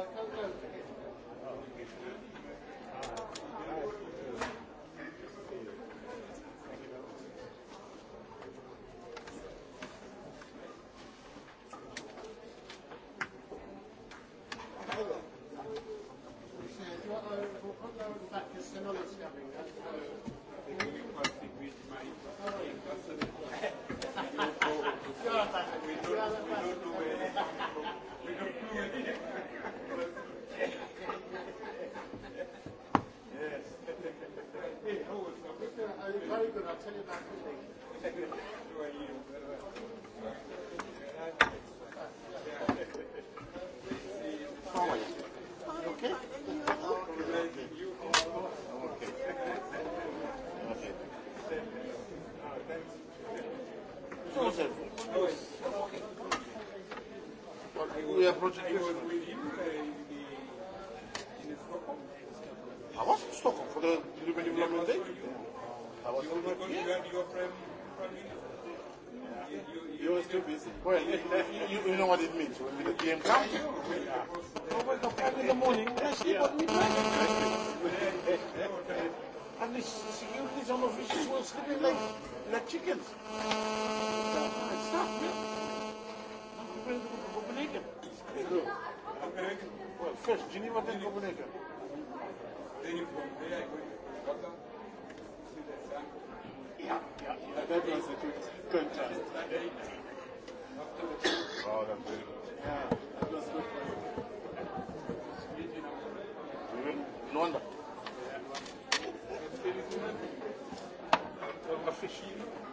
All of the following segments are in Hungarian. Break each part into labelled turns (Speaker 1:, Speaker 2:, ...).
Speaker 1: Köszönöm, hogy Eucharist on of which was living like, like chickens. It's not real. Copenhagen. Copenhagen? Well, first Geneva, then Copenhagen. Then you from there, Scotland? Yeah, yeah, yeah. That was a good contrast. Wow, that's very good. Yeah, that was good for you. No wonder. verschieben.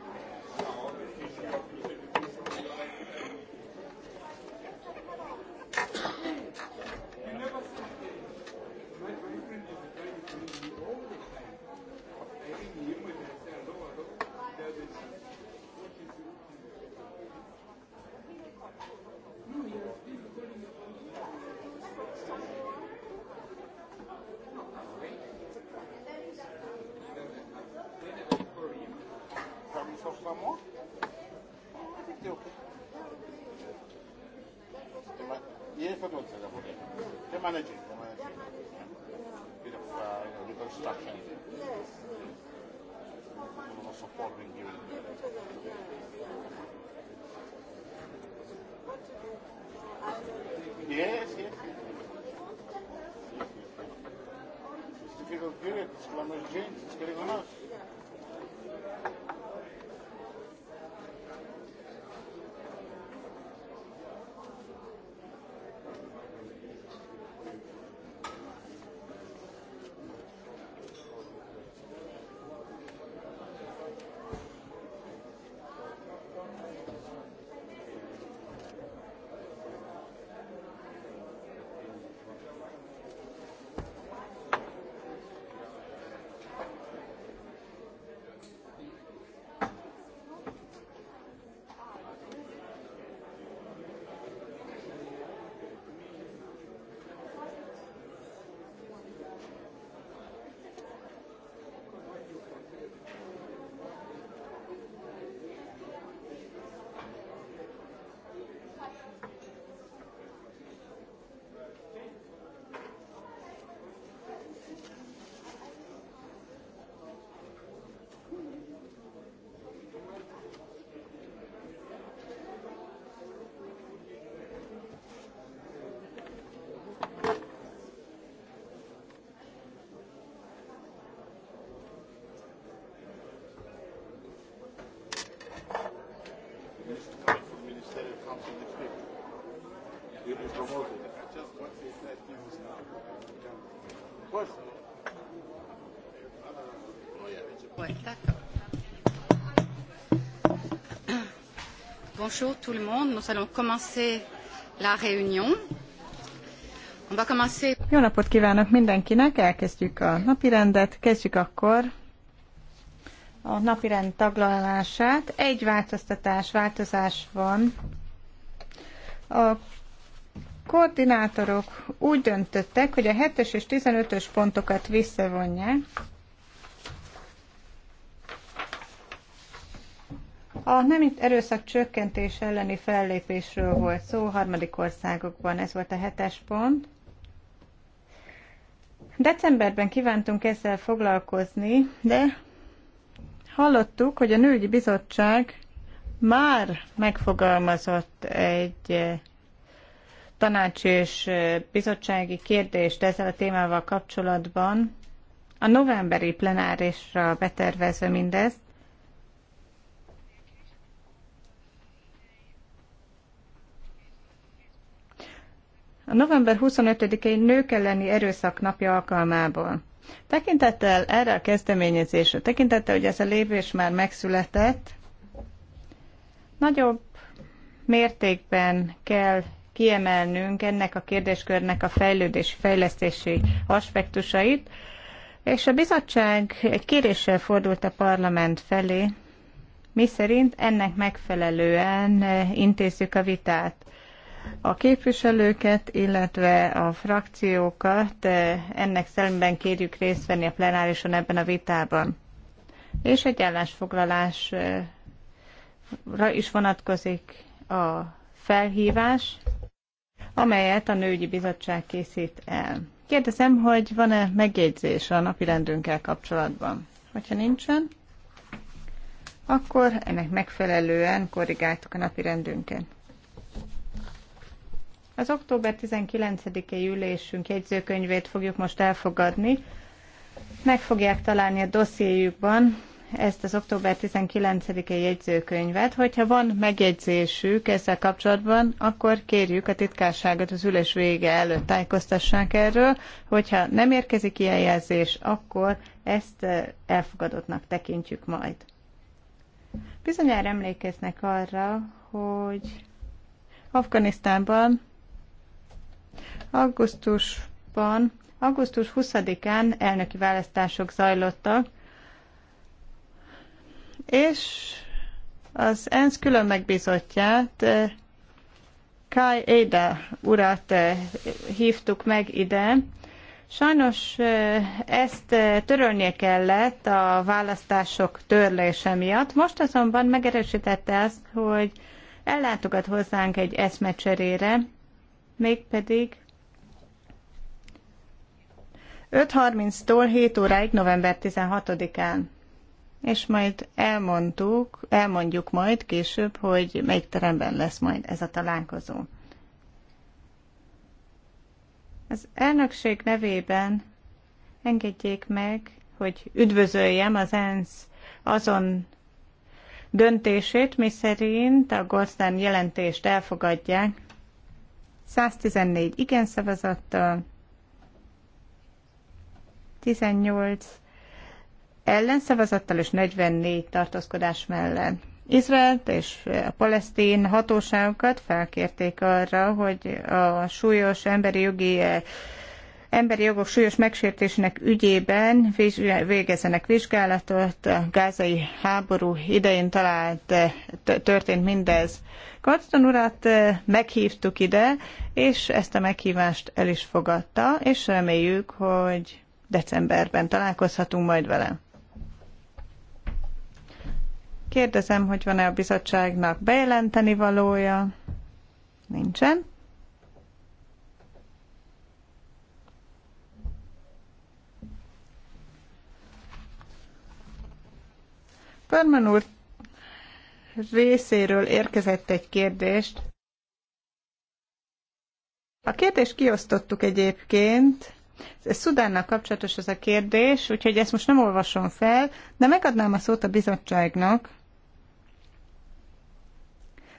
Speaker 2: Bonjour tout le monde, nous allons commencer la réunion.
Speaker 3: On va commencer... Jó napot kívánok mindenkinek, elkezdjük a napirendet, kezdjük akkor a napirend taglalását. Egy változtatás, változás van. A koordinátorok úgy döntöttek, hogy a 7-es és 15-ös pontokat visszavonják. A nem erőszak csökkentés elleni fellépésről volt szó harmadik országokban, ez volt a hetes pont. Decemberben kívántunk ezzel foglalkozni, de hallottuk, hogy a nőgyi bizottság már megfogalmazott egy tanács és bizottsági kérdést ezzel a témával kapcsolatban. A novemberi plenárisra betervezve mindezt, A november 25-i nők elleni erőszak napja alkalmából. Tekintettel erre a kezdeményezésre, tekintettel, hogy ez a lépés már megszületett, nagyobb mértékben kell kiemelnünk ennek a kérdéskörnek a fejlődés fejlesztési aspektusait, és a bizottság egy kéréssel fordult a parlament felé, mi szerint ennek megfelelően intézzük a vitát. A képviselőket, illetve a frakciókat ennek szemben kérjük részt venni a plenárison ebben a vitában. És egy állásfoglalásra is vonatkozik a felhívás, amelyet a Nőgyi Bizottság készít el. Kérdezem, hogy van-e megjegyzés a napirendünkkel kapcsolatban? Hogyha nincsen, akkor ennek megfelelően korrigáltuk a napirendünket. Az október 19-i ülésünk jegyzőkönyvét fogjuk most elfogadni. Meg fogják találni a dossziéjükben ezt az október 19-e jegyzőkönyvet. Hogyha van megjegyzésük ezzel kapcsolatban, akkor kérjük a titkárságot az ülés vége előtt tájékoztassák erről. Hogyha nem érkezik ilyen jelzés, akkor ezt eh, elfogadottnak tekintjük majd. Bizonyára emlékeznek arra, hogy Afganisztánban augusztusban, augusztus 20-án elnöki választások zajlottak, és az ENSZ külön megbízottját, eh, Kai Éda urat eh, hívtuk meg ide. Sajnos eh, ezt törölnie kellett a választások törlése miatt, most azonban megerősítette azt, hogy ellátogat hozzánk egy eszmecserére, mégpedig 5.30-tól 7 óráig november 16-án és majd elmondtuk, elmondjuk majd később, hogy melyik teremben lesz majd ez a találkozó. Az elnökség nevében engedjék meg, hogy üdvözöljem az ENSZ azon döntését, szerint a Goldstein jelentést elfogadják 114 igen szavazattal, 18 ellenszavazattal és 44 tartózkodás mellett. Izraelt és a palesztin hatóságokat felkérték arra, hogy a súlyos emberi jogi emberi jogok súlyos megsértésének ügyében végezzenek vizsgálatot. A gázai háború idején talált, történt mindez. Karton urat eh, meghívtuk ide, és ezt a meghívást el is fogadta, és reméljük, hogy decemberben találkozhatunk majd vele. Kérdezem, hogy van-e a bizottságnak bejelenteni valója? Nincsen. Pörmen úr részéről érkezett egy kérdést. A kérdést kiosztottuk egyébként, Szudánnal kapcsolatos ez a kérdés, úgyhogy ezt most nem olvasom fel, de megadnám a szót a bizottságnak.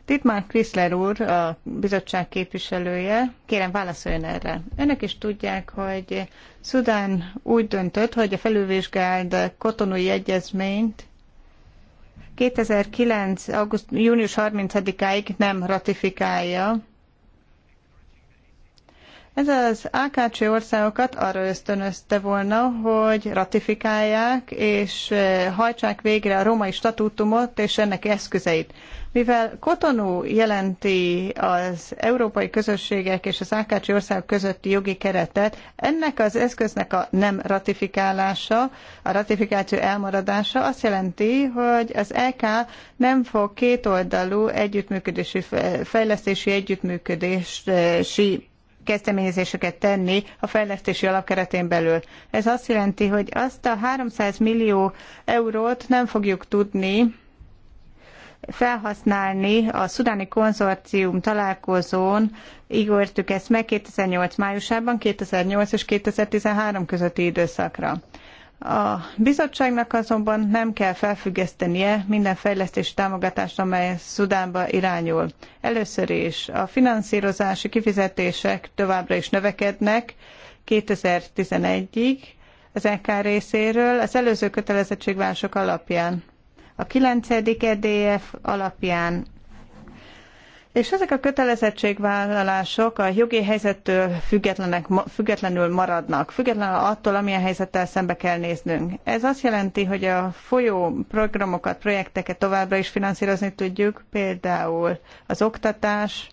Speaker 3: Dietmar Kriszler úr, a bizottság képviselője, kérem válaszoljon erre. Önök is tudják, hogy Szudán úgy döntött, hogy a felülvizsgált kotonói egyezményt 2009. augusztus június 30-áig nem ratifikálja, ez az AKC országokat arra ösztönözte volna, hogy ratifikálják és eh, hajtsák végre a római statútumot és ennek eszközeit. Mivel Kotonú jelenti az európai közösségek és az AKC országok közötti jogi keretet, ennek az eszköznek a nem ratifikálása, a ratifikáció elmaradása azt jelenti, hogy az EK nem fog kétoldalú együttműködési, eh, fejlesztési együttműködési kezdeményezéseket tenni a fejlesztési alapkeretén belül. Ez azt jelenti, hogy azt a 300 millió eurót nem fogjuk tudni felhasználni a szudáni konzorcium találkozón, ígértük ezt meg 2008 májusában, 2008 és 2013 közötti időszakra. A bizottságnak azonban nem kell felfüggesztenie minden fejlesztési támogatást, amely Szudánba irányul. Először is a finanszírozási kifizetések továbbra is növekednek 2011-ig az EK részéről az előző kötelezettségvások alapján. A 9. EDF alapján és ezek a kötelezettségvállalások a jogi helyzettől függetlenek, függetlenül maradnak, függetlenül attól, amilyen helyzettel szembe kell néznünk. Ez azt jelenti, hogy a folyó programokat, projekteket továbbra is finanszírozni tudjuk, például az oktatás,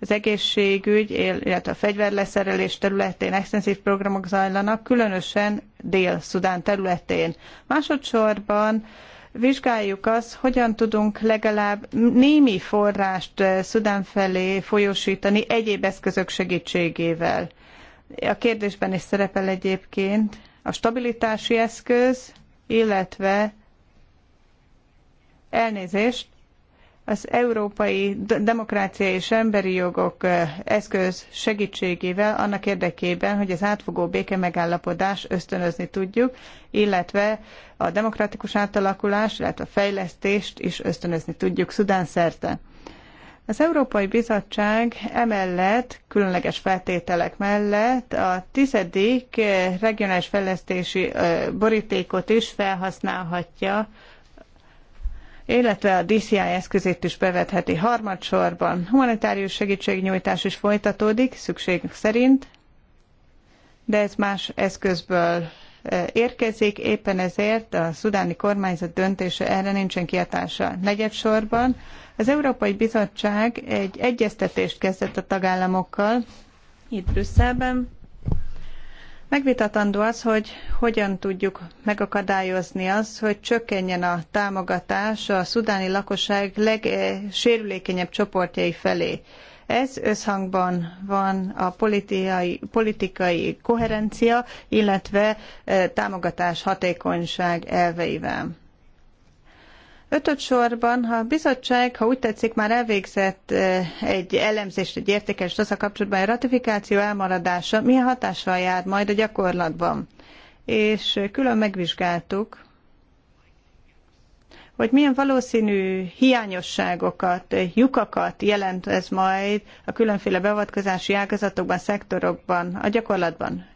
Speaker 3: az egészségügy, illetve a fegyverleszerelés területén extenzív programok zajlanak, különösen Dél-Szudán területén. Másodszorban vizsgáljuk azt, hogyan tudunk legalább némi forrást eh, Szudán felé folyósítani egyéb eszközök segítségével. A kérdésben is szerepel egyébként a stabilitási eszköz, illetve elnézést, az európai demokrácia és emberi jogok eszköz segítségével annak érdekében, hogy az átfogó béke megállapodás ösztönözni tudjuk, illetve a demokratikus átalakulás, illetve a fejlesztést is ösztönözni tudjuk Szudán szerte. Az Európai Bizottság emellett, különleges feltételek mellett a tizedik regionális fejlesztési borítékot is felhasználhatja illetve a DCI eszközét is bevetheti harmadsorban. Humanitárius segítségnyújtás is folytatódik, szükség szerint, de ez más eszközből e, érkezik, éppen ezért a szudáni kormányzat döntése erre nincsen kiatása. Negyedsorban az Európai Bizottság egy egyeztetést kezdett a tagállamokkal itt Brüsszelben, Megvitatandó az, hogy hogyan tudjuk megakadályozni azt, hogy csökkenjen a támogatás a szudáni lakosság legsérülékenyebb csoportjai felé. Ez összhangban van a politikai, politikai koherencia, illetve eh, támogatás hatékonyság elveivel sorban, ha a bizottság, ha úgy tetszik, már elvégzett egy elemzést, egy értékelést az a kapcsolatban, a ratifikáció elmaradása milyen hatással jár majd a gyakorlatban? És külön megvizsgáltuk, hogy milyen valószínű hiányosságokat, lyukakat jelent ez majd a különféle beavatkozási ágazatokban, szektorokban, a gyakorlatban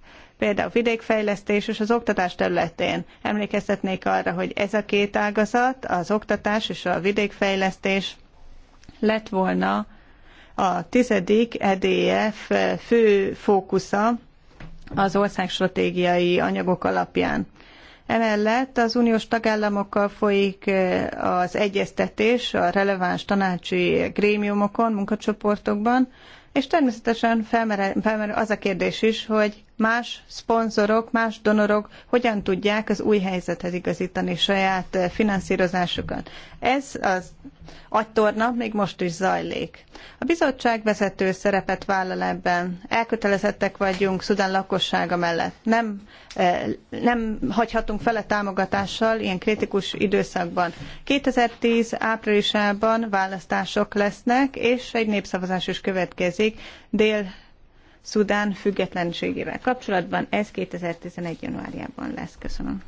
Speaker 3: például vidékfejlesztés és az oktatás területén. Emlékeztetnék arra, hogy ez a két ágazat, az oktatás és a vidékfejlesztés lett volna a tizedik EDF fő fókusza az ország stratégiai anyagok alapján. Emellett az uniós tagállamokkal folyik eh, az egyeztetés a releváns tanácsi grémiumokon, munkacsoportokban, és természetesen felmerül az a kérdés is, hogy más szponzorok, más donorok hogyan tudják az új helyzethez igazítani saját eh, finanszírozásukat. Ez az agytorna még most is zajlik. A bizottság vezető szerepet vállal ebben. Elkötelezettek vagyunk Szudán lakossága mellett. Nem, eh, nem hagyhatunk fele támogatással ilyen kritikus időszakban. 2010 áprilisában választások lesznek, és egy népszavazás is következik dél Szudán függetlenségével kapcsolatban. Ez 2011. januárjában lesz. Köszönöm.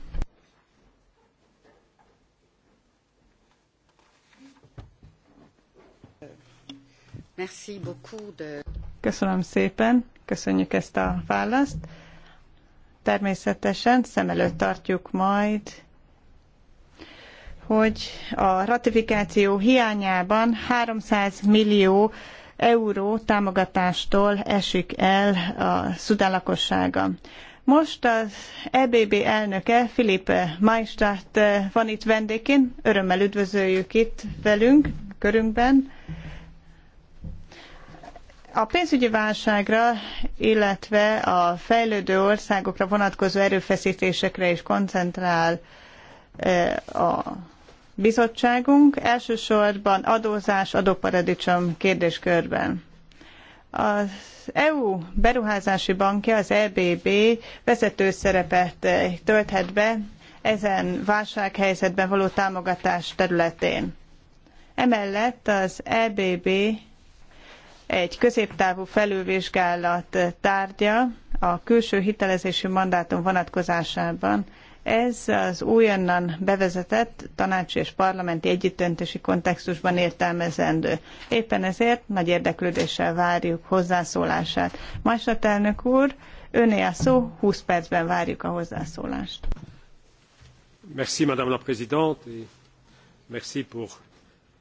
Speaker 3: Köszönöm szépen, köszönjük ezt a választ. Természetesen szem előtt tartjuk majd, hogy a ratifikáció hiányában 300 millió euró támogatástól esik el a szudán lakossága. Most az EBB elnöke, Filipe Maistát eh, van itt vendégként. Örömmel üdvözöljük itt velünk, körünkben. A pénzügyi válságra, illetve a fejlődő országokra vonatkozó erőfeszítésekre is koncentrál eh, a bizottságunk, elsősorban adózás, adóparadicsom kérdéskörben. Az EU beruházási bankja, az EBB vezető szerepet eh, tölthet be ezen válsághelyzetben való támogatás területén. Emellett az EBB egy középtávú felülvizsgálat tárgya a külső hitelezési mandátum vonatkozásában ez az újonnan bevezetett tanácsi és parlamenti együttöntési kontextusban értelmezendő. Éppen ezért nagy érdeklődéssel várjuk hozzászólását. Másrat elnök úr, öné a szó, 20 percben várjuk a hozzászólást.
Speaker 4: Merci, Madame la Présidente, et merci pour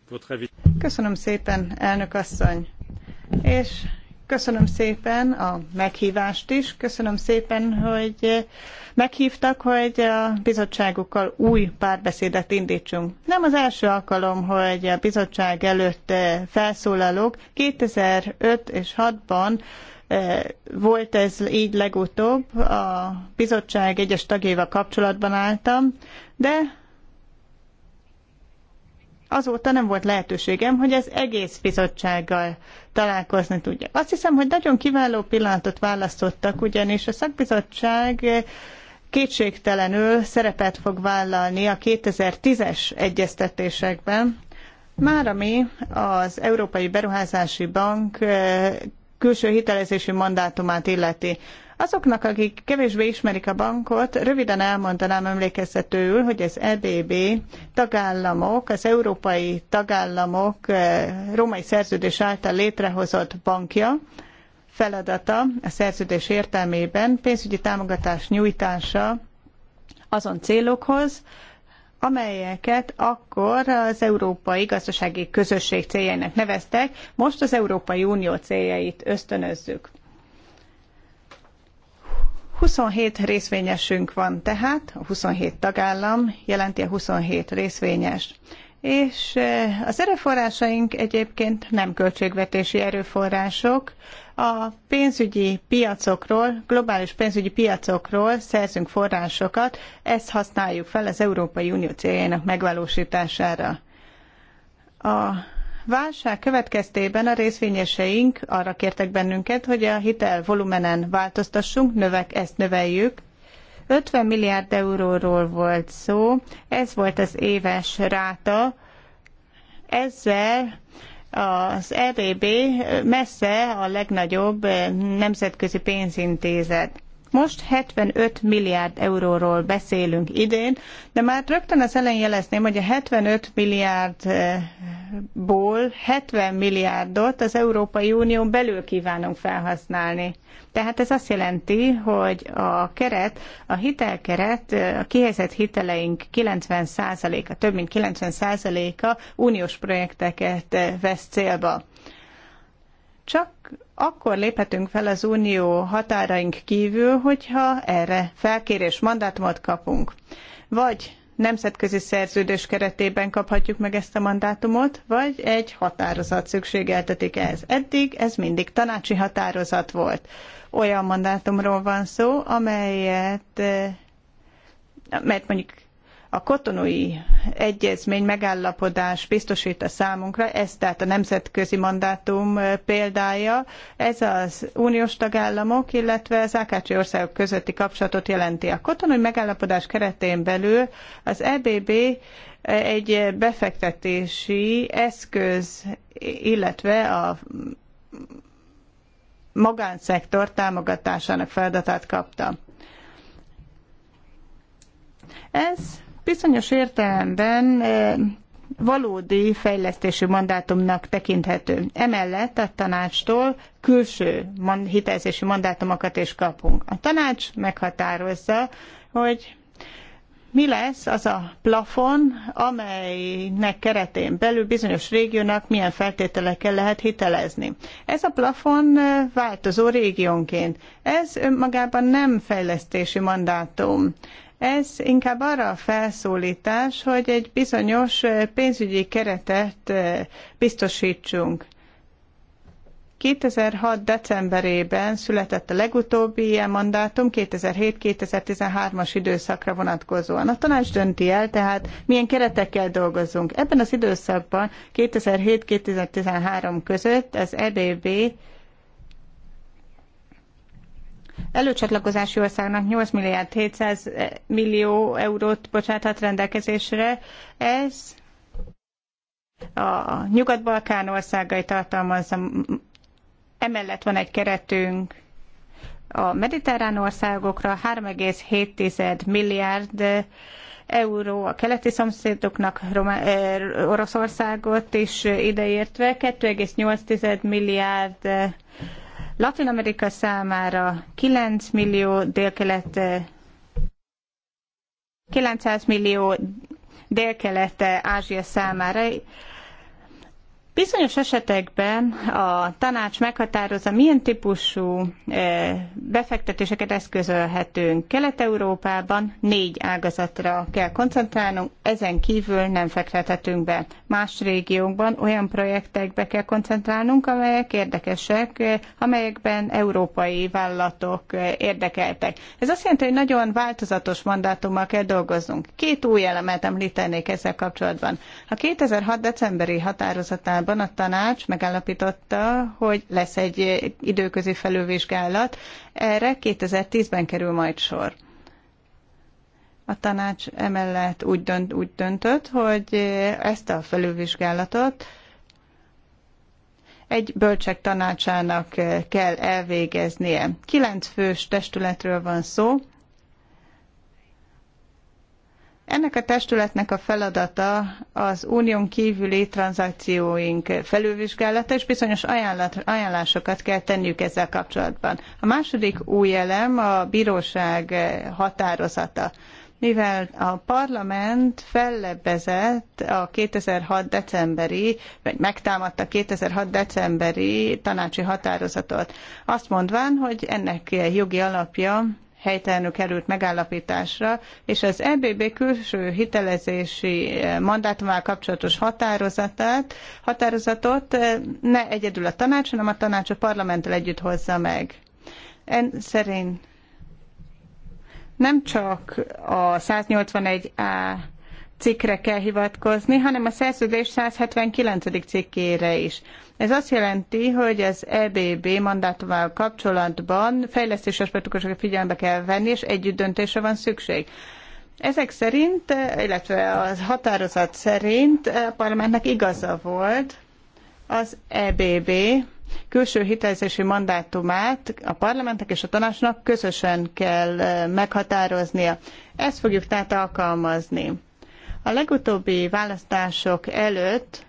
Speaker 4: votre
Speaker 3: Köszönöm szépen, elnök asszony, és Köszönöm szépen a meghívást is, köszönöm szépen, hogy meghívtak, hogy a bizottságukkal új párbeszédet indítsunk. Nem az első alkalom, hogy a bizottság előtt eh, felszólalok. 2005 és 2006 ban eh, volt ez így legutóbb, a bizottság egyes tagjával kapcsolatban álltam, de azóta nem volt lehetőségem, hogy az egész bizottsággal találkozni tudjak. Azt hiszem, hogy nagyon kiváló pillanatot választottak, ugyanis a szakbizottság kétségtelenül szerepet fog vállalni a 2010-es egyeztetésekben, már ami az Európai Beruházási Bank eh, külső hitelezési mandátumát illeti. Azoknak, akik kevésbé ismerik a bankot, röviden elmondanám emlékeztetőül, hogy az EBB tagállamok, az európai tagállamok eh, római szerződés által létrehozott bankja, feladata a szerződés értelmében pénzügyi támogatás nyújtása azon célokhoz, amelyeket akkor az európai gazdasági közösség céljainak neveztek, most az Európai Unió céljait ösztönözzük. 27 részvényesünk van tehát, a 27 tagállam jelenti a 27 részvényes. És eh, az erőforrásaink egyébként nem költségvetési erőforrások. A pénzügyi piacokról, globális pénzügyi piacokról szerzünk forrásokat, ezt használjuk fel az Európai Unió céljainak megvalósítására. A válság következtében a részvényeseink arra kértek bennünket, hogy a hitel volumenen változtassunk, növek, ezt növeljük. 50 milliárd euróról volt szó, ez volt az éves ráta. Ezzel az EBB messze a legnagyobb nemzetközi pénzintézet. Most 75 milliárd euróról beszélünk idén, de már rögtön az elején jelezném, hogy a 75 milliárdból 70 milliárdot az Európai Unió belül kívánunk felhasználni. Tehát ez azt jelenti, hogy a keret, a hitelkeret, a kihelyezett hiteleink 90%-a, több mint 90%-a uniós projekteket vesz célba. Csak akkor léphetünk fel az unió határaink kívül, hogyha erre felkérés mandátumot kapunk. Vagy nemzetközi szerződés keretében kaphatjuk meg ezt a mandátumot, vagy egy határozat szükségeltetik ehhez. Eddig ez mindig tanácsi határozat volt. Olyan mandátumról van szó, amelyet eh, mert mondjuk a kotonui egyezmény megállapodás biztosít a számunkra, ez tehát a nemzetközi mandátum példája, ez az uniós tagállamok, illetve az AKC országok közötti kapcsolatot jelenti. A kotonui megállapodás keretén belül az EBB egy befektetési eszköz, illetve a magánszektor támogatásának feladatát kapta. Ez bizonyos értelemben valódi fejlesztési mandátumnak tekinthető. Emellett a tanácstól külső hitelzési mandátumokat is kapunk. A tanács meghatározza, hogy mi lesz az a plafon, amelynek keretén belül bizonyos régiónak milyen feltételekkel lehet hitelezni. Ez a plafon változó régiónként. Ez önmagában nem fejlesztési mandátum. Ez inkább arra a felszólítás, hogy egy bizonyos pénzügyi keretet biztosítsunk. 2006. decemberében született a legutóbbi ilyen mandátum 2007-2013-as időszakra vonatkozóan. A tanács dönti el, tehát milyen keretekkel dolgozunk. Ebben az időszakban 2007-2013 között az EBB előcsatlakozási országnak 8 milliárd 700 millió eurót bocsáthat rendelkezésre. Ez a Nyugat-Balkán országai tartalmazza, emellett van egy keretünk a mediterrán országokra 3,7 milliárd euró a keleti szomszédoknak Roma, eh, Oroszországot is ideértve, 2,8 milliárd Latin Amerika számára 9 millió délkelet 900 eh, millió délkelet eh, Ázsia számára Bizonyos esetekben a tanács meghatározza, milyen típusú e, befektetéseket eszközölhetünk. Kelet-Európában négy ágazatra kell koncentrálnunk, ezen kívül nem fektethetünk be. Más régiókban olyan projektekbe kell koncentrálnunk, amelyek érdekesek, e, amelyekben európai vállalatok e, érdekeltek. Ez azt jelenti, hogy nagyon változatos mandátummal kell dolgoznunk. Két új elemet említenék ezzel kapcsolatban. A 2006. decemberi határozatában témában a tanács megállapította, hogy lesz egy időközi felülvizsgálat, erre 2010-ben kerül majd sor. A tanács emellett úgy, dönt, úgy döntött, hogy ezt a felülvizsgálatot egy bölcsek tanácsának kell elvégeznie. Kilenc fős testületről van szó, ennek a testületnek a feladata az unión kívüli tranzakcióink felülvizsgálata, és bizonyos ajánlásokat kell tenniük ezzel kapcsolatban. A második új elem a bíróság határozata. Mivel a parlament fellebbezett a 2006 decemberi, vagy megtámadta 2006 decemberi tanácsi határozatot, azt mondván, hogy ennek jogi alapja helytelenül került megállapításra, és az EBB külső hitelezési eh, mandátumával kapcsolatos határozatát, határozatot eh, ne egyedül a tanács, hanem a tanács a parlamenttel együtt hozza meg. En szerint nem csak a 181A cikkre kell hivatkozni, hanem a szerződés 179. cikkére is. Ez azt jelenti, hogy az EBB mandátumával kapcsolatban fejlesztési aspektusokat figyelembe kell venni, és együtt döntésre van szükség. Ezek szerint, illetve a határozat szerint a parlamentnek igaza volt az EBB külső hitelezési mandátumát a parlamentnek és a tanácsnak közösen kell meghatároznia. Ezt fogjuk tehát alkalmazni. A legutóbbi választások előtt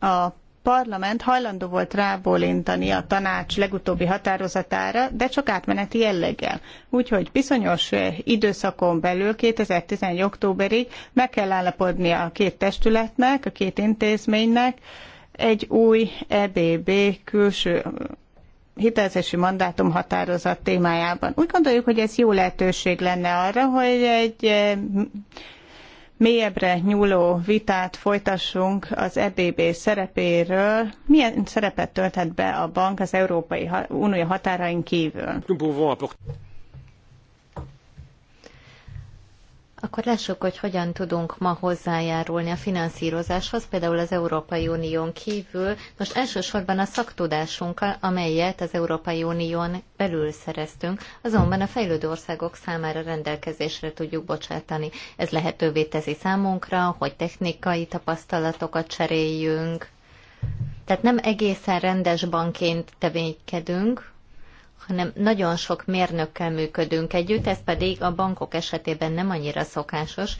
Speaker 3: a parlament hajlandó volt rábólintani a tanács legutóbbi határozatára, de csak átmeneti jelleggel. Úgyhogy bizonyos időszakon belül 2011. októberig meg kell állapodni a két testületnek, a két intézménynek egy új EBB külső hitelezési mandátum határozat témájában. Úgy gondoljuk, hogy ez jó lehetőség lenne arra, hogy egy mélyebbre nyúló vitát folytassunk az EBB szerepéről. Milyen szerepet tölthet be a bank az Európai Unió határain kívül?
Speaker 5: Akkor lássuk, hogy hogyan tudunk ma hozzájárulni a finanszírozáshoz, például az Európai Unión kívül, most elsősorban a szaktudásunkkal, amelyet az Európai Unión belül szereztünk, azonban a fejlődő országok számára rendelkezésre tudjuk bocsátani. Ez lehetővé teszi számunkra, hogy technikai tapasztalatokat cseréljünk. Tehát nem egészen rendes bankként tevékedünk, hanem nagyon sok mérnökkel működünk együtt, ez pedig a bankok esetében nem annyira szokásos.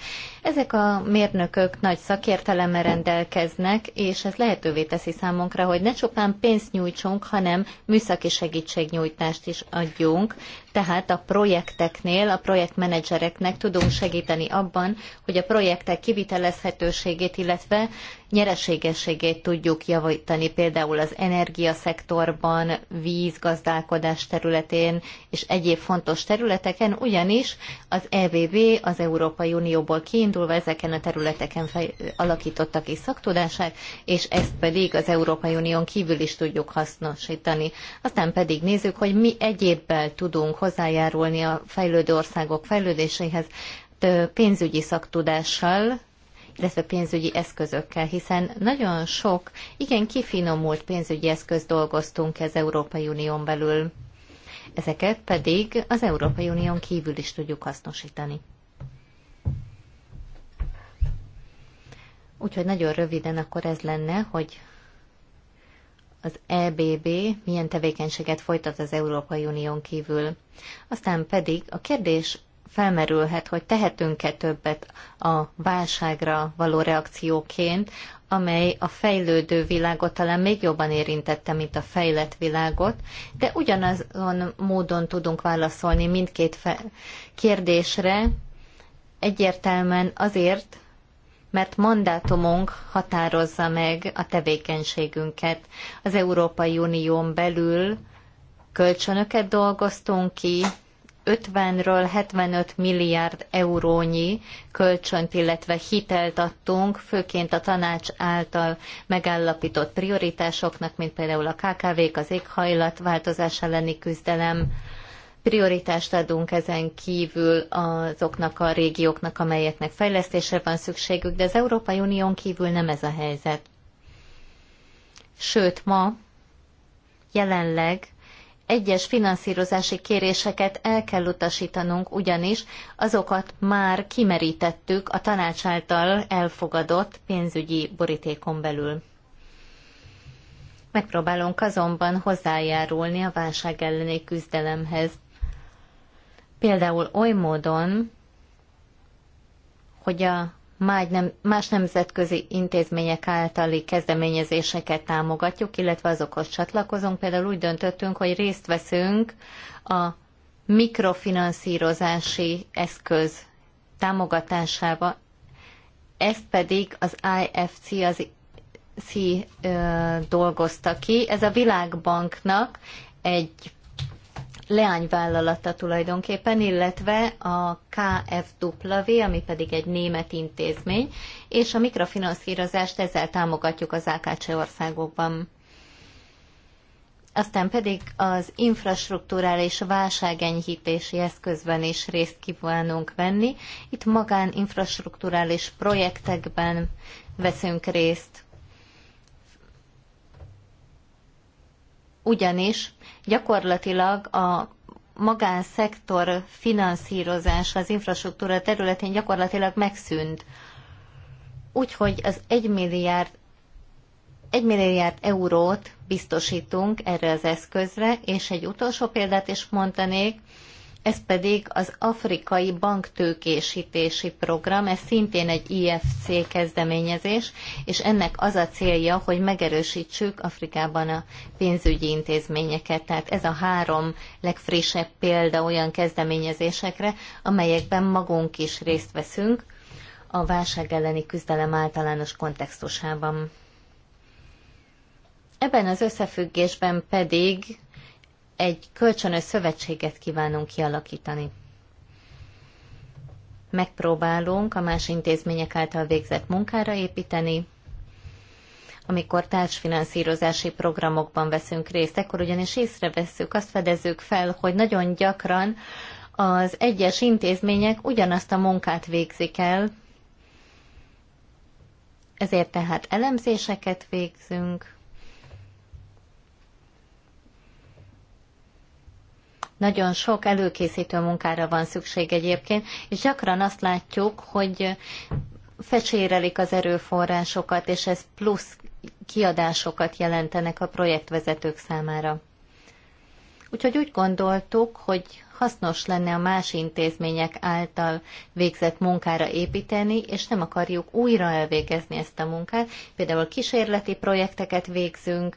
Speaker 5: Ezek a mérnökök nagy szakértelemmel rendelkeznek, és ez lehetővé teszi számunkra, hogy ne csupán pénzt nyújtsunk, hanem műszaki segítségnyújtást is adjunk, tehát a projekteknél, a projektmenedzsereknek tudunk segíteni abban, hogy a projektek kivitelezhetőségét, illetve nyereségességét tudjuk javítani, például az energiaszektorban, vízgazdálkodás területén és egyéb fontos területeken, ugyanis az EBB az Európai Unióból kiindulva ezeken a területeken fej, alakította ki szaktudását, és ezt pedig az Európai Unión kívül is tudjuk hasznosítani. Aztán pedig nézzük, hogy mi egyébbel tudunk hozzájárulni a fejlődő országok fejlődéséhez, pénzügyi szaktudással, illetve pénzügyi eszközökkel, hiszen nagyon sok, igen kifinomult pénzügyi eszköz dolgoztunk az Európai Unión belül. Ezeket pedig az Európai Unión kívül is tudjuk hasznosítani. Úgyhogy nagyon röviden akkor ez lenne, hogy az EBB milyen tevékenységet folytat az Európai Unión kívül. Aztán pedig a kérdés felmerülhet, hogy tehetünk-e többet a válságra való reakcióként, amely a fejlődő világot talán még jobban érintette, mint a fejlett világot, de ugyanazon módon tudunk válaszolni mindkét kérdésre, egyértelműen azért, mert mandátumunk határozza meg a tevékenységünket. Az Európai Unión belül kölcsönöket dolgoztunk ki, 50-ről 75 milliárd eurónyi kölcsönt, illetve hitelt adtunk, főként a tanács által megállapított prioritásoknak, mint például a KKV-k, az éghajlat változás elleni küzdelem, prioritást adunk ezen kívül azoknak a régióknak, amelyeknek fejlesztésre van szükségük, de az Európai Unión kívül nem ez a helyzet. Sőt, ma jelenleg egyes finanszírozási kéréseket el kell utasítanunk, ugyanis azokat már kimerítettük a tanács által elfogadott pénzügyi borítékon belül. Megpróbálunk azonban hozzájárulni a válság elleni küzdelemhez. Például oly módon, hogy a más nemzetközi intézmények általi kezdeményezéseket támogatjuk, illetve azokhoz csatlakozunk. Például úgy döntöttünk, hogy részt veszünk a mikrofinanszírozási eszköz támogatásába, ezt pedig az IFC, az IFC dolgozta ki. Ez a világbanknak egy leányvállalata tulajdonképpen, illetve a KFW, ami pedig egy német intézmény, és a mikrofinanszírozást ezzel támogatjuk az AKC országokban. Aztán pedig az infrastruktúrális válságenyhítési eszközben is részt kívánunk venni. Itt magán infrastruktúrális projektekben veszünk részt ugyanis gyakorlatilag a magánszektor finanszírozása az infrastruktúra területén gyakorlatilag megszűnt. Úgyhogy az 1 milliárd 1 milliárd eurót biztosítunk erre az eszközre, és egy utolsó példát is mondanék, ez pedig az Afrikai Banktőkésítési Program, ez szintén egy IFC kezdeményezés, és ennek az a célja, hogy megerősítsük Afrikában a pénzügyi intézményeket. Tehát ez a három legfrissebb példa olyan kezdeményezésekre, amelyekben magunk is részt veszünk a válság elleni küzdelem általános kontextusában. Ebben az összefüggésben pedig egy kölcsönös szövetséget kívánunk kialakítani. Megpróbálunk a más intézmények által végzett munkára építeni, amikor társfinanszírozási programokban veszünk részt, akkor ugyanis észrevesszük, azt fedezzük fel, hogy nagyon gyakran az egyes intézmények ugyanazt a munkát végzik el, ezért tehát elemzéseket végzünk, Nagyon sok előkészítő munkára van szükség egyébként, és gyakran azt látjuk, hogy fecsérelik az erőforrásokat, és ez plusz kiadásokat jelentenek a projektvezetők számára. Úgyhogy úgy gondoltuk, hogy hasznos lenne a más intézmények által végzett munkára építeni, és nem akarjuk újra elvégezni ezt a munkát. Például kísérleti projekteket végzünk,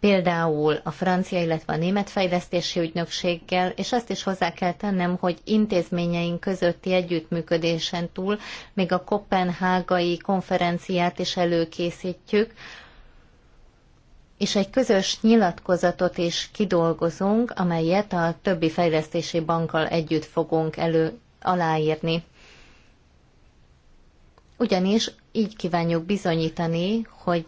Speaker 5: például a francia, illetve a német fejlesztési ügynökséggel, és azt is hozzá kell tennem, hogy intézményeink közötti együttműködésen túl még a kopenhágai konferenciát is előkészítjük, és egy közös nyilatkozatot is kidolgozunk, amelyet a többi fejlesztési bankkal együtt fogunk elő aláírni. Ugyanis így kívánjuk bizonyítani, hogy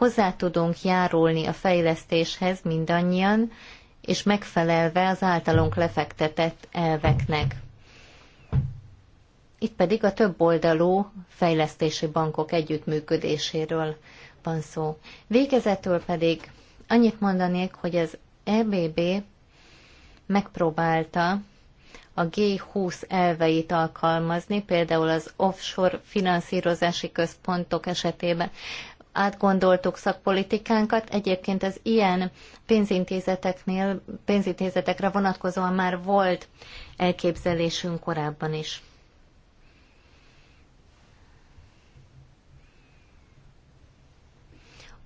Speaker 5: hozzá tudunk járulni a fejlesztéshez mindannyian, és megfelelve az általunk lefektetett elveknek. Itt pedig a többoldalú fejlesztési bankok együttműködéséről van szó. Végezetül pedig annyit mondanék, hogy az EBB megpróbálta a G20 elveit alkalmazni, például az offshore finanszírozási központok esetében átgondoltuk szakpolitikánkat. Egyébként az ilyen pénzintézeteknél, pénzintézetekre vonatkozóan már volt elképzelésünk korábban is.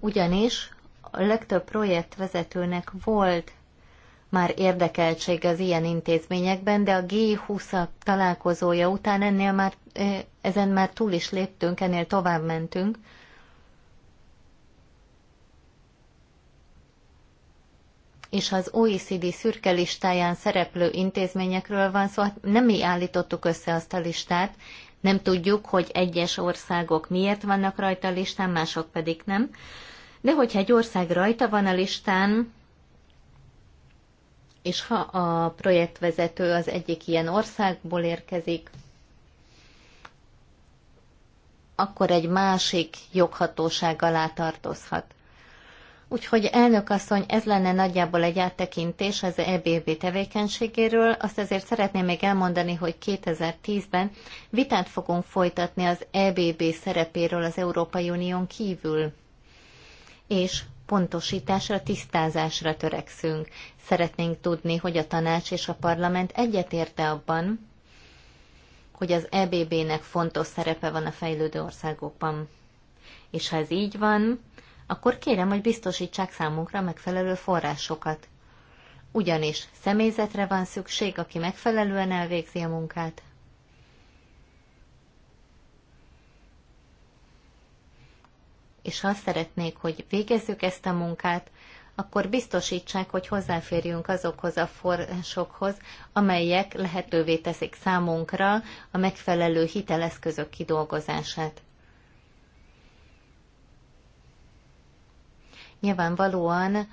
Speaker 5: Ugyanis a legtöbb projektvezetőnek volt már érdekeltség az ilyen intézményekben, de a G20 találkozója után ennél már, ezen már túl is léptünk, ennél tovább mentünk, és az OECD szürke listáján szereplő intézményekről van szó, hát nem mi állítottuk össze azt a listát, nem tudjuk, hogy egyes országok miért vannak rajta a listán, mások pedig nem. De hogyha egy ország rajta van a listán, és ha a projektvezető az egyik ilyen országból érkezik, akkor egy másik joghatóság alá tartozhat. Úgyhogy elnök asszony, ez lenne nagyjából egy áttekintés az EBB tevékenységéről. Azt azért szeretném még elmondani, hogy 2010-ben vitát fogunk folytatni az EBB szerepéről az Európai Unión kívül. És pontosításra, tisztázásra törekszünk. Szeretnénk tudni, hogy a tanács és a parlament egyetérte abban, hogy az EBB-nek fontos szerepe van a fejlődő országokban. És ha ez így van, akkor kérem, hogy biztosítsák számunkra megfelelő forrásokat. Ugyanis személyzetre van szükség, aki megfelelően elvégzi a munkát. És ha szeretnék, hogy végezzük ezt a munkát, akkor biztosítsák, hogy hozzáférjünk azokhoz a forrásokhoz, amelyek lehetővé teszik számunkra a megfelelő hiteleszközök kidolgozását. nyilvánvalóan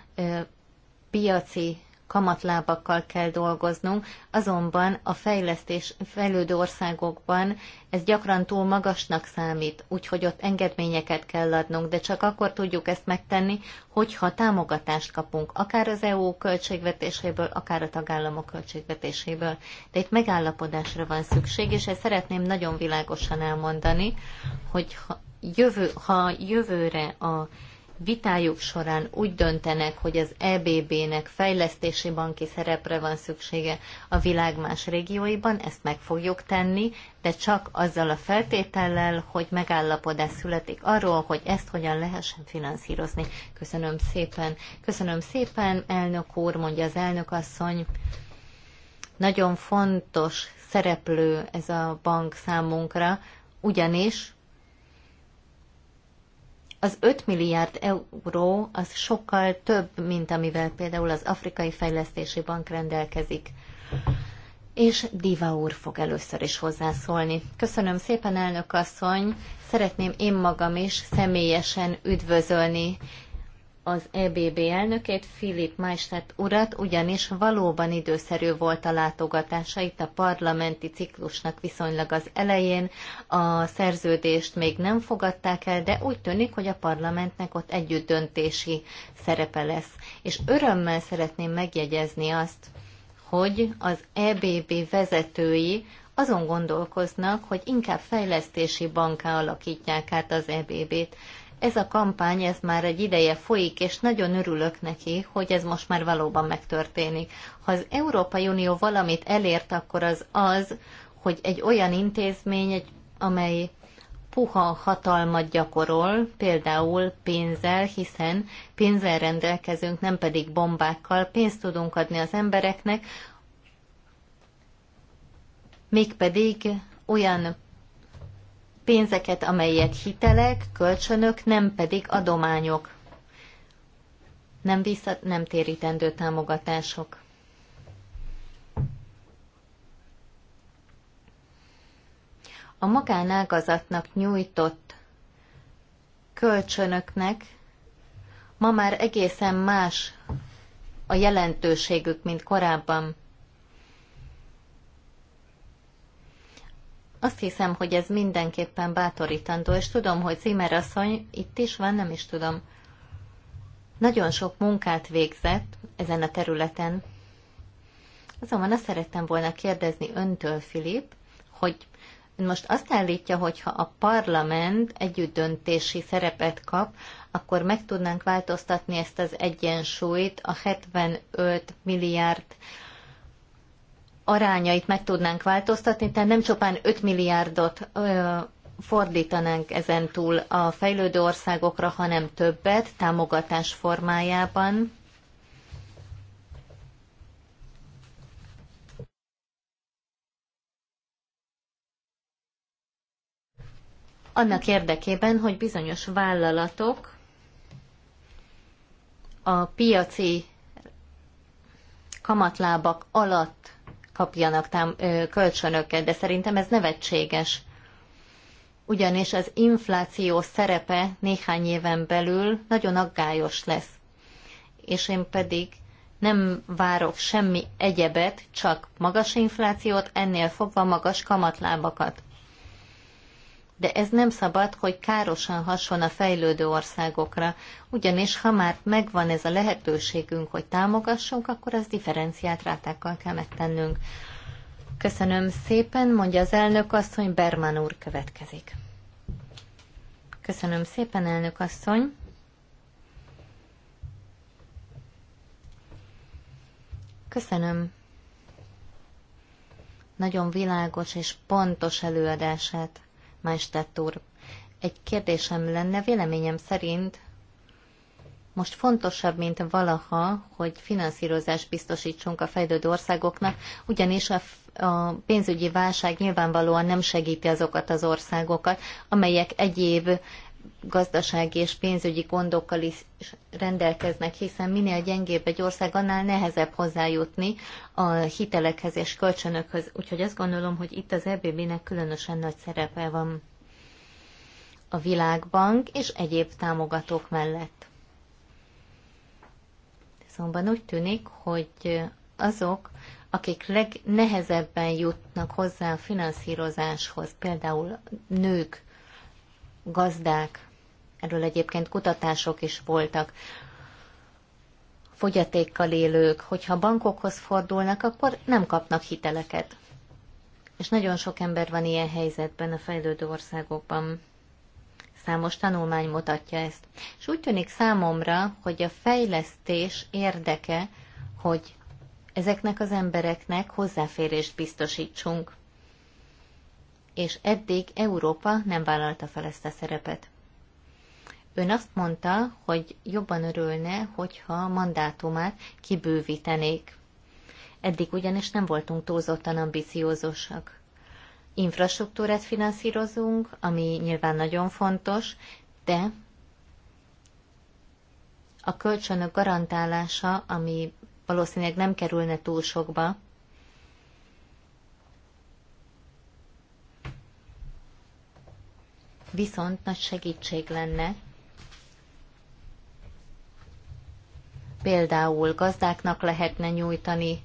Speaker 5: piaci kamatlábakkal kell dolgoznunk, azonban a fejlesztés fejlődő országokban ez gyakran túl magasnak számít, úgyhogy ott engedményeket kell adnunk, de csak akkor tudjuk ezt megtenni, hogyha támogatást kapunk, akár az EU költségvetéséből, akár a tagállamok költségvetéséből. De itt megállapodásra van szükség, és ezt szeretném nagyon világosan elmondani, hogy ha, jövő, ha jövőre a vitájuk során úgy döntenek, hogy az EBB-nek fejlesztési banki szerepre van szüksége a világ más régióiban, ezt meg fogjuk tenni, de csak azzal a feltétellel, hogy megállapodás születik arról, hogy ezt hogyan lehessen finanszírozni. Köszönöm szépen. Köszönöm szépen, elnök úr, mondja az elnök asszony. Nagyon fontos szereplő ez a bank számunkra, ugyanis az 5 milliárd euró az sokkal több, mint amivel például az Afrikai Fejlesztési Bank rendelkezik. És Diva úr fog először is hozzászólni. Köszönöm szépen, elnök asszony! Szeretném én magam is személyesen üdvözölni az EBB elnökét, Philip Maistet urat, ugyanis valóban időszerű volt a látogatása itt a parlamenti ciklusnak viszonylag az elején. A szerződést még nem fogadták el, de úgy tűnik, hogy a parlamentnek ott együtt döntési szerepe lesz. És örömmel szeretném megjegyezni azt, hogy az EBB vezetői azon gondolkoznak, hogy inkább fejlesztési banká alakítják át az EBB-t. Ez a kampány, ez már egy ideje folyik, és nagyon örülök neki, hogy ez most már valóban megtörténik. Ha az Európai Unió valamit elért, akkor az az, hogy egy olyan intézmény, egy, amely puha hatalmat gyakorol, például pénzzel, hiszen pénzzel rendelkezünk, nem pedig bombákkal, pénzt tudunk adni az embereknek, mégpedig olyan pénzeket, amelyek hitelek, kölcsönök, nem pedig adományok. Nem visszat, nem térítendő támogatások. A magánágazatnak nyújtott kölcsönöknek ma már egészen más a jelentőségük, mint korábban. Azt hiszem, hogy ez mindenképpen bátorítandó, és tudom, hogy Zimmer asszony itt is van, nem is tudom. Nagyon sok munkát végzett ezen a területen. Azonban azt szerettem volna kérdezni öntől, Filip, hogy ön most azt állítja, hogy ha a parlament együttdöntési szerepet kap, akkor meg tudnánk változtatni ezt az egyensúlyt a 75 milliárd arányait meg tudnánk változtatni, tehát nem csupán 5 milliárdot fordítanánk ezen túl a fejlődő országokra, hanem többet támogatás formájában. Annak érdekében, hogy bizonyos vállalatok a piaci kamatlábak alatt kapjanak tám, kölcsönöket, de szerintem ez nevetséges. Ugyanis az infláció szerepe néhány éven belül nagyon aggályos lesz. És én pedig nem várok semmi egyebet, csak magas inflációt, ennél fogva magas kamatlábakat de ez nem szabad, hogy károsan hason a fejlődő országokra, ugyanis ha már megvan ez a lehetőségünk, hogy támogassunk, akkor az differenciált rátákkal kell megtennünk. Köszönöm szépen, mondja az elnök asszony, Berman úr következik. Köszönöm szépen, elnök asszony. Köszönöm. Nagyon világos és pontos előadását. Maestett úr. Egy kérdésem lenne, véleményem szerint most fontosabb, mint valaha, hogy finanszírozást biztosítsunk a fejlődő országoknak, ugyanis a, a pénzügyi válság nyilvánvalóan nem segíti azokat az országokat, amelyek egyéb gazdasági és pénzügyi gondokkal is rendelkeznek, hiszen minél gyengébb egy ország, annál nehezebb hozzájutni a hitelekhez és kölcsönökhöz. Úgyhogy azt gondolom, hogy itt az EBB-nek különösen nagy szerepe van a Világbank és egyéb támogatók mellett. Szóval úgy tűnik, hogy azok, akik legnehezebben jutnak hozzá a finanszírozáshoz, például nők, gazdák, Erről egyébként kutatások is voltak. Fogyatékkal élők, hogyha bankokhoz fordulnak, akkor nem kapnak hiteleket. És nagyon sok ember van ilyen helyzetben a fejlődő országokban. Számos tanulmány mutatja ezt. És úgy tűnik számomra, hogy a fejlesztés érdeke, hogy ezeknek az embereknek hozzáférést biztosítsunk. És eddig Európa nem vállalta fel ezt a szerepet. Ön azt mondta, hogy jobban örülne, hogyha a mandátumát kibővítenék. Eddig ugyanis nem voltunk túlzottan ambiciózusak. Infrastruktúrát finanszírozunk, ami nyilván nagyon fontos, de a kölcsönök garantálása, ami valószínűleg nem kerülne túl sokba, viszont nagy segítség lenne, például gazdáknak lehetne nyújtani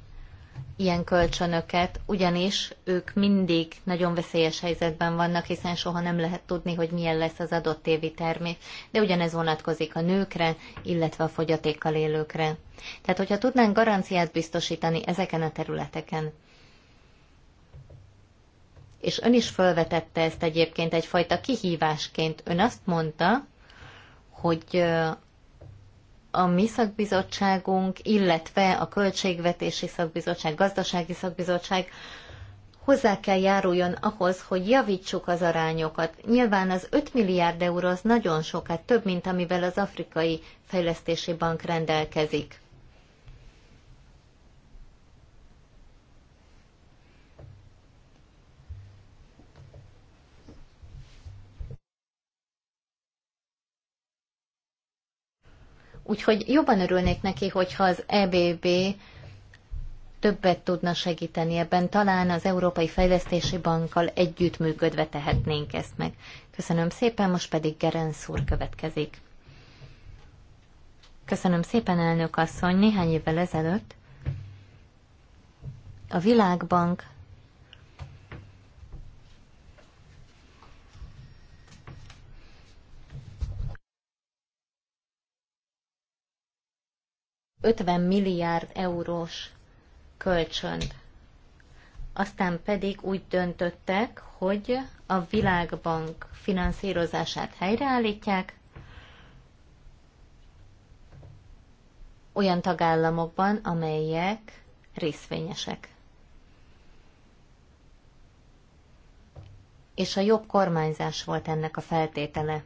Speaker 5: ilyen kölcsönöket, ugyanis ők mindig nagyon veszélyes helyzetben vannak, hiszen soha nem lehet tudni, hogy milyen lesz az adott évi termék, de ugyanez vonatkozik a nőkre, illetve a fogyatékkal élőkre. Tehát, hogyha tudnánk garanciát biztosítani ezeken a területeken, és ön is felvetette ezt egyébként egyfajta kihívásként. Ön azt mondta, hogy a mi szakbizottságunk, illetve a Költségvetési Szakbizottság, Gazdasági Szakbizottság hozzá kell járuljon ahhoz, hogy javítsuk az arányokat. Nyilván az 5 milliárd euró az nagyon sok, hát több, mint amivel az Afrikai Fejlesztési Bank rendelkezik. Úgyhogy jobban örülnék neki, hogyha az EBB többet tudna segíteni ebben. Talán az Európai Fejlesztési Bankkal együttműködve tehetnénk ezt meg. Köszönöm szépen, most pedig Gerenc úr következik. Köszönöm szépen, elnök asszony. Néhány évvel ezelőtt a Világbank 50 milliárd eurós kölcsönt. Aztán pedig úgy döntöttek, hogy a Világbank finanszírozását helyreállítják, olyan tagállamokban, amelyek részvényesek. És a jobb kormányzás volt ennek a feltétele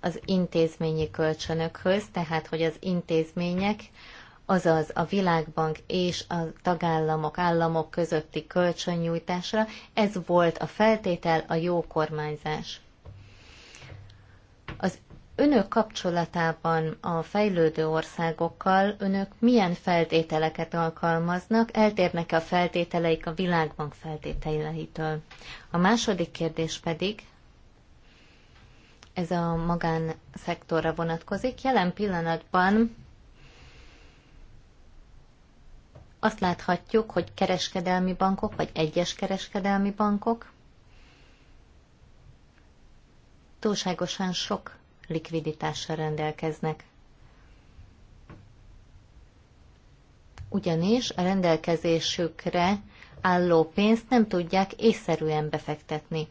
Speaker 5: az intézményi kölcsönökhöz, tehát hogy az intézmények, azaz a világbank és a tagállamok, államok közötti kölcsönnyújtásra, ez volt a feltétel a jó kormányzás. Az önök kapcsolatában a fejlődő országokkal önök milyen feltételeket alkalmaznak, eltérnek-e a feltételeik a világbank feltételeitől? A második kérdés pedig, ez a magánszektorra vonatkozik. Jelen pillanatban azt láthatjuk, hogy kereskedelmi bankok, vagy egyes kereskedelmi bankok túlságosan sok likviditással rendelkeznek. Ugyanis a rendelkezésükre álló pénzt nem tudják észszerűen befektetni.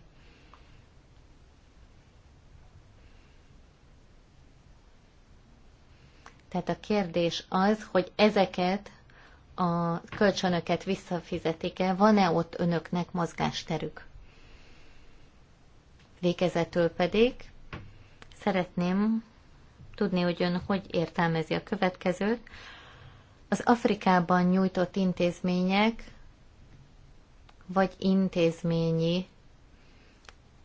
Speaker 5: Tehát a kérdés az, hogy ezeket a kölcsönöket visszafizetik-e, van-e ott önöknek mozgásterük? Végezetül pedig szeretném tudni, hogy ön hogy értelmezi a következőt. Az Afrikában nyújtott intézmények vagy intézményi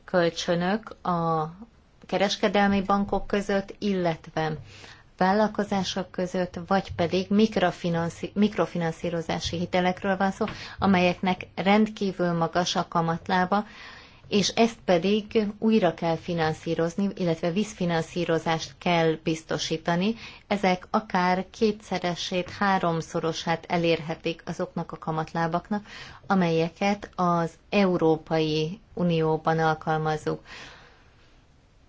Speaker 5: kölcsönök a kereskedelmi bankok között, illetve vállalkozások között, vagy pedig mikrofinanszírozási hitelekről van szó, amelyeknek rendkívül magas a kamatlába, és ezt pedig újra kell finanszírozni, illetve vízfinanszírozást kell biztosítani. Ezek akár kétszeresét, háromszorosát elérhetik azoknak a kamatlábaknak, amelyeket az Európai Unióban alkalmazunk.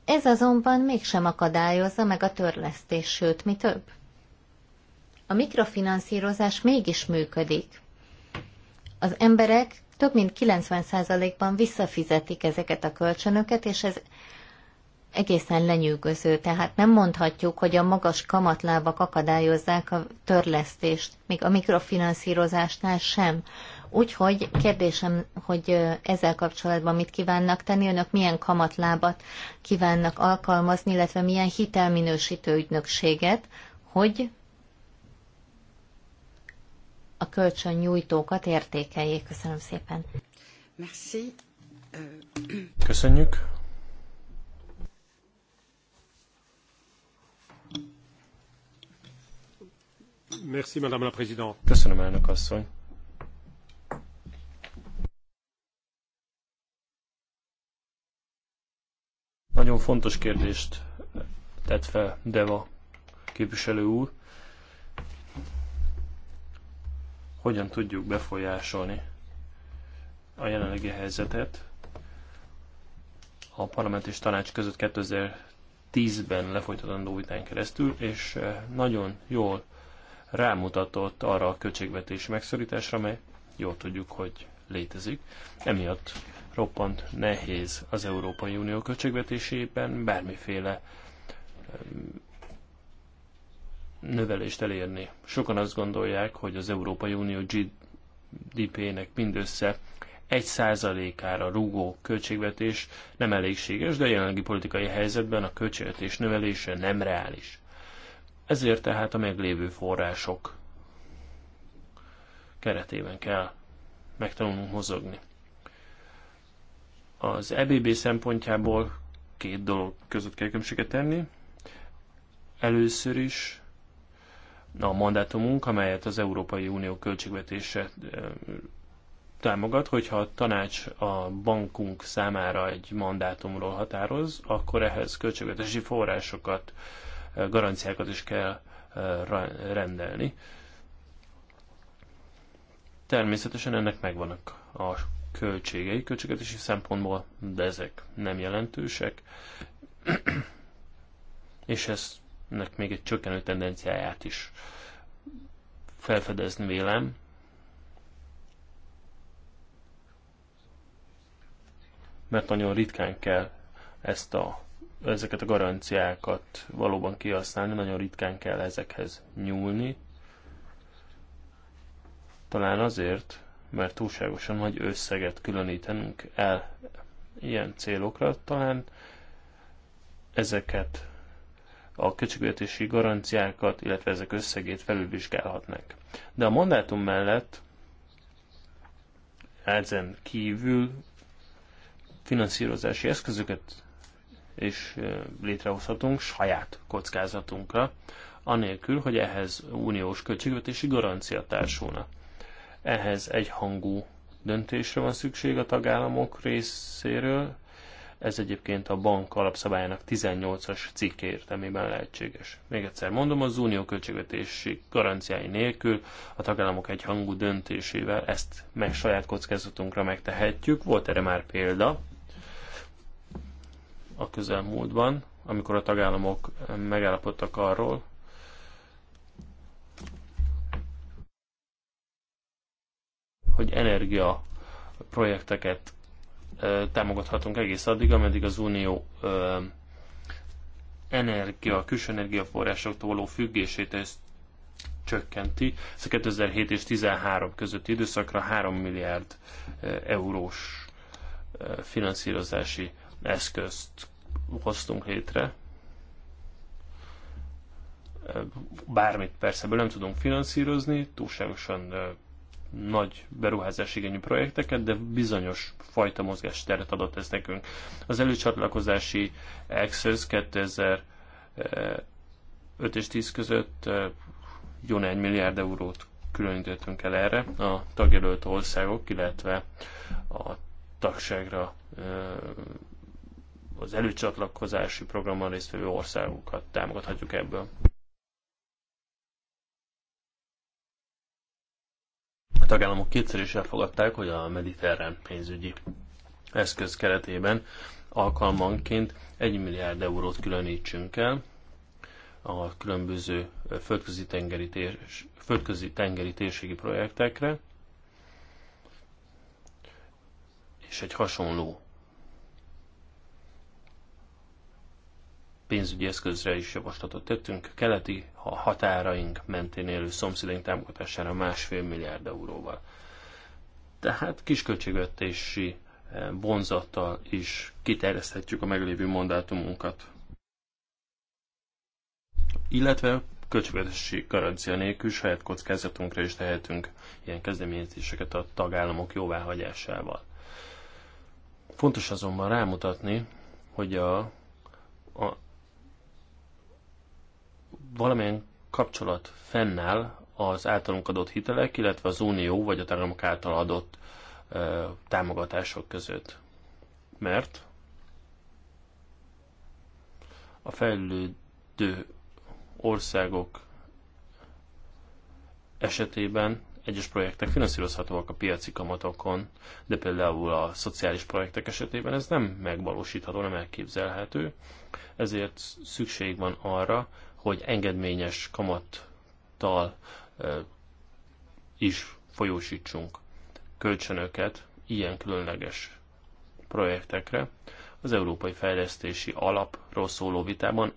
Speaker 5: Ez azonban mégsem akadályozza meg a törlesztés, sőt, mi több. A mikrofinanszírozás mégis működik. Az emberek több mint 90%-ban visszafizetik ezeket a kölcsönöket, és ez egészen lenyűgöző, tehát nem mondhatjuk, hogy a magas kamatlábak akadályozzák a törlesztést, még a mikrofinanszírozásnál sem. Úgyhogy kérdésem, hogy ezzel kapcsolatban mit kívánnak tenni, önök milyen kamatlábat kívánnak alkalmazni, illetve milyen hitelminősítő ügynökséget, hogy a kölcsönnyújtókat értékeljék. Köszönöm szépen. Merci. Euh,
Speaker 4: Köszönjük. Merci, Madame la Présidente. Köszönöm, elnök asszony. Nagyon fontos kérdést tett fel Deva képviselő úr. Hogyan tudjuk befolyásolni a jelenlegi helyzetet a parlament és tanács között 2010-ben lefolytatandó vitán keresztül, és eh, nagyon jól rámutatott arra a költségvetési megszorításra, mely jól tudjuk, hogy létezik. Emiatt roppant nehéz az Európai Unió költségvetésében bármiféle um, növelést elérni. Sokan azt gondolják, hogy az Európai Unió GDP-nek mindössze egy százalékára rúgó költségvetés nem elégséges, de a jelenlegi politikai helyzetben a költségvetés növelése nem reális. Ezért tehát a meglévő források keretében kell megtanulnunk mozogni. Az EBB szempontjából két dolog között kell különbséget tenni. Először is na a mandátumunk, amelyet az Európai Unió költségvetése támogat, hogyha a tanács a bankunk számára egy mandátumról határoz, akkor ehhez költségvetési forrásokat, garanciákat is kell rendelni. Természetesen ennek megvannak a költségei költségetési szempontból, de ezek nem jelentősek, és ez nek még egy csökkenő tendenciáját is felfedezni vélem. Mert nagyon ritkán kell ezt a, ezeket a garanciákat valóban kihasználni, nagyon ritkán kell ezekhez nyúlni. Talán azért, mert túlságosan nagy összeget különítenünk el ilyen célokra, talán ezeket a költségvetési garanciákat, illetve ezek összegét felülvizsgálhatnak. De a mandátum mellett ezen kívül finanszírozási eszközöket is létrehozhatunk saját kockázatunkra, anélkül, hogy ehhez uniós költségvetési garancia társulna. Ehhez egyhangú döntésre van szükség a tagállamok részéről. Ez egyébként a bank alapszabályának 18-as cikk értelmében lehetséges. Még egyszer mondom, az unió költségvetési garanciái nélkül a tagállamok egyhangú döntésével ezt meg saját kockázatunkra megtehetjük. Volt erre már példa a közelmúltban, amikor a tagállamok megállapodtak arról, hogy energia projekteket támogathatunk egész addig, ameddig az Unió energia, külső energiaforrásoktól való függését ezt csökkenti. Ez a 2007 és 2013 közötti időszakra 3 milliárd eurós finanszírozási eszközt hoztunk létre. Bármit persze nem tudunk finanszírozni, túlságosan nagy beruházásigényű projekteket, de bizonyos fajta teret adott ez nekünk. Az előcsatlakozási Access 2005 eh, és 10 között eh, jó 1 milliárd eurót különítettünk el erre a tagjelölt országok, illetve a tagságra eh, az előcsatlakozási programban résztvevő országokat támogathatjuk ebből. tagállamok kétszer is elfogadták, hogy a mediterrán pénzügyi eszköz keretében alkalmanként 1 milliárd eurót különítsünk el a különböző földközi tengeri, térs, földközi tengeri térségi projektekre, és egy hasonló pénzügyi eszközre is javaslatot tettünk. Keleti a határaink mentén élő szomszédaink támogatására másfél milliárd euróval. Tehát kisköltségvetési bonzattal eh, is kiterjeszthetjük a meglévő mandátumunkat. Illetve költségvetési garancia nélkül saját kockázatunkra is tehetünk ilyen kezdeményezéseket a tagállamok jóváhagyásával. Fontos azonban rámutatni, hogy a, a valamilyen kapcsolat fennáll az általunk adott hitelek, illetve az unió vagy a tagállamok által adott ö, támogatások között. Mert a fejlődő országok esetében egyes projektek finanszírozhatóak a piaci kamatokon, de például a szociális projektek esetében ez nem megvalósítható, nem elképzelhető, ezért szükség van arra, hogy engedményes kamattal is folyósítsunk kölcsönöket ilyen különleges projektekre. Az Európai Fejlesztési Alapról szóló vitában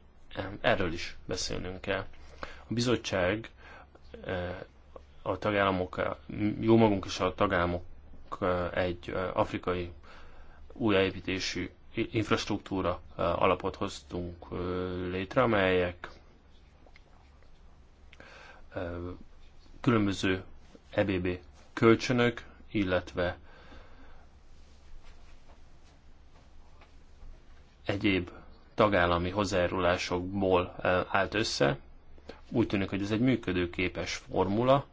Speaker 4: erről is beszélnünk kell. A bizottság a tagállamok, jó magunk is a tagállamok egy afrikai újjáépítési infrastruktúra alapot hoztunk létre, amelyek különböző EBB kölcsönök, illetve egyéb tagállami hozzájárulásokból állt össze. Úgy tűnik, hogy ez egy működőképes formula,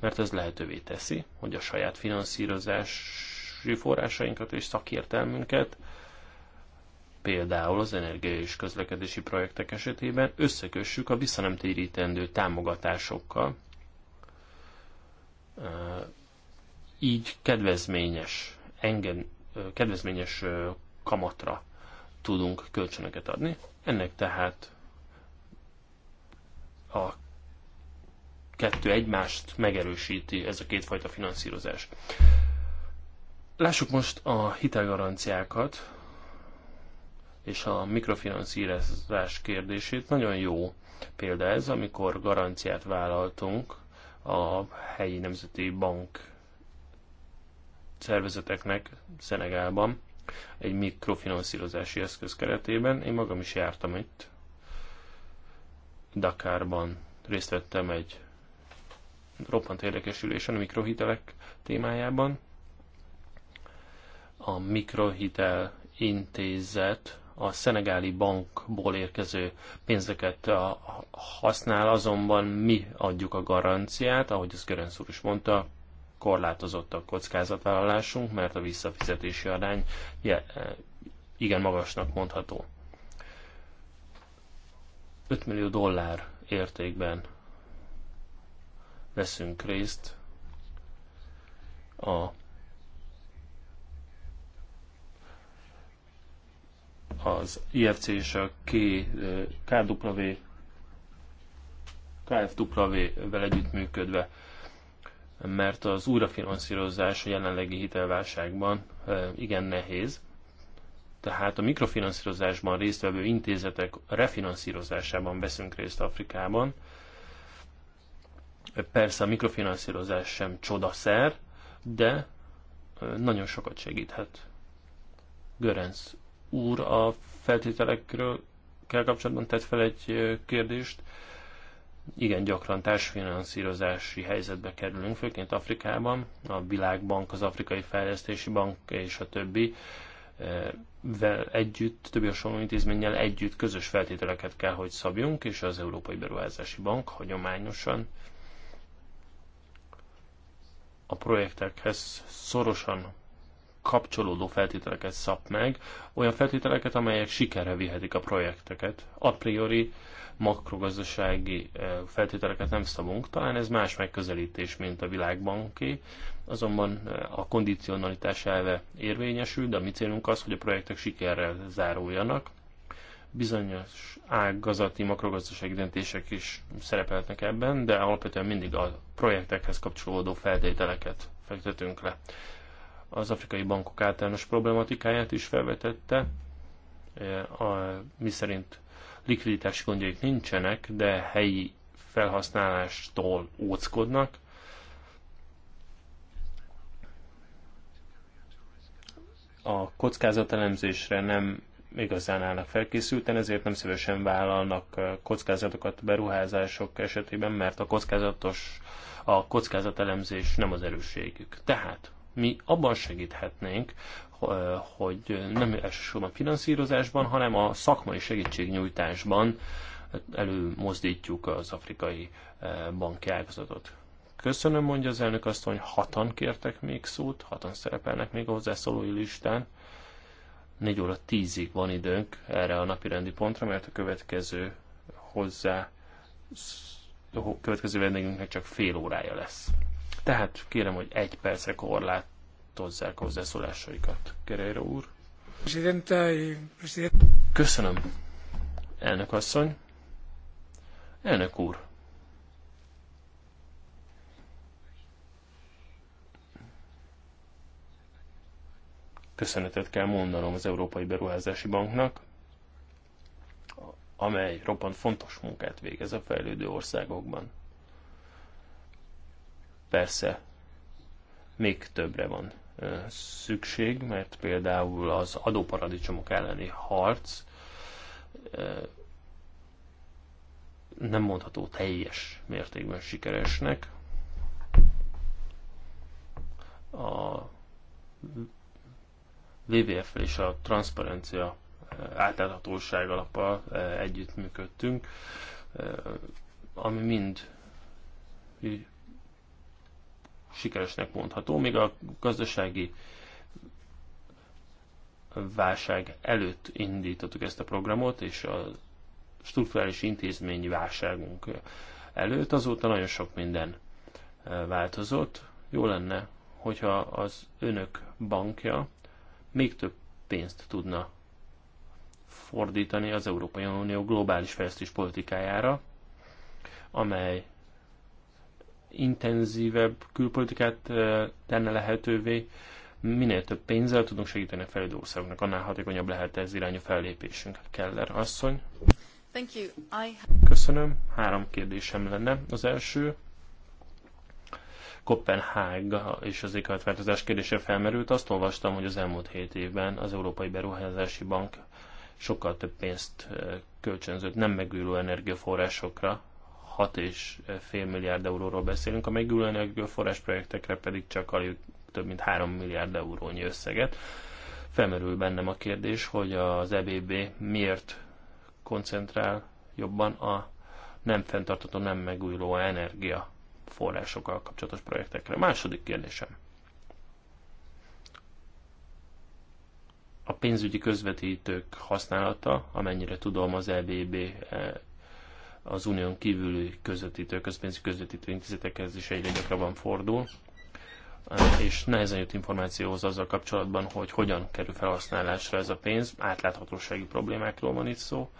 Speaker 4: mert ez lehetővé teszi, hogy a saját finanszírozási forrásainkat és szakértelmünket például az energia és közlekedési projektek esetében összekössük a visszanemtérítendő támogatásokkal, így kedvezményes, engem, kedvezményes kamatra tudunk kölcsönöket adni. Ennek tehát a kettő egymást megerősíti ez a kétfajta finanszírozás. Lássuk most a hitelgaranciákat, és a mikrofinanszírozás kérdését. Nagyon jó példa ez, amikor garanciát vállaltunk a helyi nemzeti bank szervezeteknek Szenegálban egy mikrofinanszírozási eszköz keretében. Én magam is jártam itt, Dakárban részt vettem egy roppant érdekes ülésen a mikrohitelek témájában. A mikrohitel intézet a szenegáli bankból érkező pénzeket használ, azonban mi adjuk a garanciát, ahogy az Görönsz úr is mondta, korlátozott a kockázatvállalásunk, mert a visszafizetési arány e, igen magasnak mondható. 5 millió dollár értékben veszünk részt a az IFC és a K, KW, KFW-vel együttműködve, mert az újrafinanszírozás a jelenlegi hitelválságban igen nehéz, tehát a mikrofinanszírozásban résztvevő intézetek refinanszírozásában veszünk részt Afrikában. Persze a mikrofinanszírozás sem csodaszer, de nagyon sokat segíthet. Görenc úr a feltételekről kell kapcsolatban tett fel egy kérdést. Igen, gyakran társfinanszírozási helyzetbe kerülünk, főként Afrikában. A Világbank, az Afrikai Fejlesztési Bank és a többi vel együtt, többi hasonló intézménnyel együtt közös feltételeket kell, hogy szabjunk, és az Európai Beruházási Bank hagyományosan a projektekhez szorosan kapcsolódó feltételeket szab meg, olyan feltételeket, amelyek sikerre vihetik a projekteket. A priori makrogazdasági eh, feltételeket nem szabunk, talán ez más megközelítés, mint a világbanki, azonban eh, a kondicionalitás elve érvényesül, de a mi célunk az, hogy a projektek sikerrel záruljanak, bizonyos ágazati makrogazdasági döntések is szerepelhetnek ebben, de alapvetően mindig a projektekhez kapcsolódó feltételeket fektetünk le az afrikai bankok általános problematikáját is felvetette, e, a, miszerint likviditási gondjaik nincsenek, de helyi felhasználástól óckodnak. A kockázatelemzésre nem igazán állnak felkészülten, ezért nem szívesen vállalnak e, kockázatokat beruházások esetében, mert a kockázatos, a kockázatelemzés nem az erősségük. Tehát mi abban segíthetnénk, hogy nem elsősorban finanszírozásban, hanem a szakmai segítségnyújtásban előmozdítjuk az afrikai eh, banki ágazatot. Köszönöm, mondja az elnök azt, hogy hatan kértek még szót, hatan szerepelnek még a hozzászólói listán. 4 óra 10-ig van időnk erre a napirendi pontra, mert a következő hozzá a következő vendégünknek csak fél órája lesz. Tehát kérem, hogy egy percre korlátozzák hozzászólásaikat. Kereira úr. Eh, Köszönöm, elnök asszony. Elnök úr. Köszönetet kell mondanom az Európai Beruházási Banknak, amely roppant fontos munkát végez a fejlődő országokban. Persze még többre van szükség, mert például az adóparadicsomok elleni harc nem mondható teljes mértékben sikeresnek. A WWF és a transzparencia átláthatóság alappal együttműködtünk, ami mind sikeresnek mondható, még a gazdasági válság előtt indítottuk ezt a programot, és a strukturális intézményi válságunk előtt azóta nagyon sok minden e, változott. Jó lenne, hogyha az önök bankja még több pénzt tudna fordítani az Európai Unió globális fejlesztés politikájára, amely intenzívebb külpolitikát tenne lehetővé, minél több pénzzel tudunk segíteni a fejlődő országoknak, annál hatékonyabb lehet ez irányú fellépésünk. Keller asszony.
Speaker 2: Thank you. I... Köszönöm.
Speaker 4: Három kérdésem lenne. Az első, Kopenhága és az éghajlatváltozás kérdése felmerült. Azt olvastam, hogy az elmúlt hét évben az Európai Beruházási Bank sokkal több pénzt kölcsönzött nem megújuló energiaforrásokra, 6,5 milliárd euróról beszélünk, a megújuló forrás projektekre pedig csak alig több mint 3 milliárd eurónyi összeget. Felmerül bennem a kérdés, hogy az EBB miért koncentrál jobban a nem fenntartató, nem megújuló energia forrásokkal kapcsolatos projektekre. Második kérdésem. A pénzügyi közvetítők használata, amennyire tudom, az EBB az unión kívüli közvetítő, közpénzi közvetítő intézetekhez is egyre gyakrabban fordul, eh, és nehezen jut információhoz azzal kapcsolatban, hogy hogyan kerül felhasználásra ez a pénz, átláthatósági problémákról van itt szó.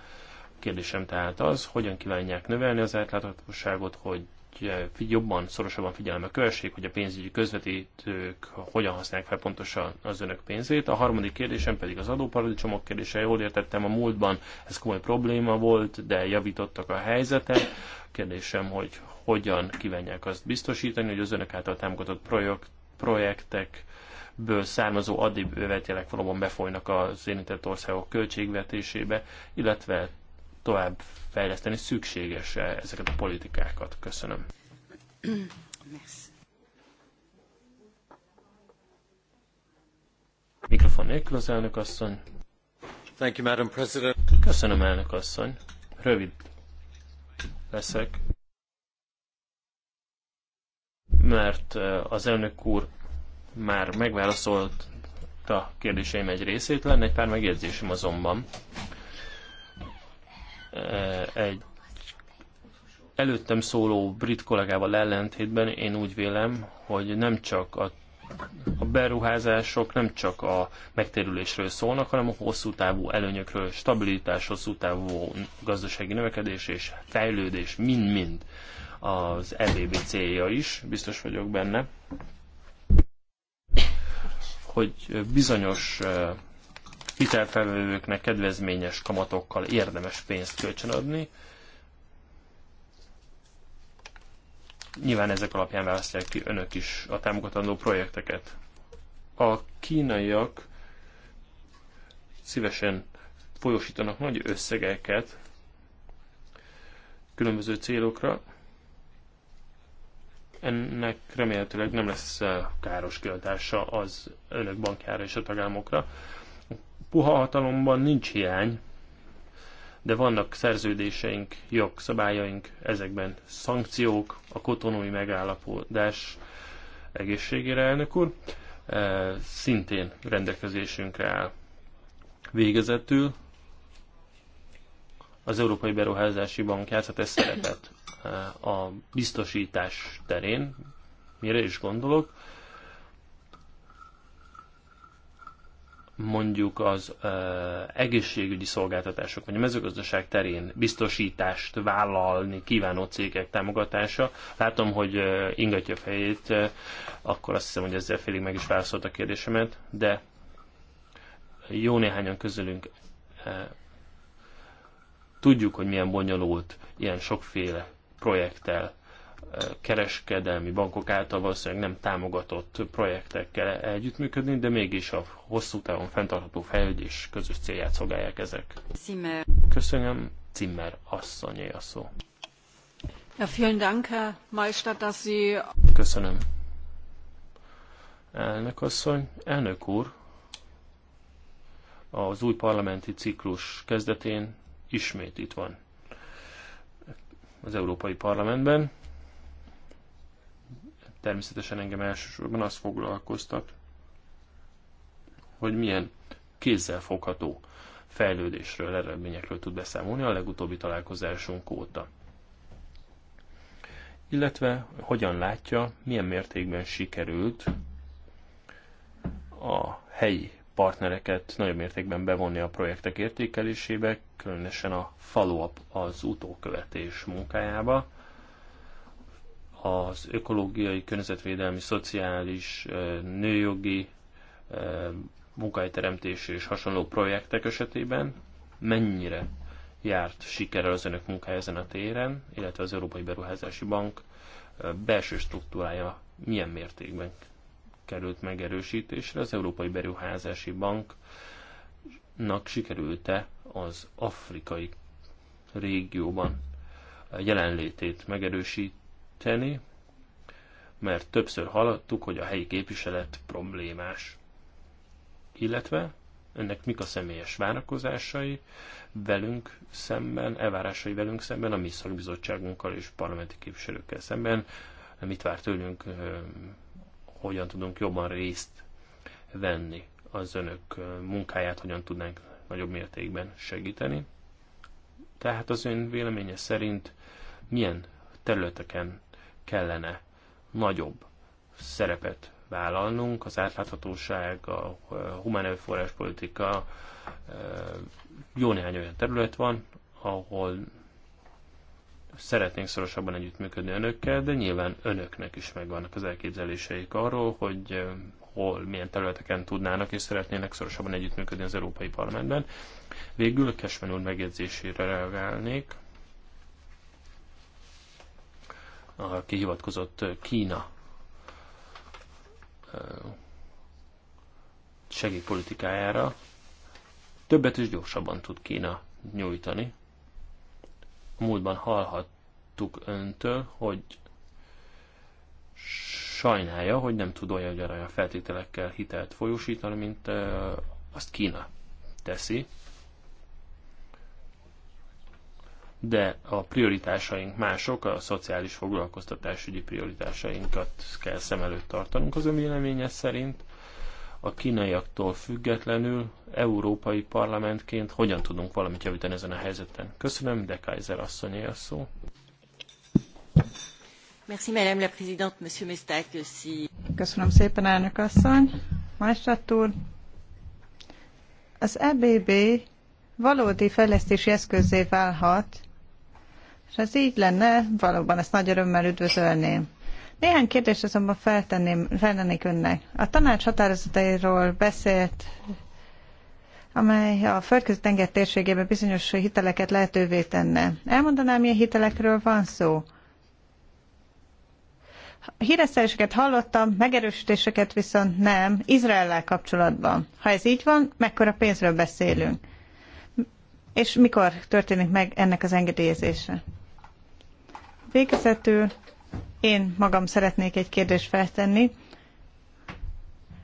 Speaker 4: Kérdésem tehát az, hogyan kívánják növelni az átláthatóságot, hogy Eh, jobban, szorosabban figyelembe kövessék, hogy a pénzügyi közvetítők hogyan használják fel pontosan az önök pénzét. A harmadik kérdésem pedig az adóparadicsomok kérdése. Jól értettem, a múltban ez komoly probléma volt, de javítottak a helyzetet. Kérdésem, hogy hogyan kívánják azt biztosítani, hogy az önök által támogatott projekt, projektek ből származó addig bevételek valóban befolynak az érintett országok költségvetésébe, illetve tovább fejleszteni szükséges -e ezeket a politikákat. Köszönöm. Mikrofon nélkül az elnök asszony. Thank you, Madam President. Köszönöm, elnök asszony. Rövid leszek, mert az elnök úr már megválaszolt a kérdéseim egy részét, lenne egy pár megjegyzésem azonban egy előttem szóló brit kollégával ellentétben én úgy vélem, hogy nem csak a, a beruházások nem csak a megtérülésről szólnak, hanem a hosszú távú előnyökről, stabilitás, hosszú távú gazdasági növekedés és fejlődés mind-mind az EBB célja is, biztos vagyok benne, hogy bizonyos hitelfelvevőknek kedvezményes kamatokkal érdemes pénzt kölcsönadni. Nyilván ezek alapján választják ki önök is a támogatandó projekteket. A kínaiak szívesen folyosítanak nagy összegeket különböző célokra. Ennek remélhetőleg nem lesz eh, káros kiadása az önök bankjára és a tagállamokra. Puha hatalomban nincs hiány, de vannak szerződéseink, jogszabályaink, ezekben szankciók, a kotonói megállapodás egészségére, elnök úr, e, szintén rendelkezésünkre áll. Végezetül az Európai Beruházási Bank játszhat ezt szerepet e, a biztosítás terén, mire is gondolok, mondjuk az ö, egészségügyi szolgáltatások, vagy a mezőgazdaság terén biztosítást vállalni kívánó cégek támogatása. Látom, hogy ö, ingatja a fejét, ö, akkor azt hiszem, hogy ezzel félig meg is válaszolt a kérdésemet, de jó néhányan közülünk ö, tudjuk, hogy milyen bonyolult ilyen sokféle projekttel kereskedelmi bankok által valószínűleg nem támogatott projektekkel együttműködni, de mégis a hosszú távon fenntartható fejlődés közös célját szolgálják ezek. Zimmer. Köszönöm, Zimmer asszonyé a szó.
Speaker 2: Ja, vielen Dank, Herr Maestad, dass Sie...
Speaker 4: Köszönöm. Elnök asszony, elnök úr, az új parlamenti ciklus kezdetén ismét itt van az Európai Parlamentben. Természetesen engem elsősorban az foglalkoztat, hogy milyen kézzelfogható fejlődésről, eredményekről tud beszámolni a legutóbbi találkozásunk óta. Illetve hogyan látja, milyen mértékben sikerült a helyi partnereket nagyobb mértékben bevonni a projektek értékelésébe, különösen a follow-up, az utókövetés munkájába, az ökológiai, környezetvédelmi, szociális, nőjogi, munkahelyteremtés és hasonló projektek esetében mennyire járt sikerrel az önök munkája ezen a téren, illetve az Európai Beruházási Bank belső struktúrája milyen mértékben került megerősítésre. Az Európai Beruházási Banknak sikerült-e az afrikai régióban jelenlétét megerősít, tenni, mert többször hallottuk, hogy a helyi képviselet problémás. Illetve ennek mik a személyes várakozásai velünk szemben, elvárásai velünk szemben, a mi szakbizottságunkkal és parlamenti képviselőkkel szemben, mit vár tőlünk, hogyan tudunk jobban részt venni az önök munkáját, hogyan tudnánk nagyobb mértékben segíteni. Tehát az ön véleménye szerint milyen területeken kellene nagyobb szerepet vállalnunk, az átláthatóság, a humán erőforrás politika, jó néhány olyan terület van, ahol szeretnénk szorosabban együttműködni önökkel, de nyilván önöknek is megvannak az elképzeléseik arról, hogy hol, milyen területeken tudnának és szeretnének szorosabban együttműködni az Európai Parlamentben. Végül Kesmen úr megjegyzésére reagálnék. aki hivatkozott Kína segélypolitikájára, többet és gyorsabban tud Kína nyújtani. A múltban hallhattuk öntől, hogy sajnálja, hogy nem tud olyan gyaranya feltételekkel hitelt folyósítani, mint azt Kína teszi. de a prioritásaink mások, a szociális foglalkoztatásügyi prioritásainkat kell szem előtt tartanunk az önvéleménye szerint. A kínaiaktól függetlenül európai parlamentként hogyan tudunk valamit javítani ezen a helyzeten? Köszönöm, de Kaiser asszonyé a szó.
Speaker 3: Merci, Madame la Présidente, Monsieur Mestak, si... Köszönöm szépen, elnök asszony. Maestrat úr, az EBB valódi fejlesztési eszközé válhat, és ez így lenne, valóban ezt nagy örömmel üdvözölném. Néhány kérdést azonban feltenném, feltennék önnek. A tanács határozatairól beszélt, amely a földközi tenger térségében bizonyos hiteleket lehetővé tenne. Elmondanám, milyen hitelekről van szó? Híreszteléseket hallottam, megerősítéseket viszont nem, Izraellel kapcsolatban. Ha ez így van, mekkora pénzről beszélünk? És mikor történik meg ennek az engedélyezése? Végezetül én magam szeretnék egy kérdést feltenni.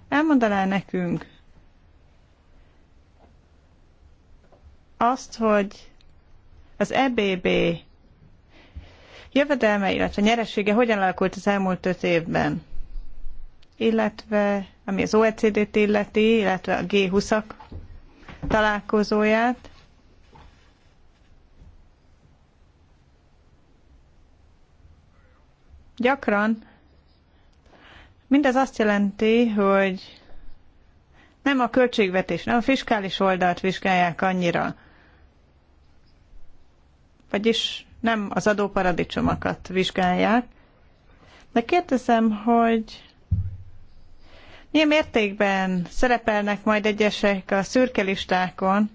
Speaker 3: Elmondaná nekünk azt, hogy az EBB jövedelme, illetve nyeressége hogyan alakult az elmúlt öt évben? Illetve, ami az OECD-t illeti, illetve a G20-ak találkozóját, Gyakran mindez azt jelenti, hogy nem a költségvetés, nem a fiskális oldalt vizsgálják annyira, vagyis nem az adóparadicsomokat vizsgálják. De kérdezem, hogy milyen mértékben szerepelnek majd egyesek a szürke listákon,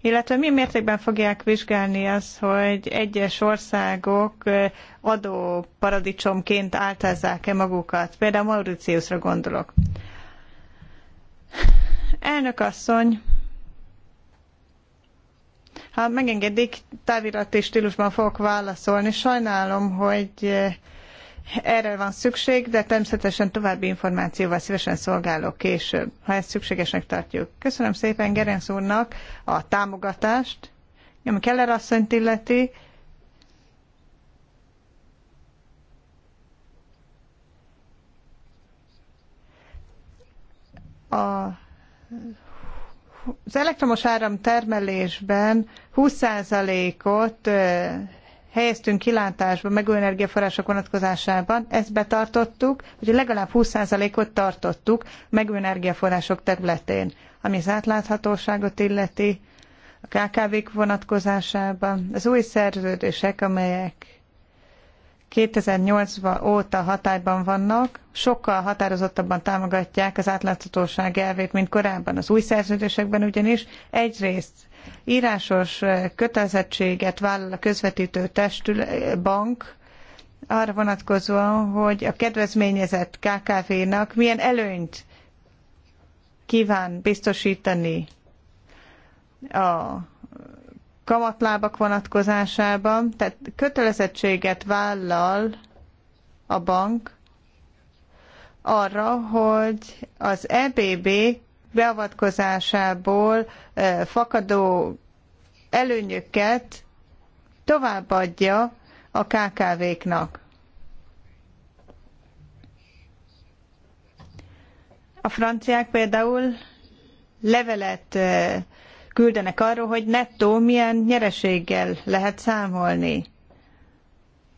Speaker 3: illetve milyen mértékben fogják vizsgálni az, hogy egyes országok adóparadicsomként áltázzák-e magukat, például Mauritiusra gondolok. Elnök asszony, ha megengedik, távirati stílusban fogok válaszolni. Sajnálom, hogy erre van szükség, de természetesen további információval szívesen szolgálok később, ha ezt szükségesnek tartjuk. Köszönöm szépen Gerenc úrnak a támogatást, ami Keller asszonyt illeti. A az elektromos áram termelésben 20%-ot helyeztünk kilátásba megújuló energiaforrások vonatkozásában, ezt betartottuk, hogy legalább 20%-ot tartottuk megújuló energiaforrások területén, ami az átláthatóságot illeti, a KKV-k vonatkozásában, az új szerződések, amelyek 2008 óta hatályban vannak, sokkal határozottabban támogatják az átláthatóság elvét, mint korábban az új szerződésekben, ugyanis egyrészt írásos eh, kötelezettséget vállal a közvetítő testül, bank arra vonatkozóan, hogy a kedvezményezett KKV-nak milyen előnyt kíván biztosítani a kamatlábak vonatkozásában, tehát kötelezettséget vállal a bank arra, hogy az EBB beavatkozásából eh, fakadó előnyöket továbbadja a KKV-knak. A franciák például levelet eh, küldenek arról, hogy nettó milyen nyereséggel lehet számolni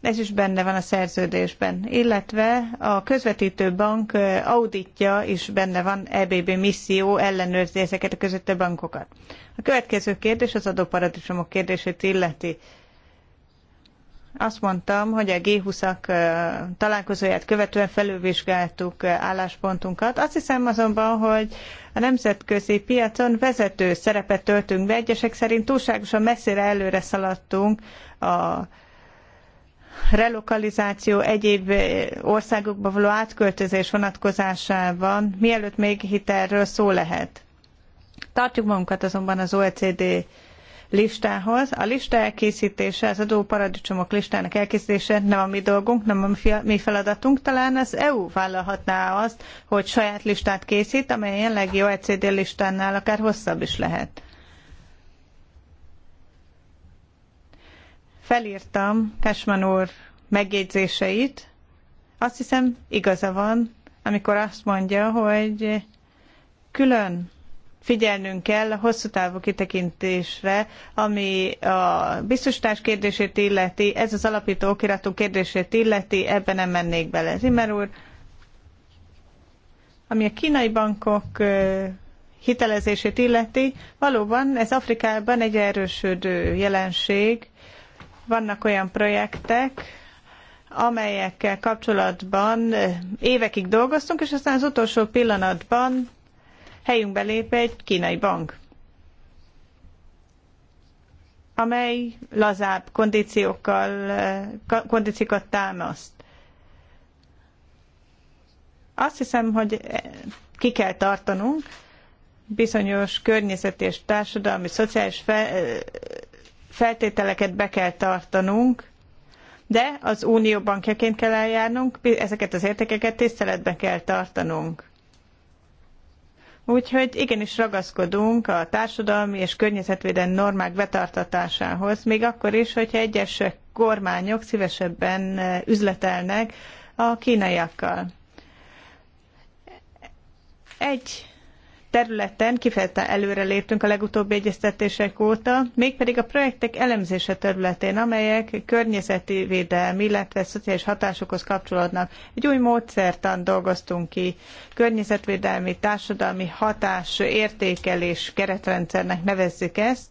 Speaker 3: ez is benne van a szerződésben, illetve a közvetítő bank auditja is benne van, EBB misszió ellenőrzi ezeket a közvetítő bankokat. A következő kérdés az adóparadicsomok kérdését illeti. Azt mondtam, hogy a G20-ak találkozóját követően felülvizsgáltuk álláspontunkat. Azt hiszem azonban, hogy a nemzetközi piacon vezető szerepet töltünk be. Egyesek szerint túlságosan messzire előre szaladtunk a relokalizáció egyéb országokba való átköltözés vonatkozásában, mielőtt még hitelről szó lehet. Tartjuk magunkat azonban az OECD listához. A lista elkészítése, az adóparadicsomok listának elkészítése nem a mi dolgunk, nem a mi feladatunk. Talán az EU vállalhatná azt, hogy saját listát készít, amely a jelenlegi OECD listánál akár hosszabb is lehet. Felírtam Cashman úr megjegyzéseit. Azt hiszem igaza van, amikor azt mondja, hogy külön figyelnünk kell a hosszú távú kitekintésre, ami a biztosítás kérdését illeti, ez az alapító okiratú kérdését illeti, ebben nem mennék bele. Zimmer úr, ami a kínai bankok hitelezését illeti, valóban ez Afrikában egy erősödő jelenség, vannak olyan projektek, amelyekkel kapcsolatban évekig dolgoztunk, és aztán az utolsó pillanatban helyünkbe lép egy kínai bank, amely lazább kondíciókkal, kondíciókat támaszt. Azt hiszem, hogy ki kell tartanunk, bizonyos környezet és társadalmi, szociális fe, feltételeket be kell tartanunk, de az unió bankjaként kell eljárnunk, ezeket az értékeket tiszteletben kell tartanunk. Úgyhogy igenis ragaszkodunk a társadalmi és környezetvédelmi normák betartatásához, még akkor is, hogyha egyes kormányok szívesebben üzletelnek a kínaiakkal. Egy területen kifejezetten előre léptünk a legutóbbi egyeztetések óta, mégpedig a projektek elemzése területén, amelyek környezeti védelmi, illetve szociális hatásokhoz kapcsolódnak. Egy új módszertan dolgoztunk ki, környezetvédelmi, társadalmi hatás értékelés keretrendszernek nevezzük ezt,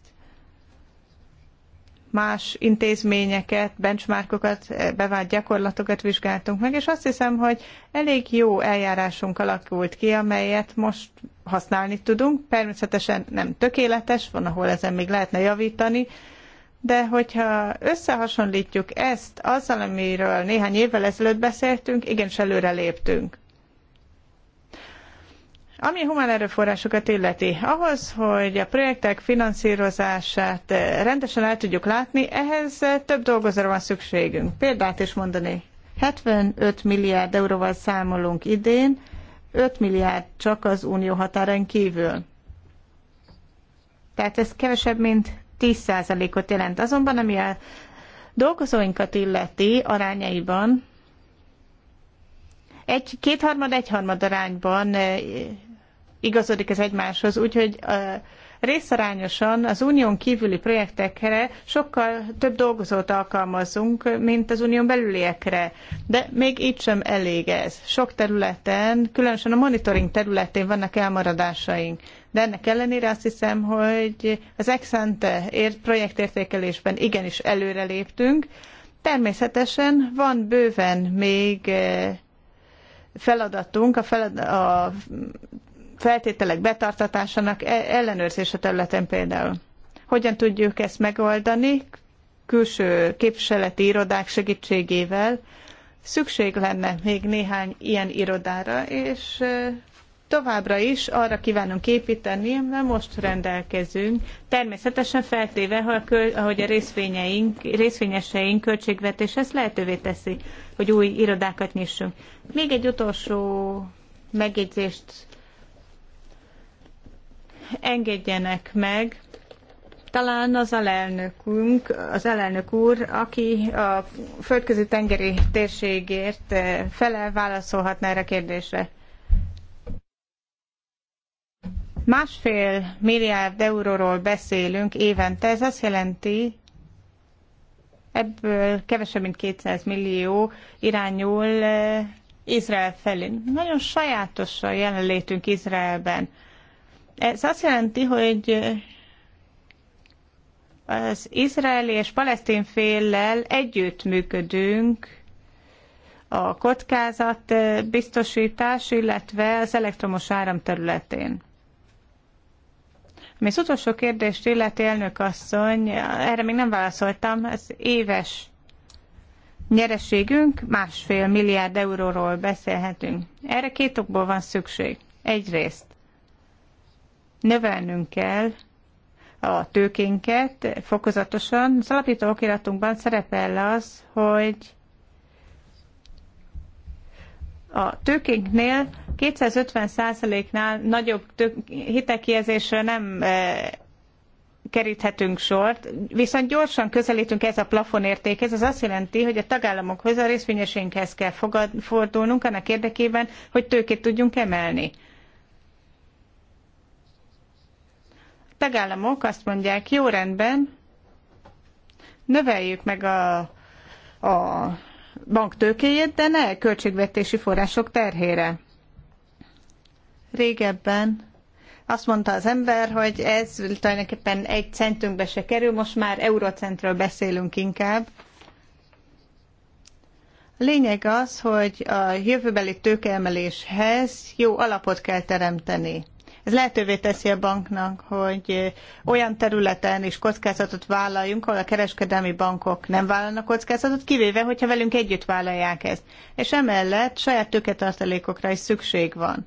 Speaker 3: más intézményeket, benchmarkokat, eh, bevált gyakorlatokat vizsgáltunk meg, és azt hiszem, hogy elég jó eljárásunk alakult ki, amelyet most használni tudunk. Természetesen nem tökéletes, van, ahol ezen még lehetne javítani, de hogyha összehasonlítjuk ezt azzal, amiről néhány évvel ezelőtt beszéltünk, igenis előre léptünk. Ami humán erőforrásokat illeti, ahhoz, hogy a projektek finanszírozását eh, rendesen el tudjuk látni, ehhez eh, több dolgozóra van szükségünk. Példát is mondani. 75 milliárd euróval számolunk idén, 5 milliárd csak az unió határain kívül. Tehát ez kevesebb, mint 10%-ot jelent. Azonban, ami a dolgozóinkat illeti arányaiban, egy, kétharmad, egyharmad arányban eh, igazodik ez egymáshoz, úgyhogy részarányosan az unión kívüli projektekre sokkal több dolgozót alkalmazunk, mint az unión belüliekre. De még így sem elég ez. Sok területen, különösen a monitoring területén vannak elmaradásaink. De ennek ellenére azt hiszem, hogy az Exante ért projektértékelésben igenis előreléptünk. Természetesen van bőven még feladatunk, a, felad, a feltételek betartatásának e- ellenőrzése területen például. Hogyan tudjuk ezt megoldani? Külső képviseleti irodák segítségével szükség lenne még néhány ilyen irodára, és továbbra is arra kívánunk építeni, mert most rendelkezünk. Természetesen feltéve, a ahogy a részvényeink, részvényeseink költségvetés ezt lehetővé teszi, hogy új irodákat nyissunk. Még egy utolsó megjegyzést engedjenek meg, talán az alelnökünk, az alelnök úr, aki a földközi tengeri térségért eh, fele válaszolhatna erre a kérdésre. Másfél milliárd euróról beszélünk évente, ez azt jelenti, ebből kevesebb, mint 200 millió irányul eh, Izrael felé. Nagyon sajátos a jelenlétünk Izraelben. Ez azt jelenti, hogy az izraeli és palesztin féllel együttműködünk a kockázat biztosítás, illetve az elektromos áram területén. Ami az utolsó kérdést illeti elnök asszony, erre még nem válaszoltam, az éves nyereségünk másfél milliárd euróról beszélhetünk. Erre két okból van szükség. Egyrészt növelnünk kell a tőkénket fokozatosan. alapító okiratunkban szerepel az, hogy a tőkénknél 250%-nál nagyobb hitelkiezésre nem e, keríthetünk sort, viszont gyorsan közelítünk ez a plafonértékhez. Ez azt jelenti, hogy a tagállamokhoz, a részvényesénkhez kell fordulnunk annak érdekében, hogy tőkét tudjunk emelni. tagállamok azt mondják, jó rendben, növeljük meg a, a bank tőkéjét, de ne költségvetési források terhére. Régebben azt mondta az ember, hogy ez tulajdonképpen egy centünkbe se kerül, most már eurocentről beszélünk inkább. A lényeg az, hogy a jövőbeli tőkeemeléshez jó alapot kell teremteni. Ez lehetővé teszi a banknak, hogy olyan területen is kockázatot vállaljunk, ahol a kereskedelmi bankok nem vállalnak kockázatot, kivéve, hogyha velünk együtt vállalják ezt. És emellett saját tőketartalékokra is szükség van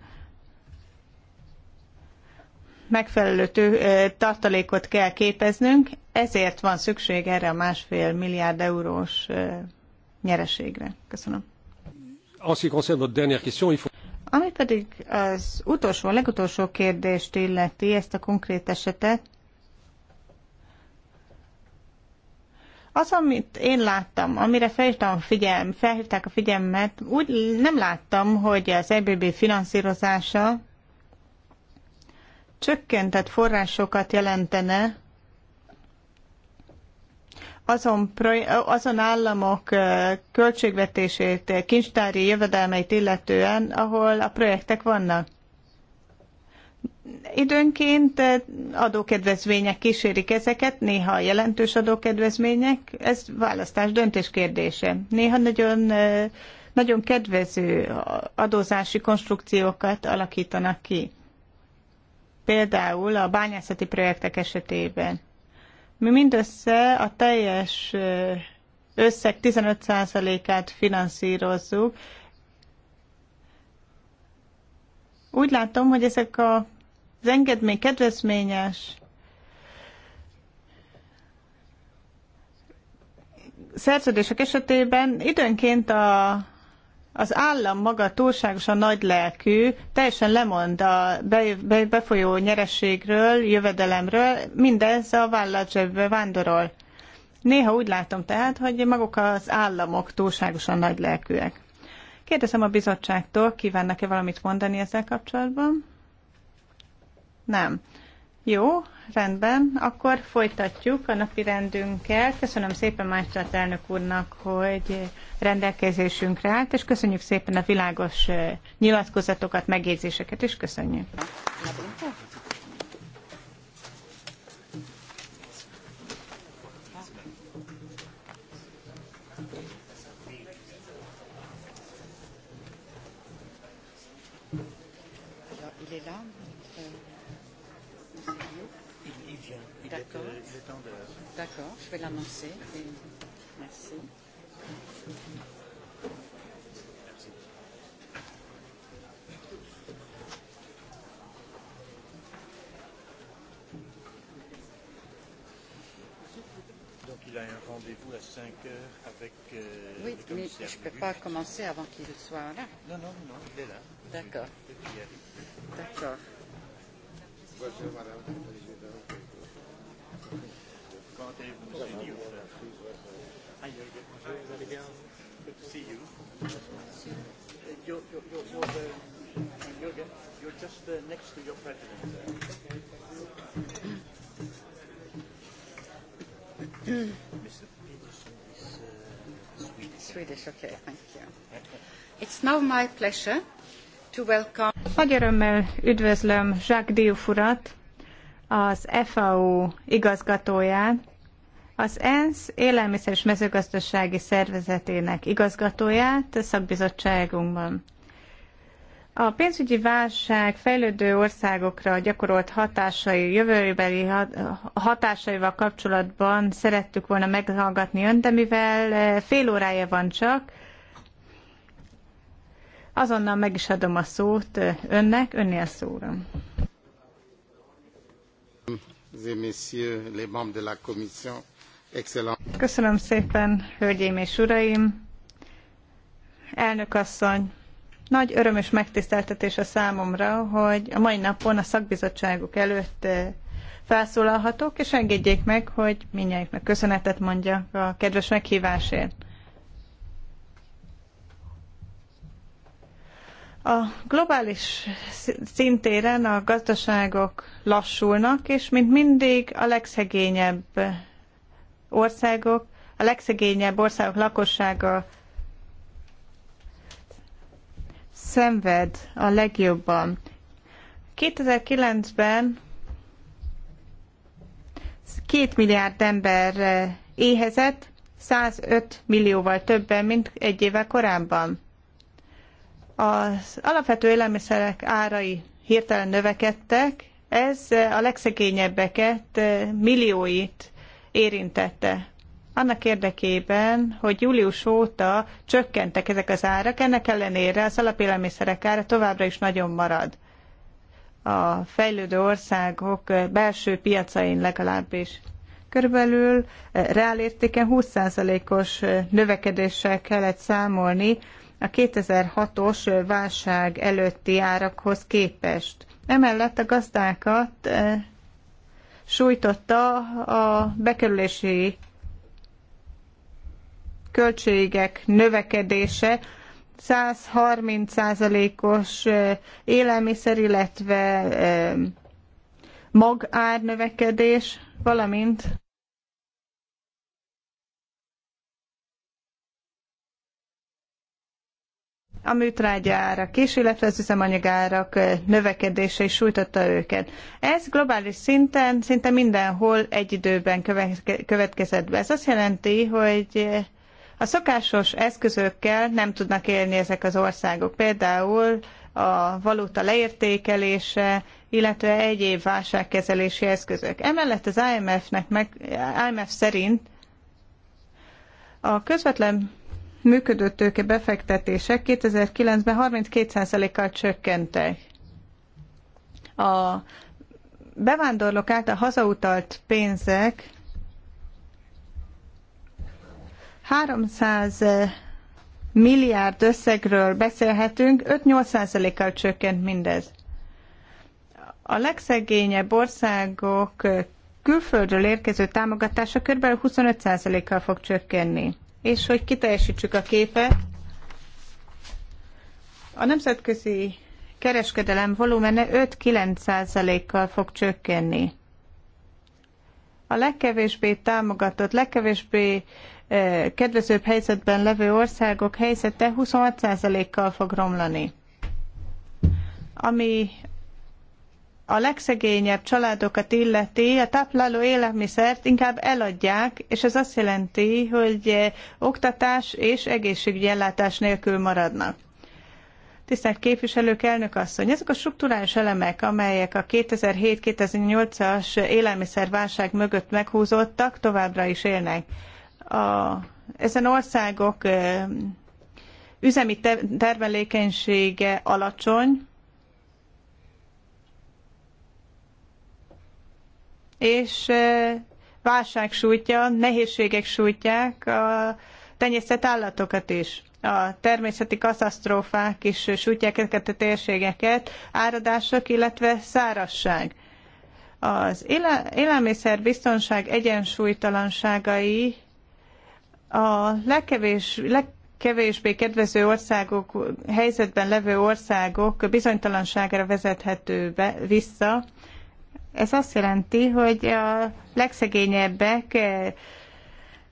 Speaker 3: megfelelő tő, tartalékot kell képeznünk, ezért van szükség erre a másfél milliárd eurós nyereségre. Köszönöm. Ami pedig az utolsó, a legutolsó kérdést illeti, ezt a konkrét esetet, Az, amit én láttam, amire felhívtam a figyelm, felhívták a figyelmet, úgy nem láttam, hogy az EBB finanszírozása csökkentett forrásokat jelentene azon, azon államok költségvetését, kincstári jövedelmeit illetően, ahol a projektek vannak. Időnként adókedvezmények kísérik ezeket, néha jelentős adókedvezmények, ez választás döntés kérdése. Néha nagyon, nagyon kedvező adózási konstrukciókat alakítanak ki. Például a bányászati projektek esetében mi mindössze a teljes összeg 15%-át finanszírozzuk. Úgy látom, hogy ezek a, az engedmény kedvezményes szerződések esetében időnként a az állam maga túlságosan nagy lelkű, teljesen lemond a befolyó nyerességről, jövedelemről, mindez a vállalat zsebbe vándorol. Néha úgy látom tehát, hogy maguk az államok túlságosan nagy lelkűek. Kérdezem a bizottságtól, kívánnak-e valamit mondani ezzel kapcsolatban? Nem. Jó, rendben, akkor folytatjuk a napi rendünkkel. Köszönöm szépen Mástrat elnök úrnak, hogy rendelkezésünkre állt, és köszönjük szépen a világos eh, nyilatkozatokat, megjegyzéseket, és köszönjük.
Speaker 2: vais l'annoncer. Merci.
Speaker 1: Donc il a un rendez-vous à 5 heures avec euh, Oui, le mais je ne peux pas commencer
Speaker 2: avant qu'il soit là.
Speaker 1: Non, non, non, il est là. D'accord. D'accord. Bonjour, madame about the news. Hi, Jürgen. Hi, Good to see you. You're, you're, you're, you're, the, Jürgen, you're just uh, next to your president. Mr. Peterson is uh, Swedish. Swedish,
Speaker 2: okay, thank you. It's now my pleasure to welcome...
Speaker 3: Nagy örömmel üdvözlöm Jacques Diouf urat, az FAO igazgatóját, az ENSZ élelmiszer és mezőgazdasági szervezetének igazgatóját szakbizottságunkban. A pénzügyi válság fejlődő országokra gyakorolt hatásai, jövőbeli hatásaival kapcsolatban szerettük volna meghallgatni ön, de mivel eh, fél órája van csak, azonnal meg is adom a szót eh, önnek, önnél szóra.
Speaker 1: Messieurs les membres de la Commission,
Speaker 3: Köszönöm szépen, hölgyeim és uraim! Elnök asszony, nagy öröm és megtiszteltetés a számomra, hogy a mai napon a szakbizottságok előtt eh, felszólalhatok, és engedjék meg, hogy mindjárt köszönetet mondjak a kedves meghívásért. A globális szintéren a gazdaságok lassulnak, és mint mindig a legszegényebb országok, a legszegényebb országok lakossága szenved a legjobban. 2009-ben két milliárd ember éhezett, 105 millióval többen, mint egy évvel korábban. Az alapvető élelmiszerek árai hirtelen növekedtek, ez a legszegényebbeket, millióit érintette. Annak érdekében, hogy július óta csökkentek ezek az árak, ennek ellenére az alapélelmiszerek ára továbbra is nagyon marad. A fejlődő országok belső piacain legalábbis. Körülbelül eh, reálértéken 20%-os eh, növekedéssel kellett számolni a 2006-os eh, válság előtti árakhoz képest. Emellett a gazdákat sújtotta a bekerülési költségek növekedése, 130%-os élelmiszer, illetve növekedés, valamint a árak is, illetve az árak eh, növekedése is sújtotta őket. Ez globális szinten, szinte mindenhol egy időben következett be. Ez azt jelenti, hogy eh, a szokásos eszközökkel nem tudnak élni ezek az országok. Például a valuta leértékelése, illetve egyéb válságkezelési eszközök. Emellett az IMF-nek meg, IMF szerint a közvetlen tőke befektetések 2009-ben 32%-kal csökkentek. A bevándorlók által hazautalt pénzek 300 milliárd összegről beszélhetünk, 5-8%-kal csökkent mindez. A legszegényebb országok külföldről érkező támogatása kb. 25%-kal fog csökkenni és hogy kiteljesítsük a képet. A nemzetközi kereskedelem volumene 5-9%-kal fog csökkenni. A legkevésbé támogatott, legkevésbé eh, kedvezőbb helyzetben levő országok helyzete 26%-kal fog romlani. Ami a legszegényebb családokat illeti, a tápláló élelmiszert inkább eladják, és ez azt jelenti, hogy eh, oktatás és egészségügyi ellátás nélkül maradnak. Tisztelt képviselők, elnök asszony, ezek a strukturális elemek, amelyek a 2007-2008-as élelmiszerválság mögött meghúzódtak, továbbra is élnek. A, ezen országok eh, üzemi termelékenysége alacsony, és válság sújtja, nehézségek sújtják a tenyésztett állatokat is. A természeti katasztrófák is sújtják ezeket a térségeket, áradások, illetve szárasság. Az élelmiszerbiztonság egyensúlytalanságai a legkevés, legkevésbé kedvező országok, helyzetben levő országok bizonytalanságra vezethető be, vissza, ez azt jelenti, hogy a legszegényebbek eh,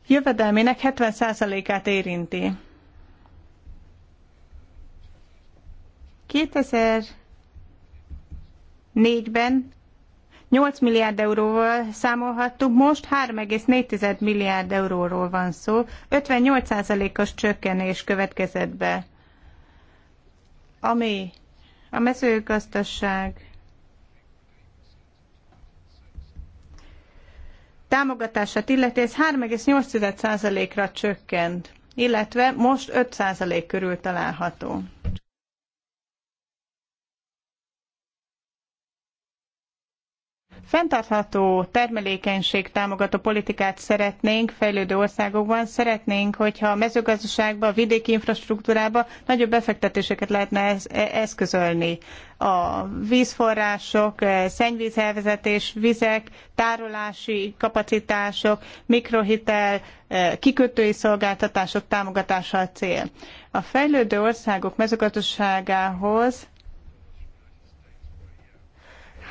Speaker 3: jövedelmének 70%-át érinti. 2004-ben 8 milliárd euróval számolhattuk, most 3,4 milliárd euróról van szó, 58%-os csökkenés következett be. Ami a mezőgazdaság támogatását illeti, ez 3,8%-ra csökkent, illetve most 5% körül található. fenntartható termelékenység támogató politikát szeretnénk fejlődő országokban, szeretnénk, hogyha a mezőgazdaságba, a vidéki infrastruktúrába nagyobb befektetéseket lehetne e- eszközölni. A vízforrások, e, szennyvízelvezetés, elvezetés, vizek, tárolási kapacitások, mikrohitel, e, kikötői szolgáltatások támogatása a cél. A fejlődő országok mezőgazdaságához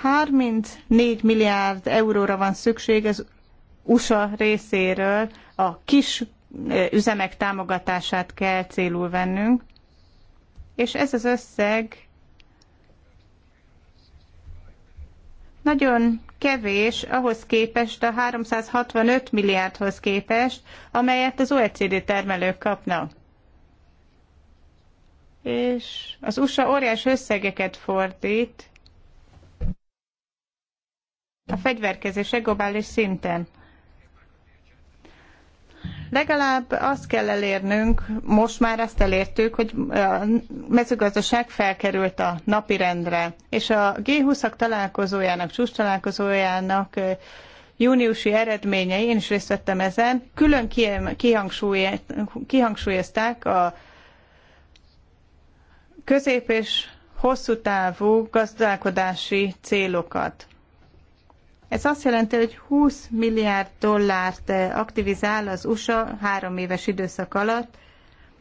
Speaker 3: 34 milliárd euróra van szükség az USA részéről, a kis üzemek támogatását kell célul vennünk, és ez az összeg nagyon kevés ahhoz képest a 365 milliárdhoz képest, amelyet az OECD termelők kapnak. És az USA óriás összegeket fordít a fegyverkezés globális szinten. Legalább azt kell elérnünk, most már azt elértük, hogy a mezőgazdaság felkerült a rendre, és a G20-ak találkozójának, csúcs találkozójának júniusi eredményei, én is részt vettem ezen, külön kihangsúlyozták a közép és hosszú távú gazdálkodási célokat. Ez azt jelenti, hogy 20 milliárd dollárt eh, aktivizál az USA három éves időszak alatt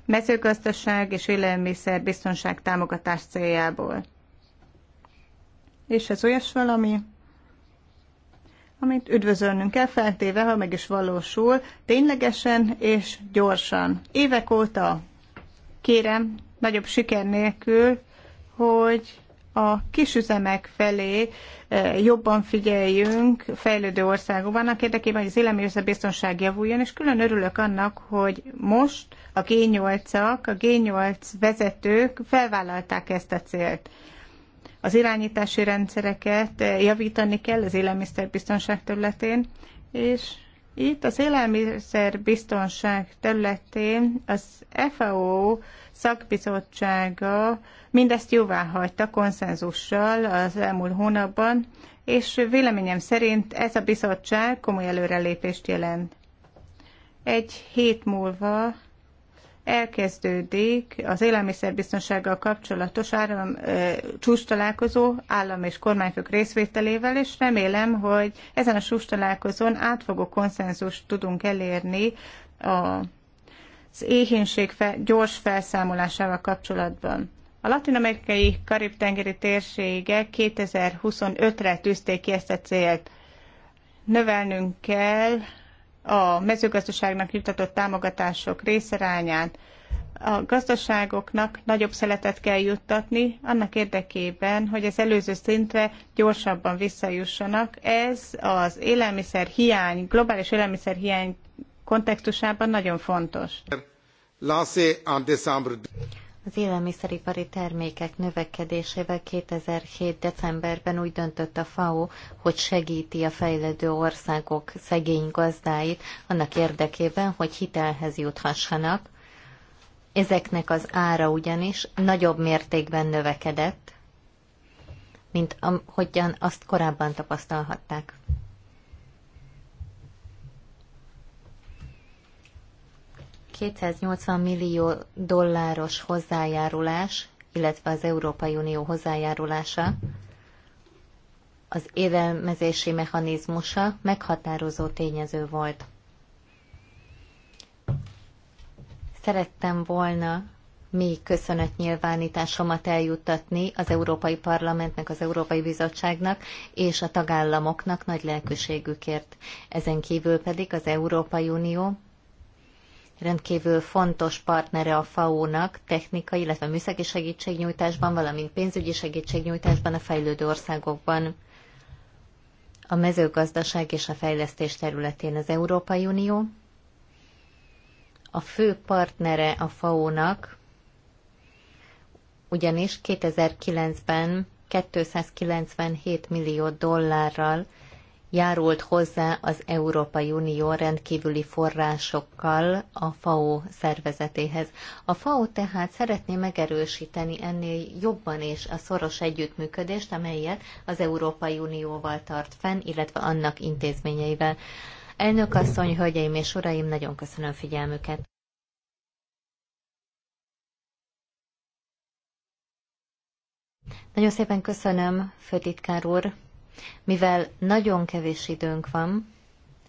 Speaker 3: mezőgazdaság és élelmiszer biztonság támogatás céljából. És ez olyas valami, amit üdvözölnünk kell, feltéve, ha meg is valósul, ténylegesen és gyorsan. Évek óta kérem, nagyobb siker nélkül, hogy a kisüzemek felé eh, jobban figyeljünk fejlődő országokban, annak érdekében, hogy az élelmiszerbiztonság javuljon, és külön örülök annak, hogy most a G8-ak, a G8 vezetők felvállalták ezt a célt. Az irányítási rendszereket eh, javítani kell az élelmiszerbiztonság területén, és itt az biztonság területén az FAO szakbizottsága mindezt jóvá hagyta konszenzussal az elmúlt hónapban, és véleményem szerint ez a bizottság komoly előrelépést jelent. Egy hét múlva elkezdődik az élelmiszerbiztonsággal kapcsolatos áram, e, állam és kormányfők részvételével, és remélem, hogy ezen a csúcs átfogó konszenzust tudunk elérni a, az éhénység fe, gyors felszámolásával kapcsolatban. A latin-amerikai karib-tengeri térségek 2025-re tűzték ki ezt a célt. Növelnünk kell a mezőgazdaságnak jutatott támogatások részarányát. A gazdaságoknak nagyobb szeletet kell juttatni annak érdekében, hogy az előző szintre gyorsabban visszajussanak. Ez az élelmiszer hiány, globális élelmiszer hiány kontextusában nagyon fontos.
Speaker 5: Az élelmiszeripari termékek növekedésével 2007. decemberben úgy döntött a FAO, hogy segíti a fejlődő országok szegény gazdáit annak érdekében, hogy hitelhez juthassanak. Ezeknek az ára ugyanis nagyobb mértékben növekedett, mint ahogyan azt korábban tapasztalhatták. 280 millió dolláros hozzájárulás, illetve az Európai Unió hozzájárulása, az élelmezési mechanizmusa meghatározó tényező volt. Szerettem volna még köszönetnyilvánításomat eljuttatni az Európai Parlamentnek, az Európai Bizottságnak és a tagállamoknak nagy lelkűségükért. Ezen kívül pedig az Európai Unió rendkívül fontos partnere a FAO-nak technikai, illetve műszaki segítségnyújtásban, valamint pénzügyi segítségnyújtásban a fejlődő országokban. A mezőgazdaság és a fejlesztés területén az Európai Unió, a fő partnere a FAO-nak, ugyanis 2009-ben 297 millió dollárral járult hozzá az Európai Unió rendkívüli forrásokkal a FAO szervezetéhez. A FAO tehát szeretné megerősíteni ennél jobban és a szoros együttműködést, amelyet az Európai Unióval tart fenn, illetve annak intézményeivel. Elnök asszony, hölgyeim és uraim, nagyon köszönöm figyelmüket! Nagyon szépen köszönöm, főtitkár úr! Mivel nagyon kevés időnk van,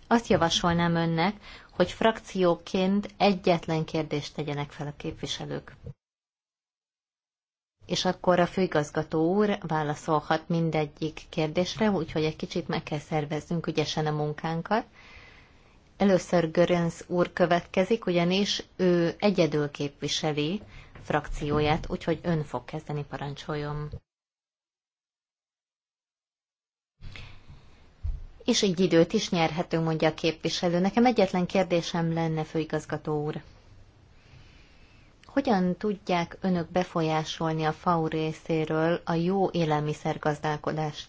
Speaker 5: azt javasolnám önnek, hogy frakcióként egyetlen kérdést tegyenek fel a képviselők. És akkor a főigazgató úr válaszolhat mindegyik kérdésre, úgyhogy egy kicsit meg kell szerveznünk ügyesen a munkánkat. Először Görönsz úr következik, ugyanis ő egyedül képviseli frakcióját, úgyhogy ön fog kezdeni, parancsoljon. és így időt is nyerhetünk, mondja a képviselő. Nekem egyetlen kérdésem lenne, főigazgató úr. Hogyan tudják önök befolyásolni a FAU részéről a jó élelmiszergazdálkodást?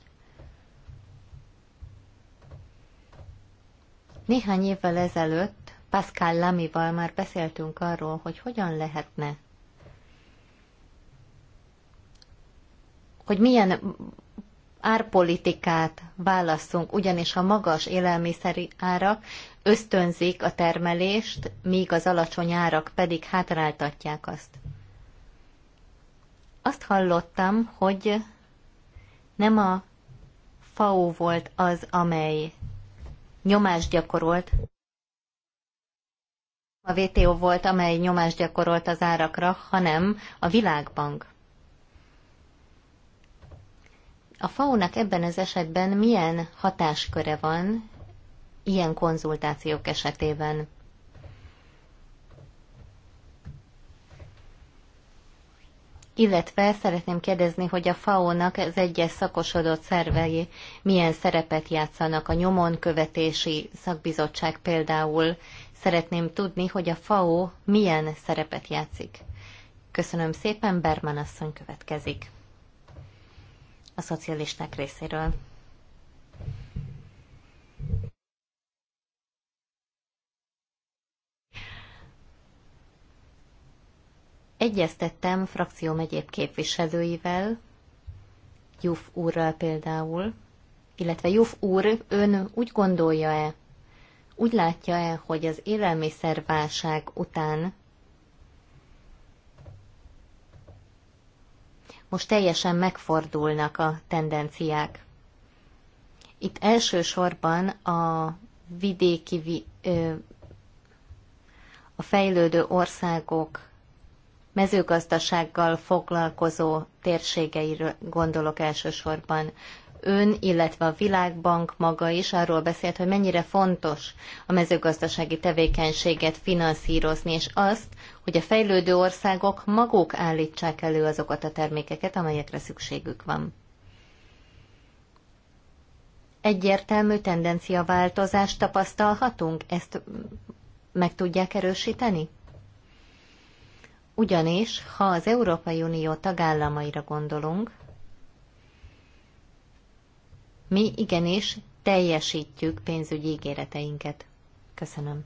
Speaker 5: Néhány évvel ezelőtt Pascal Lamival már beszéltünk arról, hogy hogyan lehetne, hogy milyen árpolitikát válasszunk, ugyanis a magas élelmiszeri árak ösztönzik a termelést, míg az alacsony árak pedig hátráltatják azt. Azt hallottam, hogy nem a FAO volt az, amely nyomást gyakorolt, a WTO volt, amely nyomást gyakorolt az árakra, hanem a Világbank a fao ebben az esetben milyen hatásköre van ilyen konzultációk esetében? Illetve szeretném kérdezni, hogy a fao az egyes szakosodott szervei milyen szerepet játszanak a nyomon követési szakbizottság például. Szeretném tudni, hogy a FAO milyen szerepet játszik. Köszönöm szépen, Berman asszony következik a szocialisták részéről. Egyeztettem frakcióm egyéb képviselőivel, Juf úrral például, illetve Juf úr, ön úgy gondolja-e, úgy látja-e, hogy az élelmiszerválság után most teljesen megfordulnak a tendenciák. Itt elsősorban a vidéki, a fejlődő országok mezőgazdasággal foglalkozó térségeiről gondolok elsősorban ön, illetve a Világbank maga is arról beszélt, hogy mennyire fontos a mezőgazdasági tevékenységet finanszírozni, és azt, hogy a fejlődő országok maguk állítsák elő azokat a termékeket, amelyekre szükségük van. Egyértelmű tendenciaváltozást tapasztalhatunk? Ezt meg tudják erősíteni? Ugyanis, ha az Európai Unió tagállamaira gondolunk, mi igenis teljesítjük pénzügyi ígéreteinket. Köszönöm.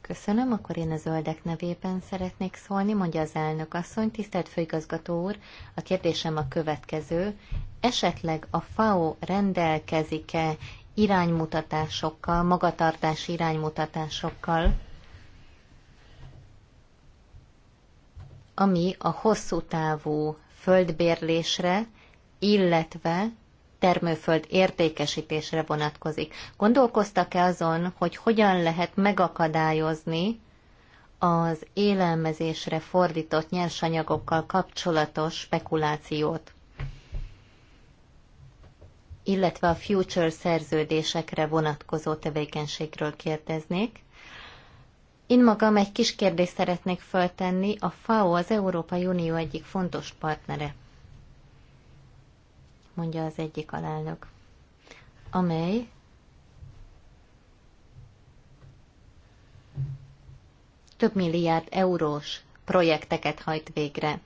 Speaker 5: Köszönöm, akkor én a zöldek nevében szeretnék szólni, mondja az elnök asszony. Tisztelt főigazgató úr, a kérdésem a következő. Esetleg a FAO rendelkezik-e iránymutatásokkal, magatartási iránymutatásokkal ami a hosszú távú földbérlésre, illetve termőföld értékesítésre vonatkozik. Gondolkoztak-e azon, hogy hogyan lehet megakadályozni az élelmezésre fordított nyersanyagokkal kapcsolatos spekulációt, illetve a future szerződésekre vonatkozó tevékenységről kérdeznék. Én magam egy kis kérdést szeretnék föltenni. A FAO az Európai Unió egyik fontos partnere, mondja az egyik alelnök, amely több milliárd eurós projekteket hajt végre.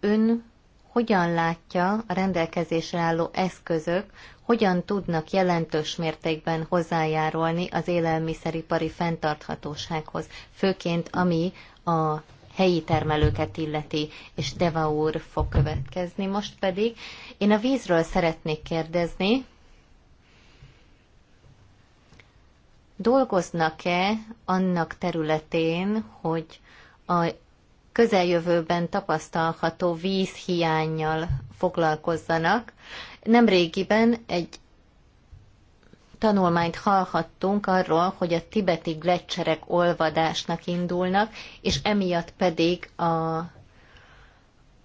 Speaker 5: Ön hogyan látja a rendelkezésre álló eszközök, hogyan tudnak jelentős mértékben hozzájárulni az élelmiszeripari fenntarthatósághoz, főként ami a helyi termelőket illeti, és Deva úr fog következni. Most pedig én a vízről szeretnék kérdezni. Dolgoznak-e annak területén, hogy a közeljövőben tapasztalható vízhiányjal foglalkozzanak, Nemrégiben egy tanulmányt hallhattunk arról, hogy a tibeti gletszerek olvadásnak indulnak, és emiatt pedig a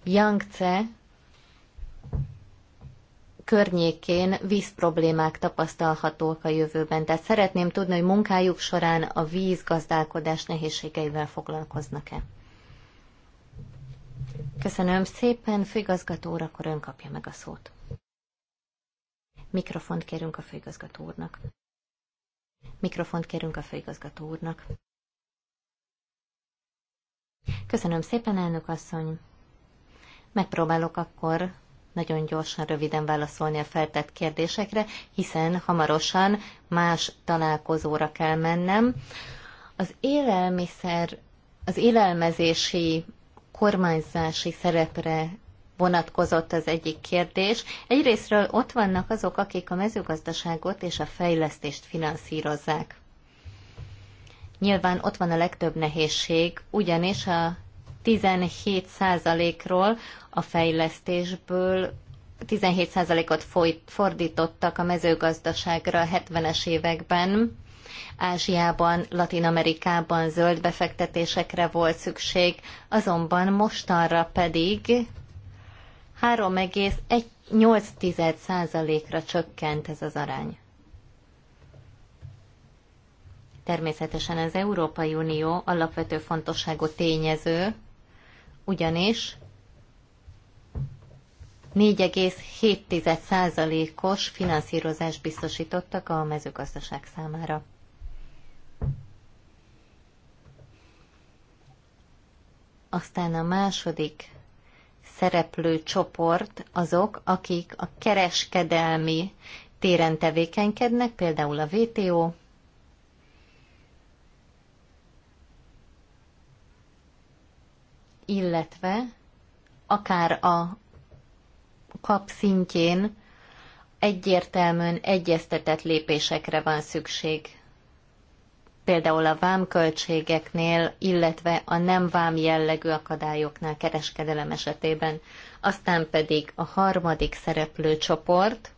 Speaker 5: Yangtze környékén vízproblémák tapasztalhatók a jövőben. Tehát szeretném tudni, hogy munkájuk során a vízgazdálkodás nehézségeivel foglalkoznak-e. Köszönöm szépen, főigazgató úr, akkor ön kapja meg a szót. Mikrofont kérünk a főigazgató úrnak. Mikrofont kérünk a főigazgató úrnak. Köszönöm szépen, elnök asszony. Megpróbálok akkor nagyon gyorsan, röviden válaszolni a feltett kérdésekre, hiszen hamarosan más találkozóra kell mennem. Az élelmiszer, az élelmezési kormányzási szerepre vonatkozott az egyik kérdés. Egyrésztről ott vannak azok, akik a mezőgazdaságot és a fejlesztést finanszírozzák. Nyilván ott van a legtöbb nehézség, ugyanis a 17%-ról a fejlesztésből 17%-ot fordítottak a mezőgazdaságra 70-es években. Ázsiában, Latin Amerikában zöld befektetésekre volt szükség, azonban mostanra pedig 3,8%-ra csökkent ez az arány. Természetesen az Európai Unió alapvető fontosságú tényező, ugyanis 4,7%-os finanszírozást biztosítottak a mezőgazdaság számára. Aztán a második szereplő csoport azok, akik a kereskedelmi téren tevékenykednek, például a VTO, illetve akár a kap szintjén egyértelműen egyeztetett lépésekre van szükség például a vámköltségeknél, illetve a nem vám jellegű akadályoknál kereskedelem esetében. Aztán pedig a harmadik szereplő csoport,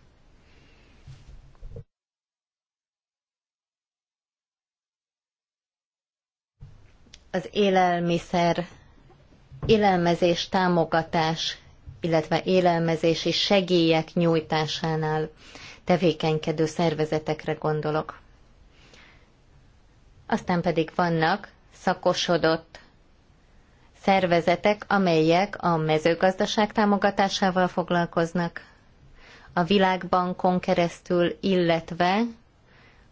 Speaker 5: az élelmiszer, élelmezés támogatás, illetve élelmezési segélyek nyújtásánál tevékenykedő szervezetekre gondolok. Aztán pedig vannak szakosodott szervezetek, amelyek a mezőgazdaság támogatásával foglalkoznak, a Világbankon keresztül, illetve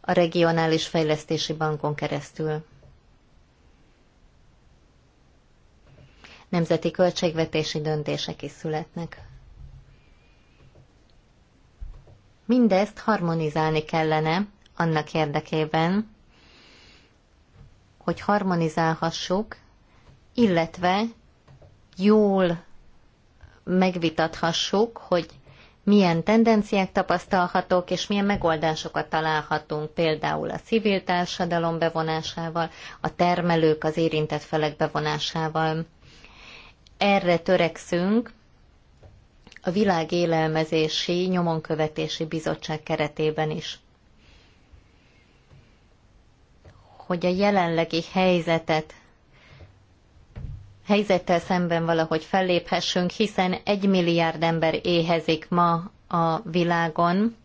Speaker 5: a Regionális Fejlesztési Bankon keresztül. Nemzeti költségvetési döntések is születnek. Mindezt harmonizálni kellene annak érdekében, hogy harmonizálhassuk, illetve jól megvitathassuk, hogy milyen tendenciák tapasztalhatók, és milyen megoldásokat találhatunk például a civil társadalom bevonásával, a termelők, az érintett felek bevonásával. Erre törekszünk a Világ Nyomonkövetési Bizottság keretében is. hogy a jelenlegi helyzetet helyzettel szemben valahogy felléphessünk, hiszen egy milliárd ember éhezik ma a világon,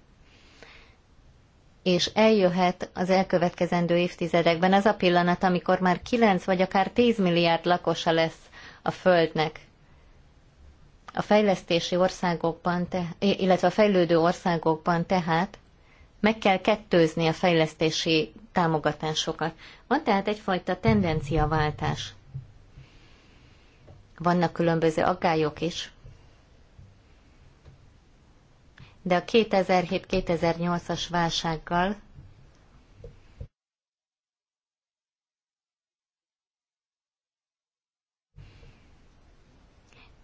Speaker 5: és eljöhet az elkövetkezendő évtizedekben az a pillanat, amikor már 9 vagy akár 10 milliárd lakosa lesz a Földnek. A fejlesztési országokban, te, illetve a fejlődő országokban tehát meg kell kettőzni a fejlesztési támogatásokat. Van tehát egyfajta tendenciaváltás. Vannak különböző aggályok is, de a 2007-2008-as válsággal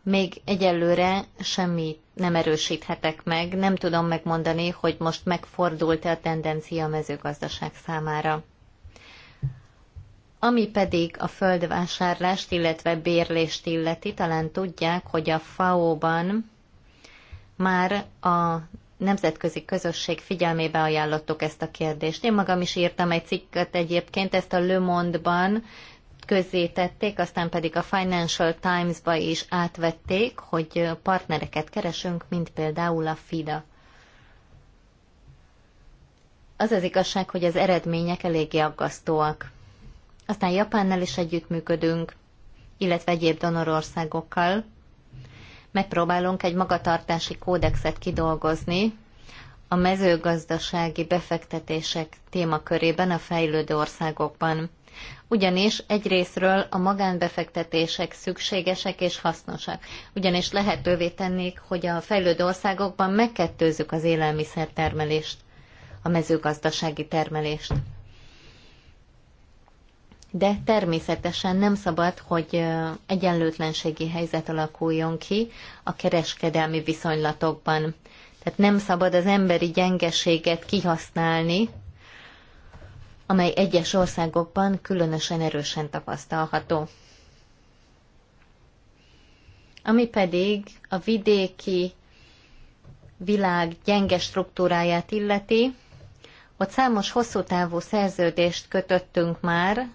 Speaker 5: még egyelőre semmit nem erősíthetek meg, nem tudom megmondani, hogy most megfordult-e a tendencia a mezőgazdaság számára. Ami pedig a földvásárlást, illetve bérlést illeti, talán tudják, hogy a FAO-ban már a nemzetközi közösség figyelmébe ajánlottuk ezt a kérdést. Én magam is írtam egy cikket egyébként, ezt a Le Monde-ban közzétették, aztán pedig a Financial Times-ba is átvették, hogy partnereket keresünk, mint például a FIDA. Az az igazság, hogy az eredmények eléggé aggasztóak. Aztán Japánnal is együttműködünk, illetve egyéb donorországokkal. Megpróbálunk egy magatartási kódexet kidolgozni a mezőgazdasági befektetések témakörében a fejlődő országokban ugyanis egyrésztről a magánbefektetések szükségesek és hasznosak, ugyanis lehetővé tennék, hogy a fejlődő országokban megkettőzzük az élelmiszertermelést, a mezőgazdasági termelést. De természetesen nem szabad, hogy egyenlőtlenségi helyzet alakuljon ki a kereskedelmi viszonylatokban. Tehát nem szabad az emberi gyengeséget kihasználni, amely egyes országokban különösen erősen tapasztalható. Ami pedig a vidéki világ gyenge struktúráját illeti, ott számos hosszú távú szerződést kötöttünk már,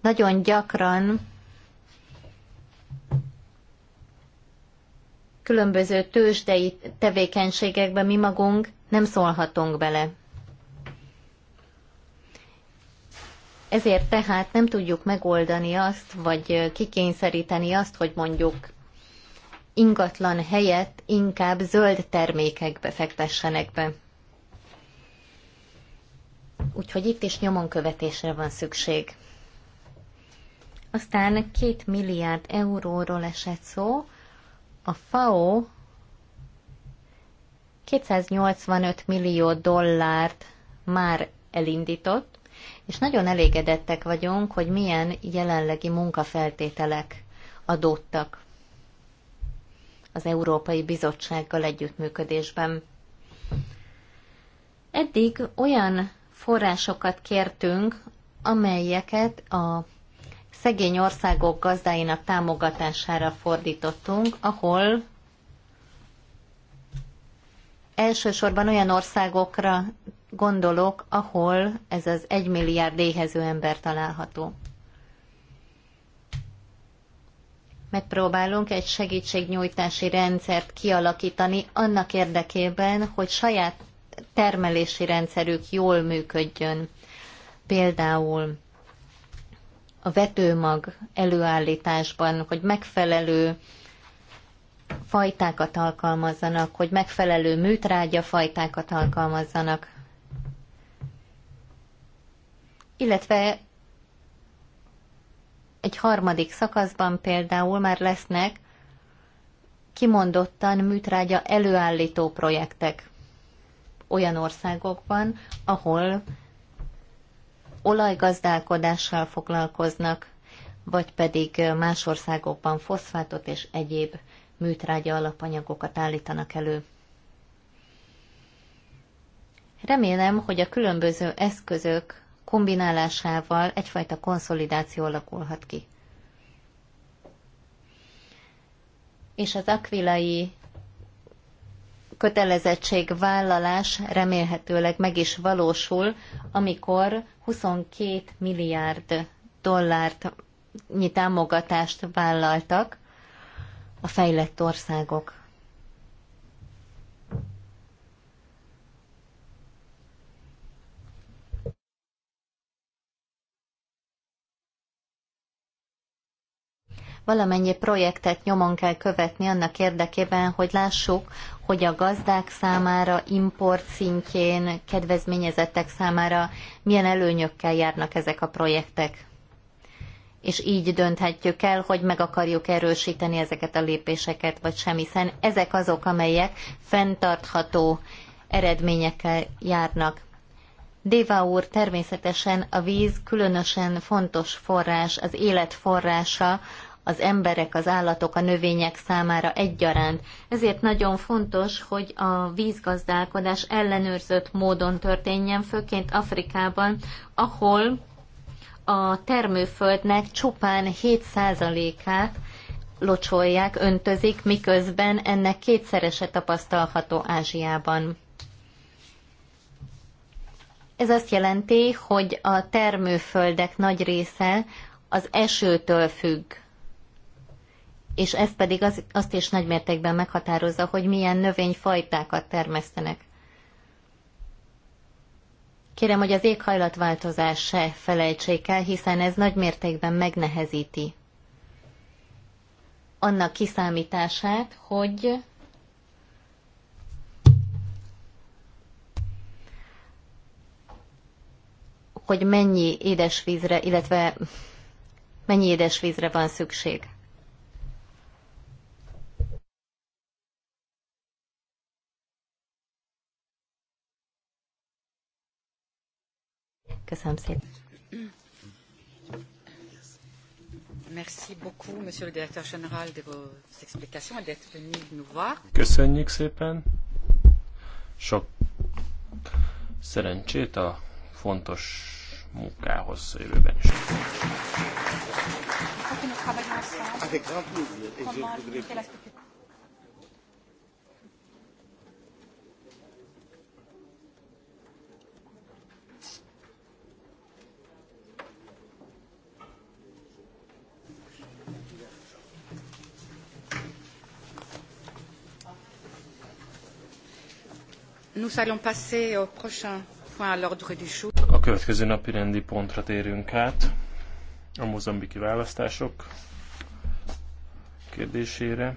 Speaker 5: nagyon gyakran különböző tőzsdei tevékenységekbe mi magunk nem szólhatunk bele. Ezért tehát nem tudjuk megoldani azt, vagy kikényszeríteni azt, hogy mondjuk ingatlan helyett inkább zöld termékekbe fektessenek be. Úgyhogy itt is nyomon követésre van szükség. Aztán két milliárd euróról esett szó, a FAO 285 millió dollárt már elindított, és nagyon elégedettek vagyunk, hogy milyen jelenlegi munkafeltételek adódtak az Európai Bizottsággal együttműködésben. Eddig olyan forrásokat kértünk, amelyeket a szegény országok gazdáinak támogatására fordítottunk, ahol elsősorban olyan országokra gondolok, ahol ez az egy éhező ember található. Megpróbálunk egy segítségnyújtási rendszert kialakítani annak érdekében, hogy saját termelési rendszerük jól működjön. Például a vetőmag előállításban, hogy megfelelő fajtákat alkalmazzanak, hogy megfelelő műtrágya fajtákat alkalmazzanak, illetve egy harmadik szakaszban például már lesznek kimondottan műtrágya előállító projektek olyan országokban, ahol olajgazdálkodással foglalkoznak, vagy pedig más országokban foszfátot és egyéb műtrágya alapanyagokat állítanak elő. Remélem, hogy a különböző eszközök kombinálásával egyfajta konszolidáció alakulhat ki. És az akvilai kötelezettségvállalás remélhetőleg meg is valósul, amikor 22 milliárd dollárt nyi támogatást vállaltak a fejlett országok. valamennyi projektet nyomon kell követni annak érdekében, hogy lássuk, hogy a gazdák számára, import szintjén, kedvezményezettek számára milyen előnyökkel járnak ezek a projektek. És így dönthetjük el, hogy meg akarjuk erősíteni ezeket a lépéseket, vagy sem, hiszen ezek azok, amelyek fenntartható eredményekkel járnak. Déva úr, természetesen a víz különösen fontos forrás, az élet forrása az emberek, az állatok, a növények számára egyaránt. Ezért nagyon fontos, hogy a vízgazdálkodás ellenőrzött módon történjen, főként Afrikában, ahol a termőföldnek csupán 7%-át locsolják, öntözik, miközben ennek kétszerese tapasztalható Ázsiában. Ez azt jelenti, hogy a termőföldek nagy része az esőtől függ és ez pedig az, azt is nagymértékben meghatározza, hogy milyen növényfajtákat termesztenek. Kérem, hogy az éghajlatváltozás se felejtsék el, hiszen ez nagymértékben megnehezíti annak kiszámítását, hogy hogy mennyi édesvízre, illetve mennyi édesvízre van szükség. Köszönöm szépen.
Speaker 2: Merci beaucoup, monsieur le directeur général, de vos explications et d'être venu nous voir.
Speaker 4: Köszönjük szépen. Sok szerencsét a fontos munkához jövőben is.
Speaker 2: Avec grand plaisir. Nous allons passer au prochain point à l'ordre du jour. A
Speaker 4: következő napi rendi pontra térünk át. A mozambiki választások kérdésére.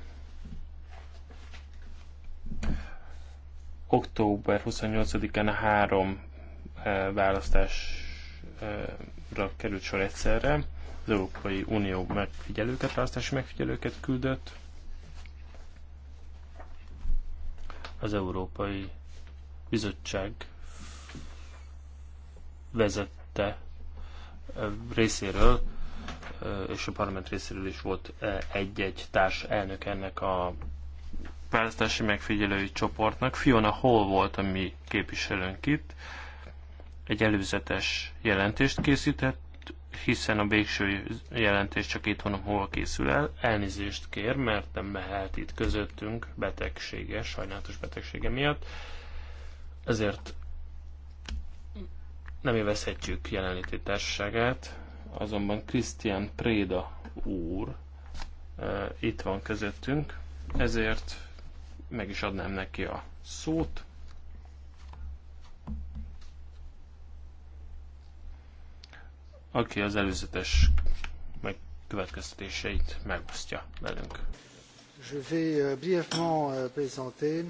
Speaker 4: Október 28-án három eh, választásra került sor egyszerre. Az Európai Unió megfigyelőket, választási megfigyelőket küldött. Az Európai bizottság vezette részéről, és a parlament részéről is volt egy-egy társ elnök ennek a választási megfigyelői csoportnak. Fiona Hall volt a mi képviselőnk itt, egy előzetes jelentést készített, hiszen a végső jelentés csak két hónap hol készül el. Elnézést kér, mert nem mehet itt közöttünk betegsége, sajnálatos betegsége miatt. Ezért nem évezhetjük jelenléti társaságát, azonban Christian Préda úr itt van közöttünk, ezért meg is adnám neki a szót. aki az előzetes megkövetkeztetéseit megosztja velünk.
Speaker 1: Je vais euh, brièvement euh, présenter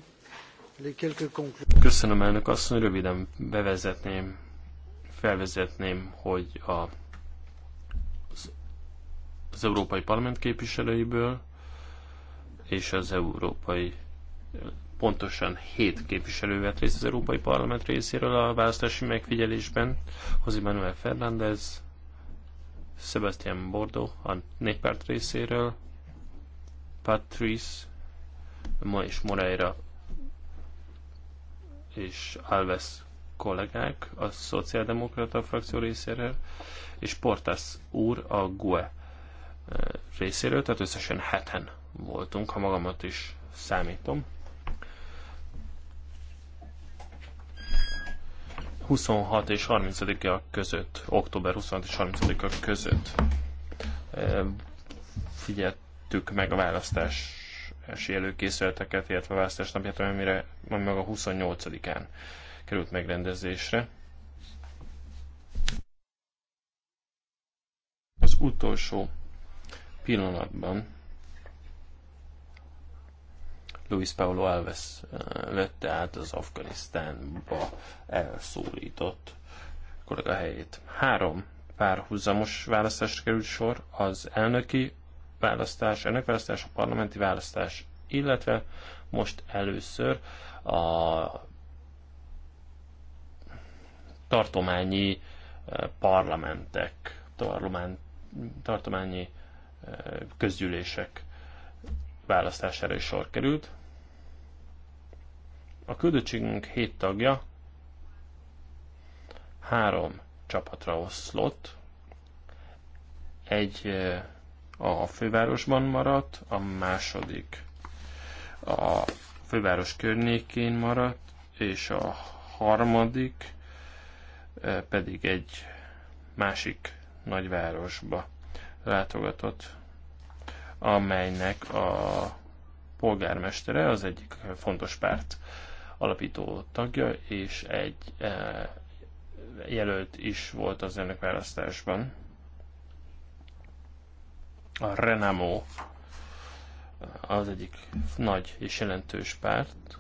Speaker 4: Köszönöm, elnök asszony, röviden bevezetném, felvezetném, hogy a, az, az Európai Parlament képviselőiből és az Európai pontosan hét képviselő vett részt az Európai Parlament részéről a választási megfigyelésben. José Manuel Fernández, Sebastián Bordo a néppárt részéről, Patrice, ma és Moreira és Alves kollégák a Szociáldemokrata frakció részéről, és Portas úr a GUE eh, részéről, tehát összesen heten voltunk, ha magamat is számítom. 26 és 30-a között, október 26 és 30-a között eh, figyeltük meg a választás előkészületeket, illetve a választás napját, amire majd meg a 28-án került megrendezésre. Az utolsó pillanatban Luis Paulo Alves vette eh, át az Afganisztánba elszólított kollega helyét. Három párhuzamos választásra került sor, az elnöki, választás, elnökválasztás, a parlamenti választás, illetve most először a tartományi eh, parlamentek, tartományi eh, közgyűlések választására is sor került. A küldöttségünk hét tagja három csapatra oszlott, egy eh, a fővárosban maradt, a második a főváros környékén maradt, és a harmadik e, pedig egy másik nagyvárosba látogatott, amelynek a polgármestere az egyik fontos párt alapító tagja, és egy e, jelölt is volt az önök választásban. A Renamo az egyik nagy és jelentős párt.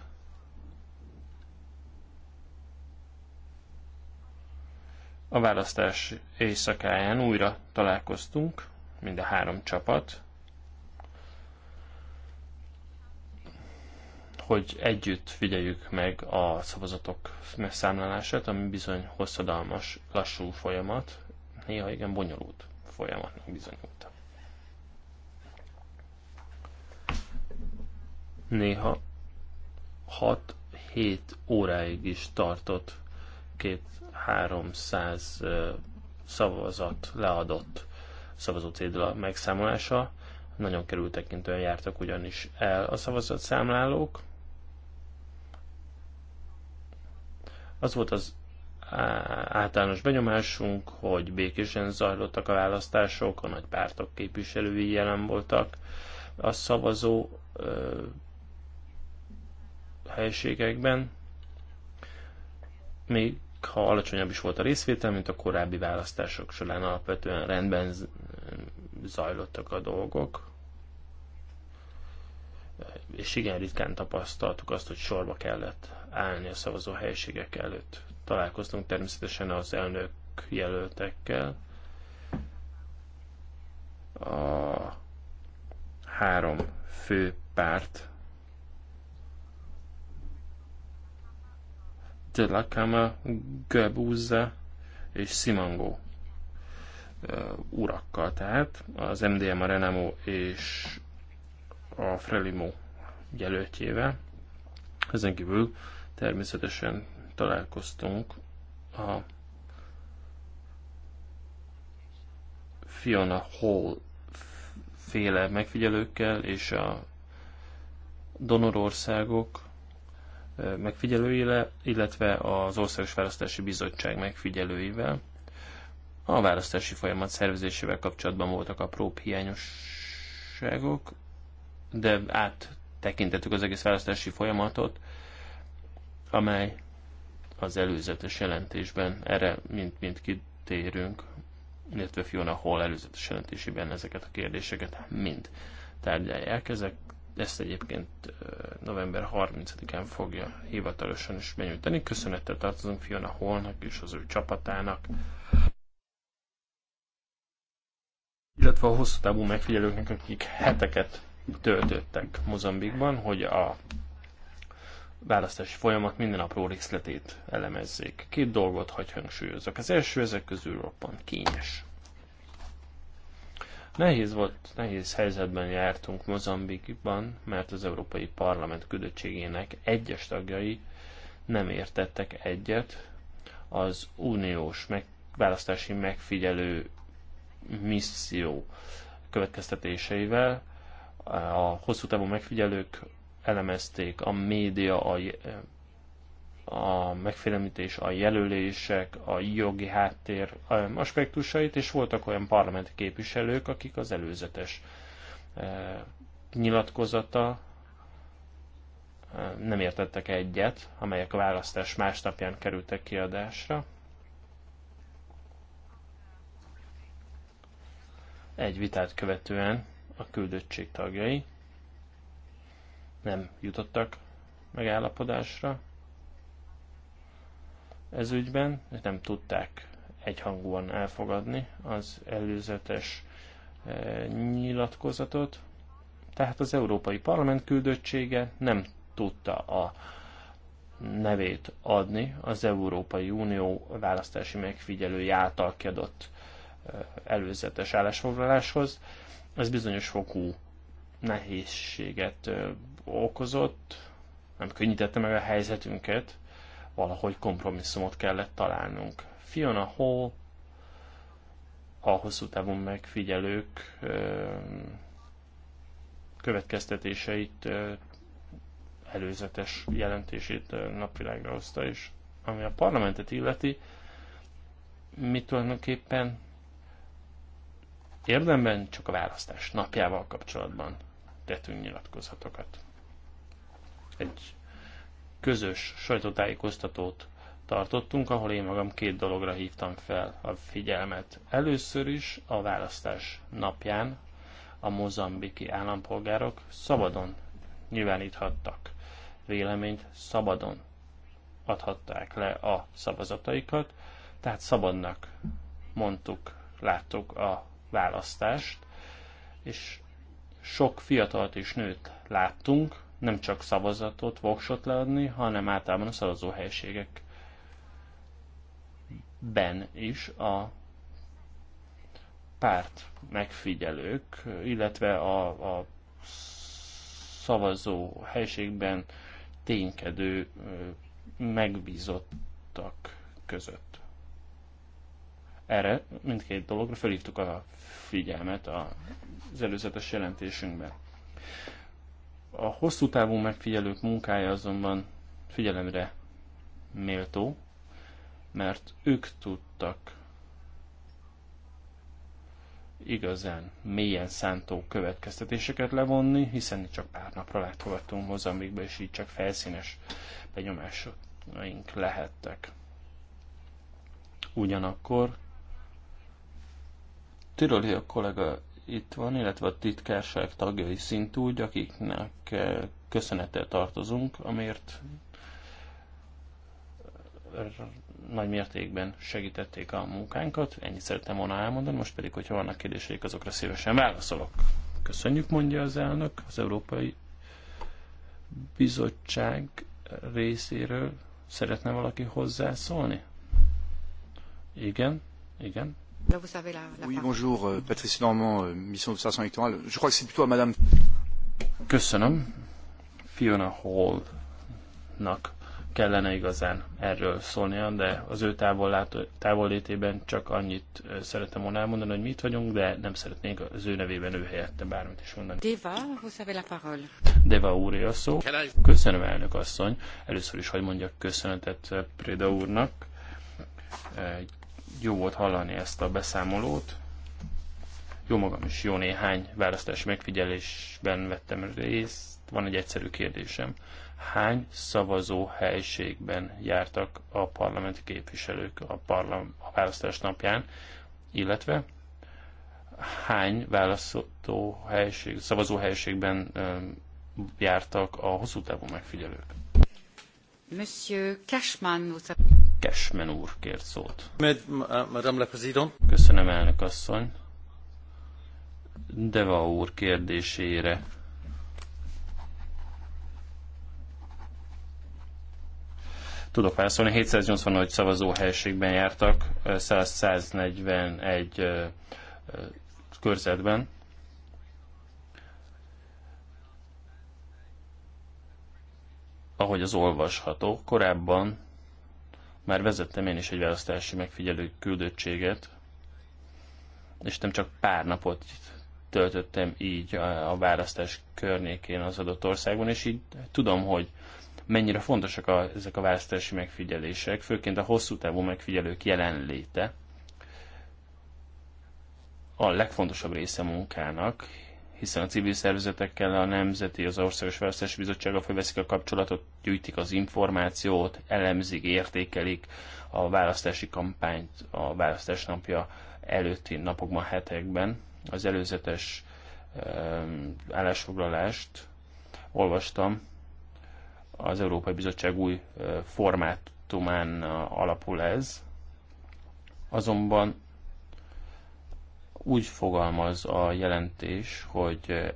Speaker 4: A választás éjszakáján újra találkoztunk, mind a három csapat, hogy együtt figyeljük meg a szavazatok megszámlálását, ami bizony hosszadalmas, lassú folyamat, néha igen bonyolult folyamatnak bizonyult. néha 6-7 óráig is tartott két 300 szavazat leadott szavazócédula megszámolása. Nagyon kerültekintően jártak ugyanis el a szavazatszámlálók. Az volt az általános benyomásunk, hogy békésen zajlottak a választások, a nagy pártok képviselői jelen voltak. A szavazó helységekben, még ha alacsonyabb is volt a részvétel, mint a korábbi választások során alapvetően rendben zajlottak a dolgok. És igen ritkán tapasztaltuk azt, hogy sorba kellett állni a szavazó helységek előtt. Találkoztunk természetesen az elnök jelöltekkel. A három fő párt Telakama, Gabuzza és Simango urakkal. Tehát az MDM, a Renamo és a Frelimo jelöltjével. Ezen kívül természetesen találkoztunk a Fiona Hall féle megfigyelőkkel és a donorországok megfigyelőivel, illetve az Országos Választási Bizottság megfigyelőivel. A választási folyamat szervezésével kapcsolatban voltak apróbb hiányosságok, de áttekintettük az egész választási folyamatot, amely az előzetes jelentésben, erre mint mint kitérünk, illetve Fiona Hall előzetes jelentésében ezeket a kérdéseket mind tárgyalják. Ezek ezt egyébként november 30-án fogja hivatalosan is benyújtani. Köszönettel tartozunk Fiona Holnak és az ő csapatának, illetve a hosszú távú megfigyelőknek, akik heteket töltöttek Mozambikban, hogy a választási folyamat minden apró részletét elemezzék. Két dolgot hagy hangsúlyozok. Az első ezek közül roppant kényes. Nehéz volt, nehéz helyzetben jártunk Mozambikban, mert az Európai Parlament küldöttségének egyes tagjai nem értettek egyet az uniós meg, választási megfigyelő misszió következtetéseivel. A hosszú távú megfigyelők elemezték a média, a a megfélemlítés, a jelölések, a jogi háttér aspektusait, és voltak olyan parlamenti képviselők, akik az előzetes nyilatkozata nem értettek egyet, amelyek a választás másnapján kerültek kiadásra. Egy vitát követően a küldöttség tagjai nem jutottak megállapodásra, ez ügyben, nem tudták egyhangúan elfogadni az előzetes e, nyilatkozatot, tehát az Európai Parlament küldöttsége nem tudta a nevét adni az Európai Unió választási megfigyelői által kiadott e, előzetes állásfoglaláshoz. Ez bizonyos fokú nehézséget e, okozott, nem könnyítette meg a helyzetünket, valahogy kompromisszumot kellett találnunk. Fiona Hall a hosszú távon megfigyelők következtetéseit, előzetes jelentését napvilágra hozta, és ami a parlamentet illeti, mi tulajdonképpen érdemben csak a választás napjával kapcsolatban tettünk nyilatkozatokat. Egy közös sajtótájékoztatót tartottunk, ahol én magam két dologra hívtam fel a figyelmet. Először is a választás napján a mozambiki állampolgárok szabadon nyilváníthattak véleményt, szabadon adhatták le a szavazataikat, tehát szabadnak mondtuk, láttuk a választást, és sok fiatalt és nőt láttunk, nem csak szavazatot, voksot leadni, hanem általában a szavazóhelyiségekben is a párt megfigyelők, illetve a, a szavazó helységben ténykedő megbízottak között. Erre mindkét dologra felhívtuk a figyelmet az előzetes jelentésünkben. A hosszú távú megfigyelők munkája azonban figyelemre méltó, mert ők tudtak igazán mélyen szántó következtetéseket levonni, hiszen csak pár napra látogattunk Mozambikba, és így csak felszínes benyomásaink lehettek. Ugyanakkor Tiroli a kollega itt van, illetve a titkárság tagjai szintúgy, akiknek eh, köszönettel tartozunk, amért eh, nagy mértékben segítették a munkánkat. Ennyit szerettem volna elmondani, most pedig, hogyha vannak kérdéseik, azokra szívesen válaszolok. Köszönjük, mondja az elnök, az Európai Bizottság részéről szeretne valaki hozzászólni? Igen, igen.
Speaker 2: Là, vous avez la, la
Speaker 4: oui, euh, Patrice Normand, euh, mission d'observation électorale. Je crois que c'est plutôt à Madame. Köszönöm. Fiona Hallnak kellene igazán erről szólnia, de az ő távol, látó, csak annyit szeretem volna elmondani, hogy mit vagyunk, de nem szeretnék az ő nevében ő helyette bármit is mondani.
Speaker 2: Deva, vous avez la parole.
Speaker 4: Deva a szó. Köszönöm, elnök asszony. Először is, hogy mondjak köszönetet Preda úrnak. Egy jó volt hallani ezt a beszámolót. Jó magam is jó néhány választás megfigyelésben vettem részt. Van egy egyszerű kérdésem. Hány szavazó helységben jártak a parlamenti képviselők a, parlam- a választás napján, illetve hány választó helység, szavazó helységben jártak a hosszú távú megfigyelők?
Speaker 2: Monsieur Cashman,
Speaker 4: Cashman úr kért szót. Madame la Présidente. Köszönöm, elnök asszony. Deva úr kérdésére tudok válaszolni. 785 szavazóhelységben jártak, 141 körzetben. Ahogy az olvasható, korábban már vezettem én is egy választási megfigyelő küldöttséget, és nem csak pár napot töltöttem így a választás környékén az adott országban, és így tudom, hogy mennyire fontosak a, ezek a választási megfigyelések, főként a hosszú távú megfigyelők jelenléte a legfontosabb része munkának, hiszen a civil szervezetekkel a Nemzeti, az Országos Választási Bizottsággal felveszik a kapcsolatot, gyűjtik az információt, elemzik, értékelik a választási kampányt a választás napja előtti napokban, hetekben. Az előzetes állásfoglalást olvastam, az Európai Bizottság új formátumán alapul ez, azonban úgy fogalmaz a jelentés, hogy eh,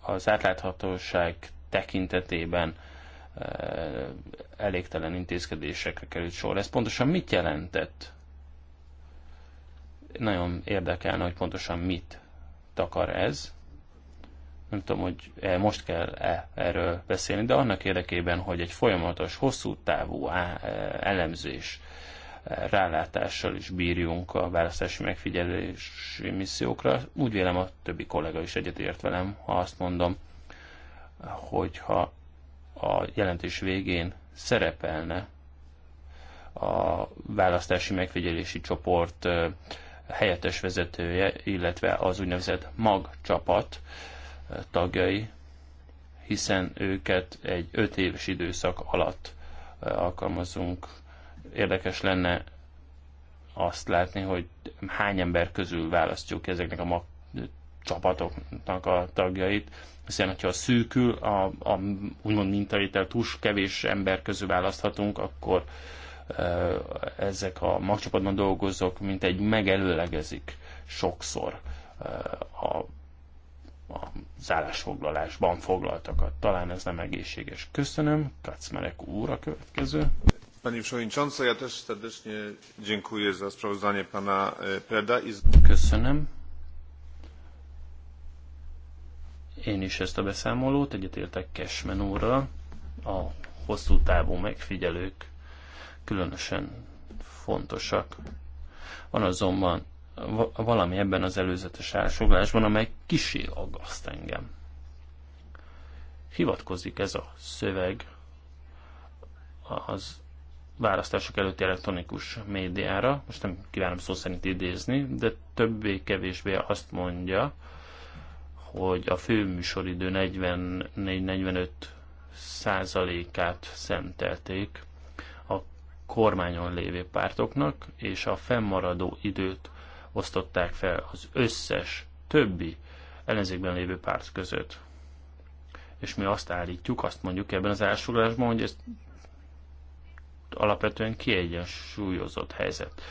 Speaker 4: az átláthatóság tekintetében eh, elégtelen intézkedésekre került sor. Ez pontosan mit jelentett? Nagyon érdekelne, hogy pontosan mit takar ez. Nem tudom, hogy eh, most kell-e erről beszélni, de annak érdekében, hogy egy folyamatos, hosszú távú elemzés rálátással is bírjunk a választási megfigyelési missziókra. Úgy vélem a többi kollega is egyetért velem, ha azt mondom, hogyha a jelentés végén szerepelne a választási megfigyelési csoport helyettes vezetője, illetve az úgynevezett MAG csapat tagjai, hiszen őket egy öt éves időszak alatt alkalmazunk érdekes lenne azt látni, hogy hány ember közül választjuk ezeknek a mag csapatoknak a tagjait, hiszen ha szűkül, a, a úgymond mintavétel túl kevés ember közül választhatunk, akkor ezek a magcsapatban dolgozók mint egy megelőlegezik sokszor a, a zárásfoglalásban foglaltakat. Talán ez nem egészséges. Köszönöm. Kacmerek úr a következő. Pani Przewodnicząca, ja też serdecznie dziękuję za sprawozdanie Pana e, Preda. I... Én is ezt a beszámolót egyetértek Cashman úrral. A hosszú távú megfigyelők különösen fontosak. Van azonban valami ebben az előzetes elsoglásban, amely kisé aggaszt engem. Hivatkozik ez a szöveg az választások előtti elektronikus médiára, most nem kívánom szó szerint idézni, de többé-kevésbé azt mondja, hogy a főműsoridő 44-45 százalékát szentelték a kormányon lévő pártoknak, és a fennmaradó időt osztották fel az összes többi ellenzékben lévő párt között. És mi azt állítjuk, azt mondjuk ebben az állásfoglalásban, hogy ez alapvetően kiegyensúlyozott helyzet.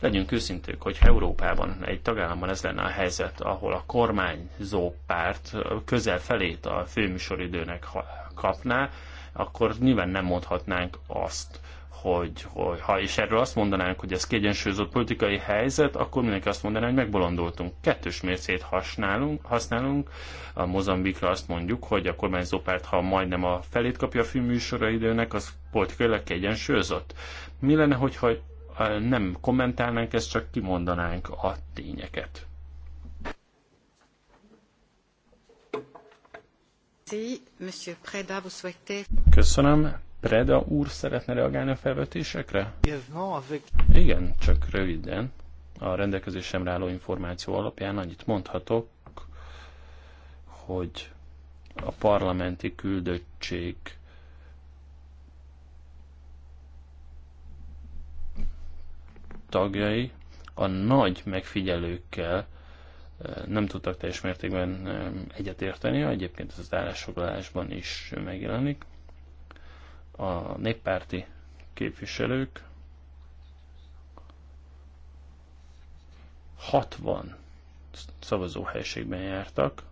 Speaker 4: Legyünk őszinték, hogy Európában, egy tagállamban ez lenne a helyzet, ahol a kormányzó párt közel felét a főműsoridőnek kapná, akkor nyilván nem mondhatnánk azt, hogy, hogy ha is erről azt mondanánk, hogy ez kiegyensúlyozott politikai helyzet, akkor mindenki azt mondaná, hogy megbolondultunk. Kettős mércét használunk, használunk. A Mozambikra azt mondjuk, hogy a kormányzó párt, ha majdnem a felét kapja a filmműsora időnek, az politikailag kiegyensúlyozott. Mi lenne, hogyha nem kommentálnánk, ezt csak kimondanánk a tényeket? Köszönöm. Preda úr szeretne reagálni a felvetésekre? Igen, csak röviden. A rendelkezésemre álló információ alapján annyit mondhatok, hogy a parlamenti küldöttség tagjai a nagy megfigyelőkkel eh, nem tudtak teljes mértékben eh, egyetérteni, egyébként ez az állásfoglalásban is megjelenik a néppárti képviselők 60 szavazóhelységben jártak,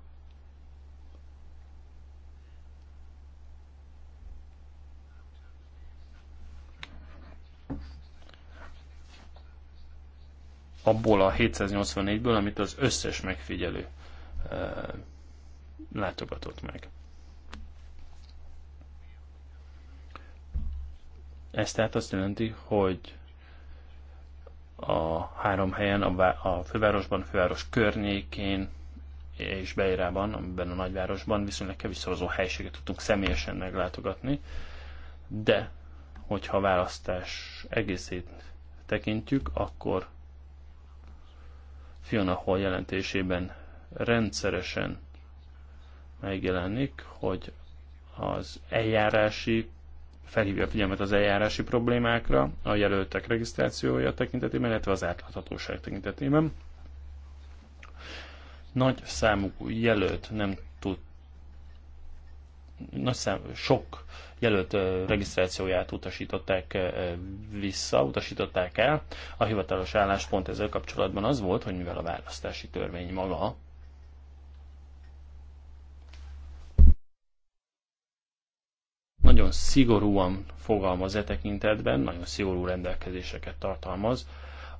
Speaker 4: abból a 784-ből, amit az összes megfigyelő eh, látogatott meg. Ez tehát azt jelenti, hogy a három helyen, a, fővárosban, a főváros környékén és Beirában, amiben a nagyvárosban viszonylag kevés szorozó helységet tudtunk személyesen meglátogatni, de hogyha a választás egészét tekintjük, akkor Fiona Hall jelentésében rendszeresen megjelenik, hogy az eljárási felhívja a figyelmet az eljárási problémákra, a jelöltek regisztrációja tekintetében, illetve az átláthatóság tekintetében. Nagy számú jelölt nem tud nagy szám, sok jelölt regisztrációját utasították vissza, utasították el. A hivatalos álláspont ezzel kapcsolatban az volt, hogy mivel a választási törvény maga nagyon szigorúan fogalmaz e tekintetben, nagyon szigorú rendelkezéseket tartalmaz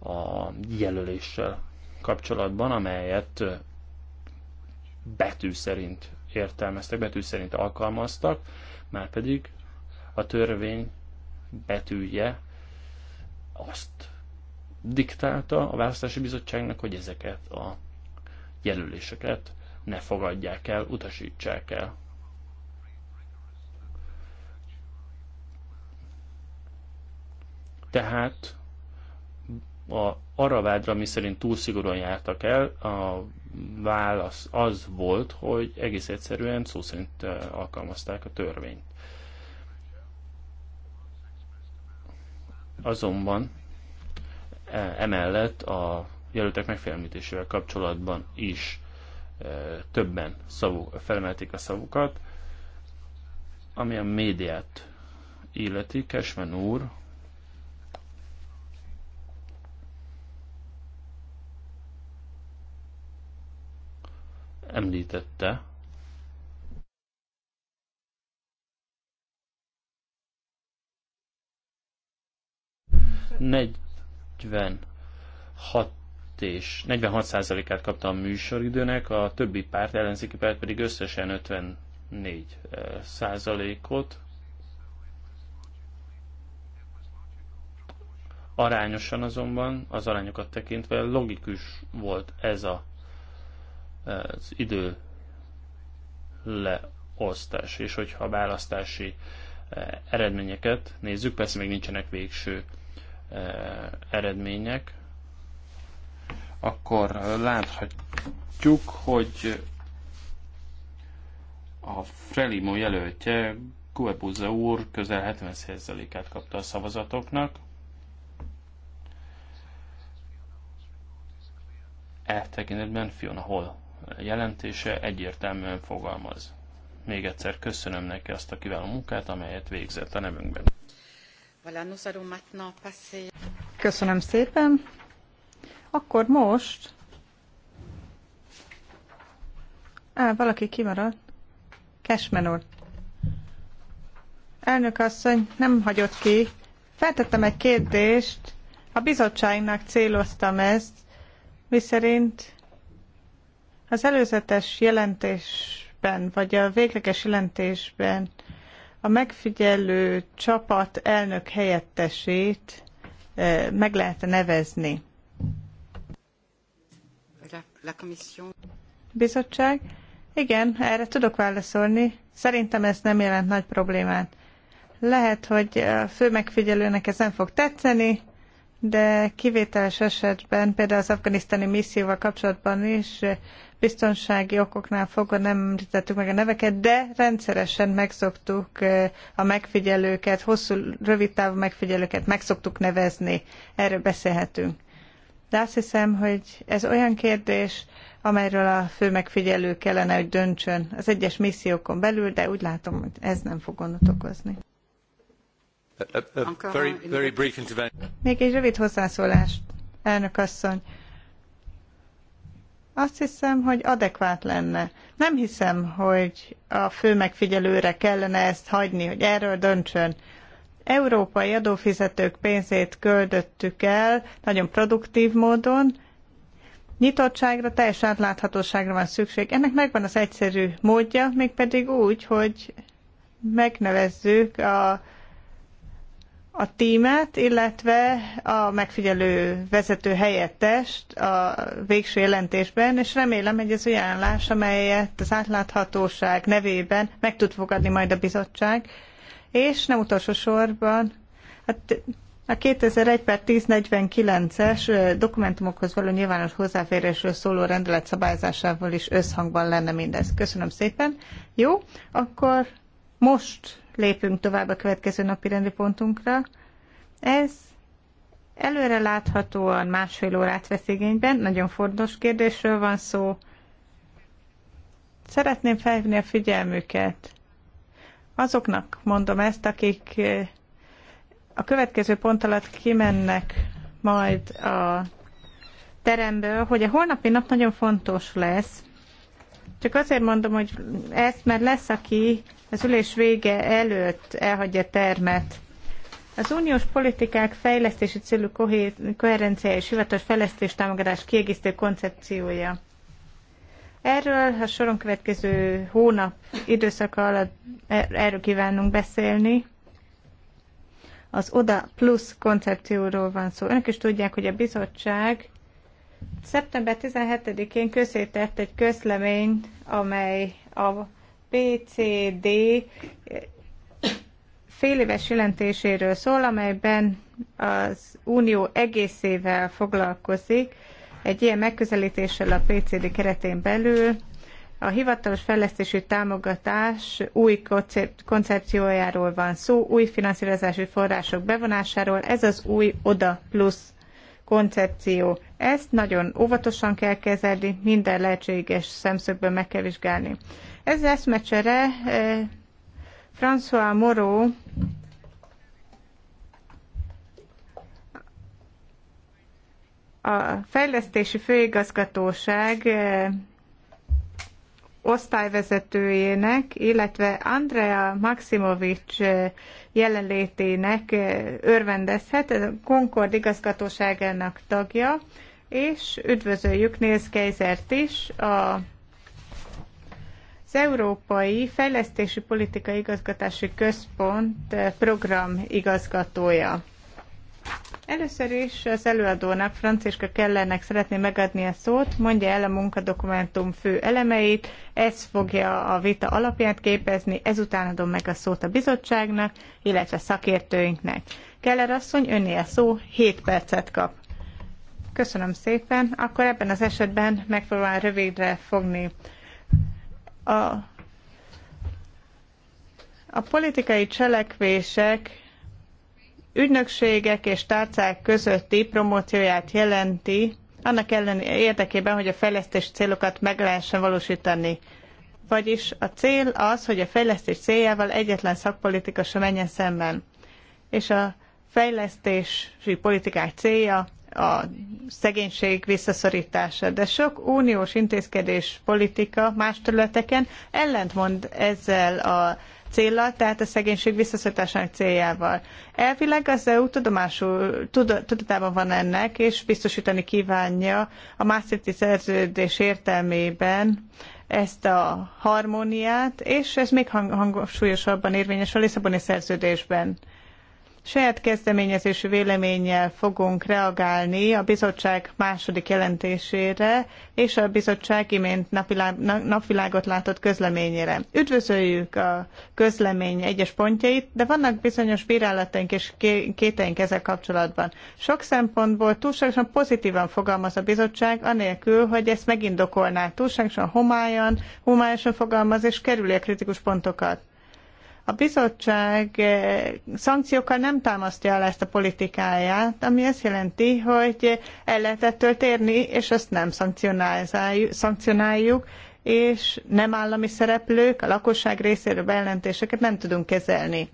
Speaker 4: a jelöléssel kapcsolatban, amelyet betű szerint értelmeztek, betű szerint alkalmaztak, már pedig a törvény betűje azt diktálta a választási bizottságnak, hogy ezeket a jelöléseket ne fogadják el, utasítsák el. Tehát a, arra vádra, mi szerint túl szigorúan jártak el, a válasz az volt, hogy egész egyszerűen szó szerint alkalmazták a törvényt. Azonban e, emellett a jelöltek megfélemlítésével kapcsolatban is többen szavuk, felemelték a szavukat, ami a médiát illeti, Kesven úr említette, Negy- és 46%-át kapta a műsoridőnek, a többi párt, ellenzéki párt pedig összesen 54 százalékot. Arányosan azonban, az arányokat tekintve logikus volt ez a az idő leosztás, és hogyha a választási eh, eredményeket nézzük, persze még nincsenek végső eh, eredmények, akkor eh, láthatjuk, hogy a Frelimo jelöltje Kuebuza úr közel 70%-át kapta a szavazatoknak. Eltekintetben Fiona Hall jelentése egyértelműen fogalmaz. Még egyszer köszönöm neki azt a kiváló munkát, amelyet végzett a nevünkben.
Speaker 3: Köszönöm szépen. Akkor most... Á, valaki kimaradt. Cashman úr. Elnök asszony, nem hagyott ki. Feltettem egy kérdést. A bizottságnak céloztam ezt, miszerint az előzetes jelentésben, vagy a végleges jelentésben a megfigyelő csapat elnök helyettesét e, meg lehet nevezni. Bizottság? Igen, erre tudok válaszolni. Szerintem ez nem jelent nagy problémát. Lehet, hogy a fő megfigyelőnek ez nem fog tetszeni, de kivételes esetben, például az afganisztáni misszióval kapcsolatban is biztonsági okoknál fogva nem említettük meg a neveket, de rendszeresen megszoktuk a megfigyelőket, hosszú, rövid távú megfigyelőket megszoktuk nevezni. Erről beszélhetünk. De azt hiszem, hogy ez olyan kérdés, amelyről a fő megfigyelő kellene, hogy döntsön az egyes missziókon belül, de úgy látom, hogy ez nem fog gondot okozni. Még egy rövid hozzászólás, elnök asszony. Azt hiszem, hogy adekvát lenne. Nem hiszem, hogy a fő megfigyelőre kellene ezt hagyni, hogy erről döntsön. Európai adófizetők pénzét köldöttük el nagyon produktív módon, Nyitottságra, teljes átláthatóságra van szükség. Ennek megvan az egyszerű módja, mégpedig úgy, hogy megnevezzük a a tímet, illetve a megfigyelő vezető helyettest a végső jelentésben, és remélem, hogy ez olyan állás, amelyet az átláthatóság nevében meg tud fogadni majd a bizottság, és nem utolsó sorban hát a 2001 per 1049-es dokumentumokhoz való nyilvános hozzáférésről szóló rendelet szabályzásával is összhangban lenne mindez. Köszönöm szépen. Jó, akkor most lépünk tovább a következő napi rendi pontunkra. Ez előre láthatóan másfél órát vesz igényben, nagyon fontos kérdésről van szó. Szeretném felhívni a figyelmüket. Azoknak mondom ezt, akik eh, a következő pont alatt kimennek majd a teremből, hogy a holnapi nap nagyon fontos lesz, csak azért mondom, hogy ezt, mert lesz, aki az ülés vége előtt elhagyja termet. Az uniós politikák fejlesztési célú koherencia és hivatalos fejlesztés támogatás kiegészítő koncepciója. Erről a soron következő hónap időszaka alatt er- erről kívánunk beszélni. Az ODA plusz koncepcióról van szó. Önök is tudják, hogy a bizottság Szeptember 17-én közzétett egy közlemény, amely a PCD féléves jelentéséről szól, amelyben az Unió egészével foglalkozik, egy ilyen megközelítéssel a PCD keretén belül a hivatalos fejlesztési támogatás új koncepciójáról van szó, új finanszírozási források bevonásáról, ez az új ODA plusz koncepció. Ezt nagyon óvatosan kell kezelni, minden lehetséges szemszögből meg kell vizsgálni. Ez eszmecsere eh, François Moreau a fejlesztési főigazgatóság eh, osztályvezetőjének, illetve Andrea Maximovics eh, jelenlétének eh, örvendezhet, ez a Concord igazgatóságának tagja, és üdvözöljük Nils Keizert is, a az Európai Fejlesztési Politika Igazgatási Központ eh, program igazgatója. Először is az előadónak, Franciska Kellernek szeretném megadni a szót, mondja el a munkadokumentum fő elemeit, ez fogja a vita alapját képezni, ezután adom meg a szót a bizottságnak, illetve szakértőinknek. Keller asszony, önné a szó, 7 percet kap. Köszönöm szépen, akkor ebben az esetben megpróbálom rövidre fogni. A, a politikai cselekvések ügynökségek és tárcák közötti promócióját jelenti, annak ellen érdekében, hogy a fejlesztés célokat meg lehessen valósítani. Vagyis a cél az, hogy a fejlesztés céljával egyetlen szakpolitika sem menjen szemben. És a fejlesztési politikák célja a szegénység visszaszorítása. De sok uniós intézkedés politika más területeken ellentmond ezzel a céllal, tehát a szegénység visszaszorításának céljával. Elvileg az EU tudomásul, tud, tudatában van ennek, és biztosítani kívánja a Maastrichti szerződés értelmében ezt a harmóniát, és ez még hangsúlyosabban érvényes a Lisszaboni szerződésben. Saját kezdeményezésű véleménnyel fogunk reagálni a bizottság második jelentésére és a bizottság imént napvilágot látott közleményére. Üdvözöljük a közlemény egyes pontjait, de vannak bizonyos bírálataink és kéteink ezzel kapcsolatban. Sok szempontból túlságosan pozitívan fogalmaz a bizottság, anélkül, hogy ezt megindokolná. Túlságosan homályan, homályosan fogalmaz és kerüli a kritikus pontokat. A bizottság eh, szankciókkal nem támasztja el ezt a politikáját, ami azt jelenti, hogy el lehet ettől térni, és ezt nem szankcionáljuk, és nem állami szereplők, a lakosság részéről bejelentéseket nem tudunk kezelni.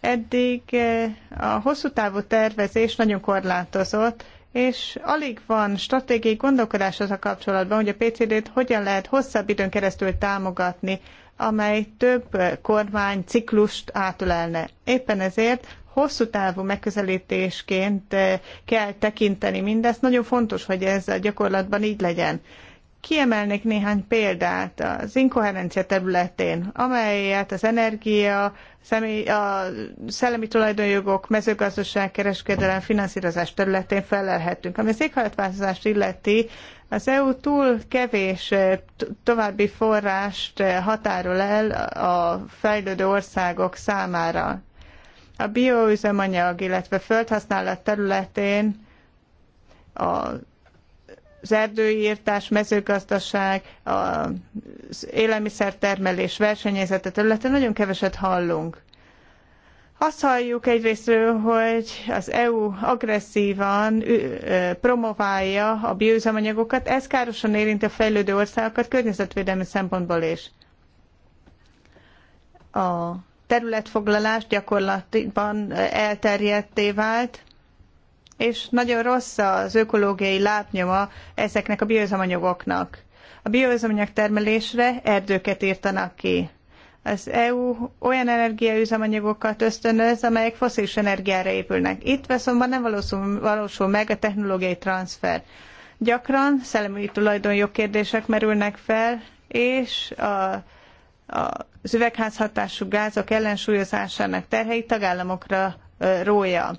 Speaker 3: Eddig eh, a hosszú távú tervezés nagyon korlátozott, és alig van stratégiai gondolkodás az a kapcsolatban, hogy a PCD-t hogyan lehet hosszabb időn keresztül támogatni amely több kormány ciklust átölelne. Éppen ezért hosszú távú megközelítésként kell tekinteni mindezt. Nagyon fontos, hogy ez a gyakorlatban így legyen. Kiemelnék néhány példát az inkoherencia területén, amelyet az energia, személy, a szellemi tulajdonjogok, mezőgazdaság, kereskedelem, finanszírozás területén felelhetünk. Ami az éghajlatváltozást illeti, az EU túl kevés eh, további forrást eh, határol el a fejlődő országok számára. A bioüzemanyag, illetve földhasználat területén a az erdőírtás, mezőgazdaság, az élelmiszertermelés versenyhelyzete területen nagyon keveset hallunk. Azt halljuk egyrésztről, hogy az EU agresszívan promoválja a bioüzemanyagokat, ez károsan érinti a fejlődő országokat környezetvédelmi szempontból is. A területfoglalás gyakorlatban elterjedté vált, és nagyon rossz az ökológiai lábnyoma ezeknek a bioüzemanyagoknak. A bioüzemanyag termelésre erdőket írtanak ki. Az EU olyan energiaüzemanyagokat ösztönöz, amelyek foszilis energiára épülnek. Itt azonban nem valósul, valósul meg a technológiai transfer. Gyakran szellemi tulajdonjog kérdések merülnek fel, és a az üvegházhatású gázok ellensúlyozásának terhei tagállamokra rója.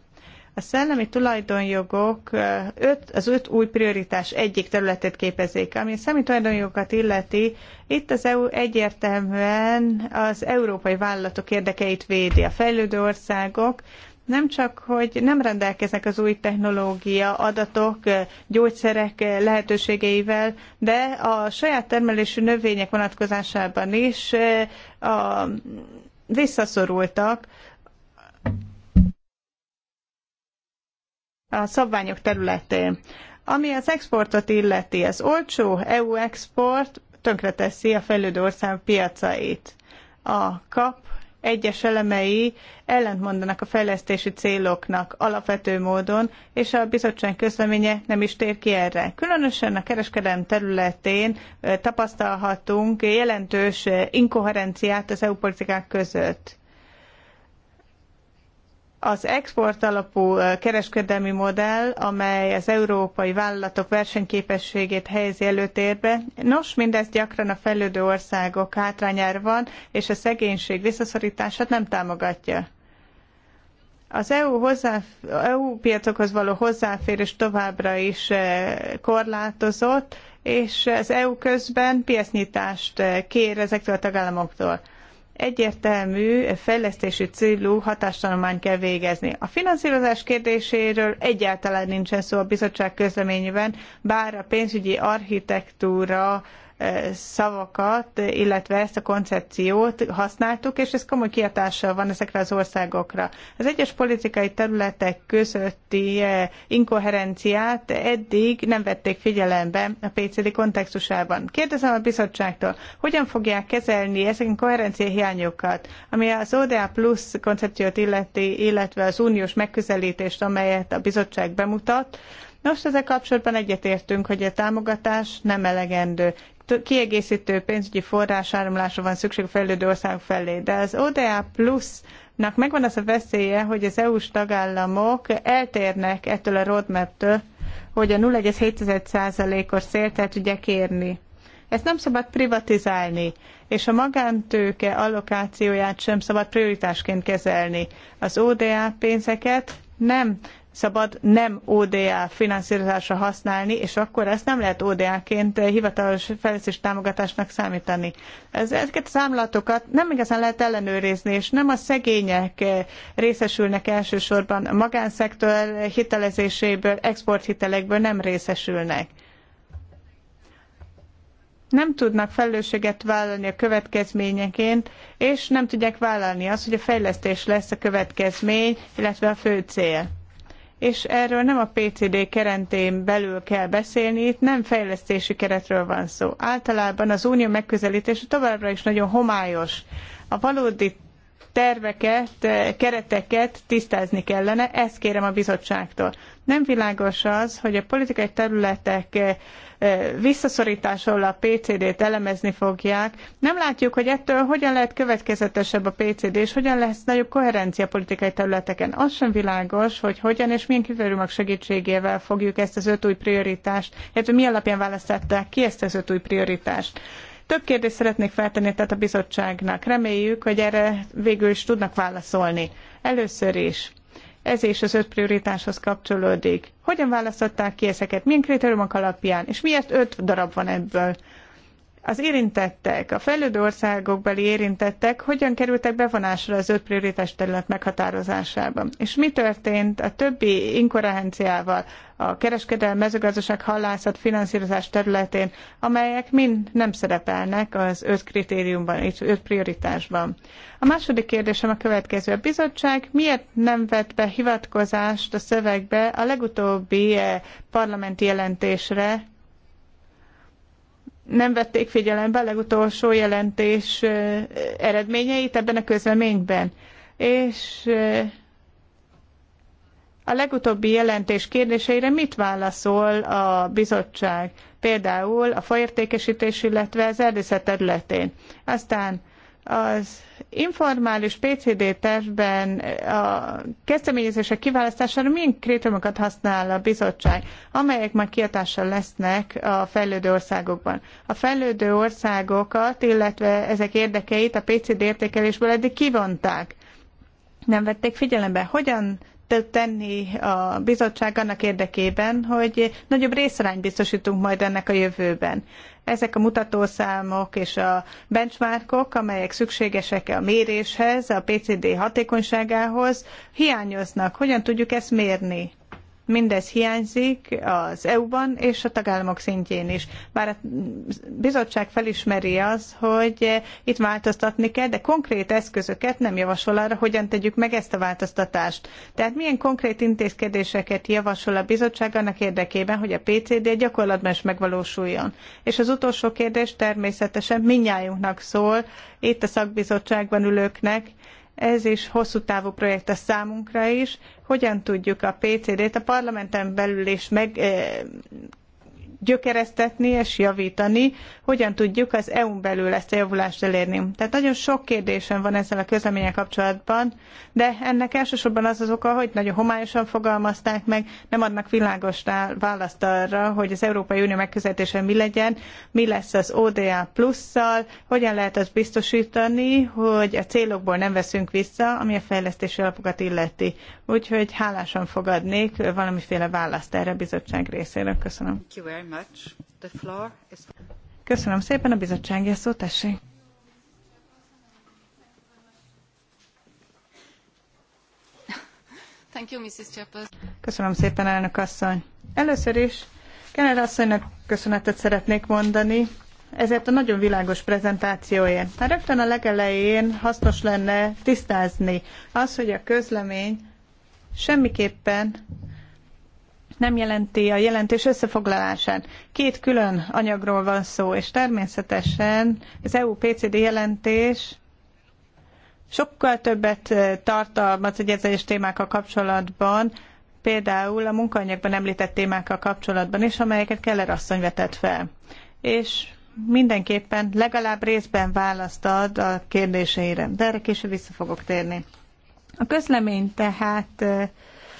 Speaker 3: A szellemi tulajdonjogok öt, az öt új prioritás egyik területét képezik. Ami a szellemi tulajdonjogokat illeti, itt az EU egyértelműen az európai vállalatok érdekeit védi. A fejlődő országok nem csak, hogy nem rendelkeznek az új technológia, adatok, gyógyszerek lehetőségeivel, de a saját termelésű növények vonatkozásában is a, visszaszorultak, a szabványok területén. Ami az exportot illeti, az olcsó EU export tönkreteszi a fejlődő ország piacait. A kap egyes elemei ellentmondanak a fejlesztési céloknak alapvető módon, és a bizottság közleménye nem is tér ki erre. Különösen a kereskedelem területén tapasztalhatunk jelentős inkoherenciát az EU politikák között. Az export alapú kereskedelmi modell, amely az európai vállalatok versenyképességét helyezi előtérbe, nos, mindez gyakran a fejlődő országok hátrányára van, és a szegénység visszaszorítását nem támogatja. Az EU, hozzá EU piacokhoz való hozzáférés továbbra is korlátozott, és az EU közben piacnyitást kér ezektől a tagállamoktól egyértelmű fejlesztési célú hatástanulmányt kell végezni. A finanszírozás kérdéséről egyáltalán nincsen szó a bizottság közleményében, bár a pénzügyi architektúra szavakat, illetve ezt a koncepciót használtuk, és ez komoly kiatással van ezekre az országokra. Az egyes politikai területek közötti inkoherenciát eddig nem vették figyelembe a PCD kontextusában. Kérdezem a bizottságtól, hogyan fogják kezelni ezeken koherencia hiányokat, ami az ODA plusz koncepciót illeti, illetve az uniós megközelítést, amelyet a bizottság bemutat, Nos, ezzel kapcsolatban egyetértünk, hogy a támogatás nem elegendő kiegészítő pénzügyi forrásáramlásra van szükség a fejlődő országok felé, de az ODA plusznak megvan az a veszélye, hogy az EU-s tagállamok eltérnek ettől a roadmap-től, hogy a 0,7%-os célt el tudják érni. Ezt nem szabad privatizálni, és a magántőke allokációját sem szabad prioritásként kezelni. Az ODA pénzeket nem szabad nem ODA finanszírozásra használni, és akkor ezt nem lehet ODA-ként hivatalos fejlesztés támogatásnak számítani. Ezeket a számlatokat nem igazán lehet ellenőrizni, és nem a szegények eh, részesülnek elsősorban a magánszektor hitelezéséből, exporthitelekből nem részesülnek. Nem tudnak felelősséget vállalni a következményeként, és nem tudják vállalni azt, hogy a fejlesztés lesz a következmény, illetve a fő cél és erről nem a PCD keretén belül kell beszélni, itt nem fejlesztési keretről van szó. Általában az unió megközelítése továbbra is nagyon homályos. A valódi terveket, kereteket tisztázni kellene, ezt kérem a bizottságtól. Nem világos az, hogy a politikai területek visszaszorításról a PCD-t elemezni fogják. Nem látjuk, hogy ettől hogyan lehet következetesebb a PCD, és hogyan lesz nagyobb koherencia politikai területeken. Az sem világos, hogy hogyan és milyen kritériumok segítségével fogjuk ezt az öt új prioritást, illetve mi alapján választották ki ezt az öt új prioritást. Több kérdést szeretnék feltenni tehát a bizottságnak. Reméljük, hogy erre végül is tudnak válaszolni. Először is ez és az öt prioritáshoz kapcsolódik. Hogyan választották ki ezeket? Milyen kritériumok alapján? És miért öt darab van ebből? az érintettek, a fejlődő országokbeli érintettek hogyan kerültek bevonásra az öt prioritás terület meghatározásában? És mi történt a többi inkoherenciával a kereskedelmi, mezőgazdaság, hallászat, finanszírozás területén, amelyek mind nem szerepelnek az öt kritériumban és öt prioritásban? A második kérdésem a következő. A bizottság miért nem vett be hivatkozást a szövegbe a legutóbbi eh, parlamenti jelentésre, nem vették figyelembe a legutolsó jelentés eredményeit ebben a közleményben. És a legutóbbi jelentés kérdéseire mit válaszol a bizottság? Például a faértékesítés, illetve az erdészet területén. Aztán az informális PCD tervben a kezdeményezések kiválasztására milyen kritériumokat használ a bizottság, amelyek majd kiatással lesznek a fejlődő országokban. A fejlődő országokat, illetve ezek érdekeit a PCD értékelésből eddig kivonták. Nem vették figyelembe, hogyan tenni a bizottság annak érdekében, hogy nagyobb részarányt biztosítunk majd ennek a jövőben. Ezek a mutatószámok és a benchmarkok, amelyek szükségesek a méréshez, a PCD hatékonyságához, hiányoznak. Hogyan tudjuk ezt mérni? Mindez hiányzik az EU-ban és a tagállamok szintjén is. Bár a bizottság felismeri az, hogy itt változtatni kell, de konkrét eszközöket nem javasol arra, hogyan tegyük meg ezt a változtatást. Tehát milyen konkrét intézkedéseket javasol a bizottság annak érdekében, hogy a PCD gyakorlatban is megvalósuljon. És az utolsó kérdés természetesen minnyájunknak szól, itt a szakbizottságban ülőknek, ez is hosszú távú projekt a számunkra is. Hogyan tudjuk a PCD-t a parlamenten belül is meg, eh, gyökeresztetni és javítani hogyan tudjuk az EU-n belül ezt a javulást elérni. Tehát nagyon sok kérdésem van ezzel a közleménnyel kapcsolatban, de ennek elsősorban az az oka, hogy nagyon homályosan fogalmazták meg, nem adnak világos választ arra, hogy az Európai Unió megközelítése mi legyen, mi lesz az ODA plusszal, hogyan lehet azt biztosítani, hogy a célokból nem veszünk vissza, ami a fejlesztési alapokat illeti. Úgyhogy hálásan fogadnék valamiféle választ erre a bizottság részéről. Köszönöm. Köszönöm szépen a bizottsági szó, tessék. Köszönöm szépen, elnök asszony. Először is Kenner asszonynak köszönetet szeretnék mondani ezért a nagyon világos prezentációért. Már rögtön a legelején hasznos lenne tisztázni az, hogy a közlemény semmiképpen nem jelenti a jelentés összefoglalását. Két külön anyagról van szó, és természetesen az EU-PCD jelentés sokkal többet eh, tartalmaz egy egyes témákkal kapcsolatban, például a munkanyagban említett témákkal kapcsolatban is, amelyeket Keller asszony vetett fel. És mindenképpen legalább részben választ ad a kérdéseire, de erre később vissza fogok térni. A közlemény tehát eh,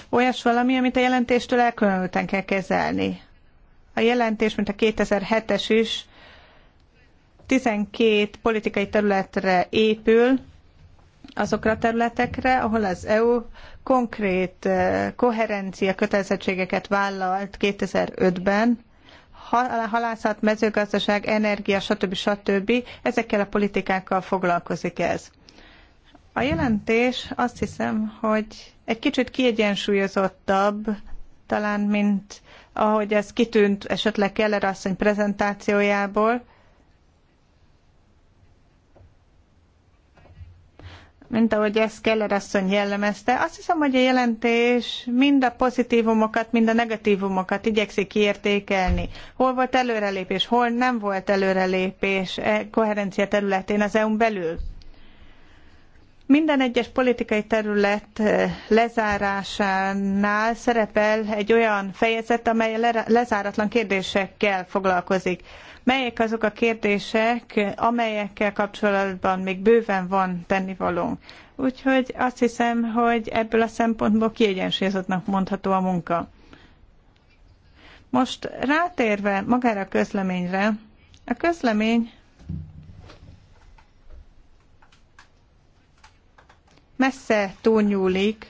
Speaker 3: olyas valami, amit a jelentéstől elkülönülten kell kezelni. A jelentés, mint a 2007-es is, 12 politikai területre épül, azokra a területekre, ahol az EU konkrét eh, koherencia kötelezettségeket vállalt 2005-ben, halászat, mezőgazdaság, energia, stb. stb. Ezekkel a politikákkal foglalkozik ez. A jelentés azt hiszem, hogy egy kicsit kiegyensúlyozottabb, talán mint ahogy ez kitűnt esetleg Keller asszony prezentációjából. mint ahogy ezt Keller asszony jellemezte. Azt hiszem, hogy a jelentés mind a pozitívumokat, mind a negatívumokat igyekszik kiértékelni. Hol volt előrelépés, hol nem volt előrelépés e koherencia területén az EU-n belül. Minden egyes politikai terület eh, lezárásánál szerepel egy olyan fejezet, amely lezáratlan kérdésekkel foglalkozik. Melyek azok a kérdések, amelyekkel kapcsolatban még bőven van tennivalónk? Úgyhogy azt hiszem, hogy ebből a szempontból kiegyensúlyozottnak mondható a munka. Most rátérve magára a közleményre, a közlemény messze túlnyúlik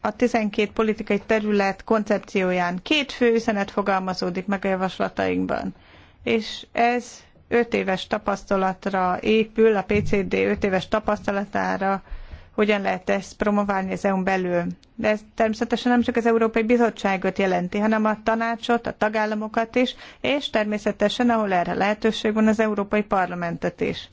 Speaker 3: a 12 politikai terület koncepcióján. Két fő üzenet fogalmazódik meg a javaslatainkban, és ez 5 éves tapasztalatra épül, a PCD 5 éves tapasztalatára, hogyan lehet ezt promoválni az EU-n belül. De ez természetesen nem csak az Európai Bizottságot jelenti, hanem a tanácsot, a tagállamokat is, és természetesen, ahol erre lehetőség van, az Európai Parlamentet is.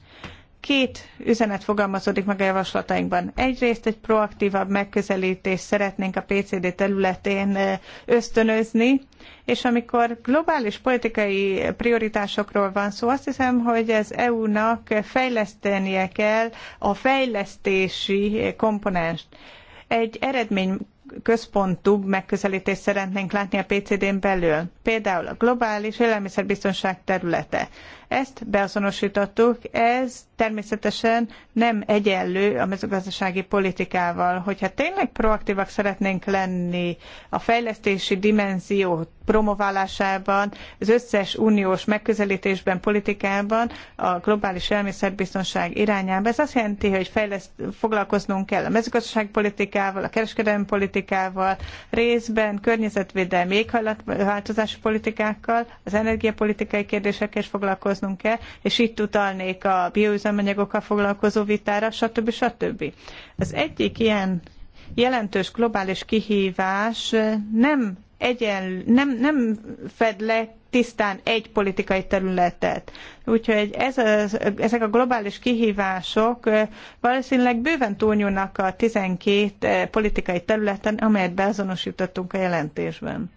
Speaker 3: Két üzenet fogalmazódik meg a javaslatainkban. Egyrészt egy proaktívabb megközelítést szeretnénk a PCD területén ösztönözni, és amikor globális politikai prioritásokról van szó, azt hiszem, hogy ez EU-nak fejlesztenie kell a fejlesztési komponenst. Egy eredmény központú megközelítést szeretnénk látni a PCD-n belül. Például a globális élelmiszerbiztonság területe. Ezt beazonosítottuk, ez természetesen nem egyenlő a mezőgazdasági politikával. Hogyha tényleg proaktívak szeretnénk lenni a fejlesztési dimenzió promoválásában, az összes uniós megközelítésben, politikában, a globális elmészetbiztonság irányába, ez azt jelenti, hogy fejleszt, foglalkoznunk kell a mezőgazdasági politikával, a kereskedelmi politikával, részben környezetvédelmi éghajlatváltozási politikákkal, az energiapolitikai kérdésekkel is foglalkoznunk foglalkoznunk kell, és itt utalnék a bioüzemanyagokkal foglalkozó vitára, stb. stb. Az egyik ilyen jelentős globális kihívás nem egyen, nem, nem fed le tisztán egy politikai területet. Úgyhogy ez a, ezek a globális kihívások valószínűleg bőven túlnyúlnak a 12 politikai területen, amelyet beazonosítottunk a jelentésben.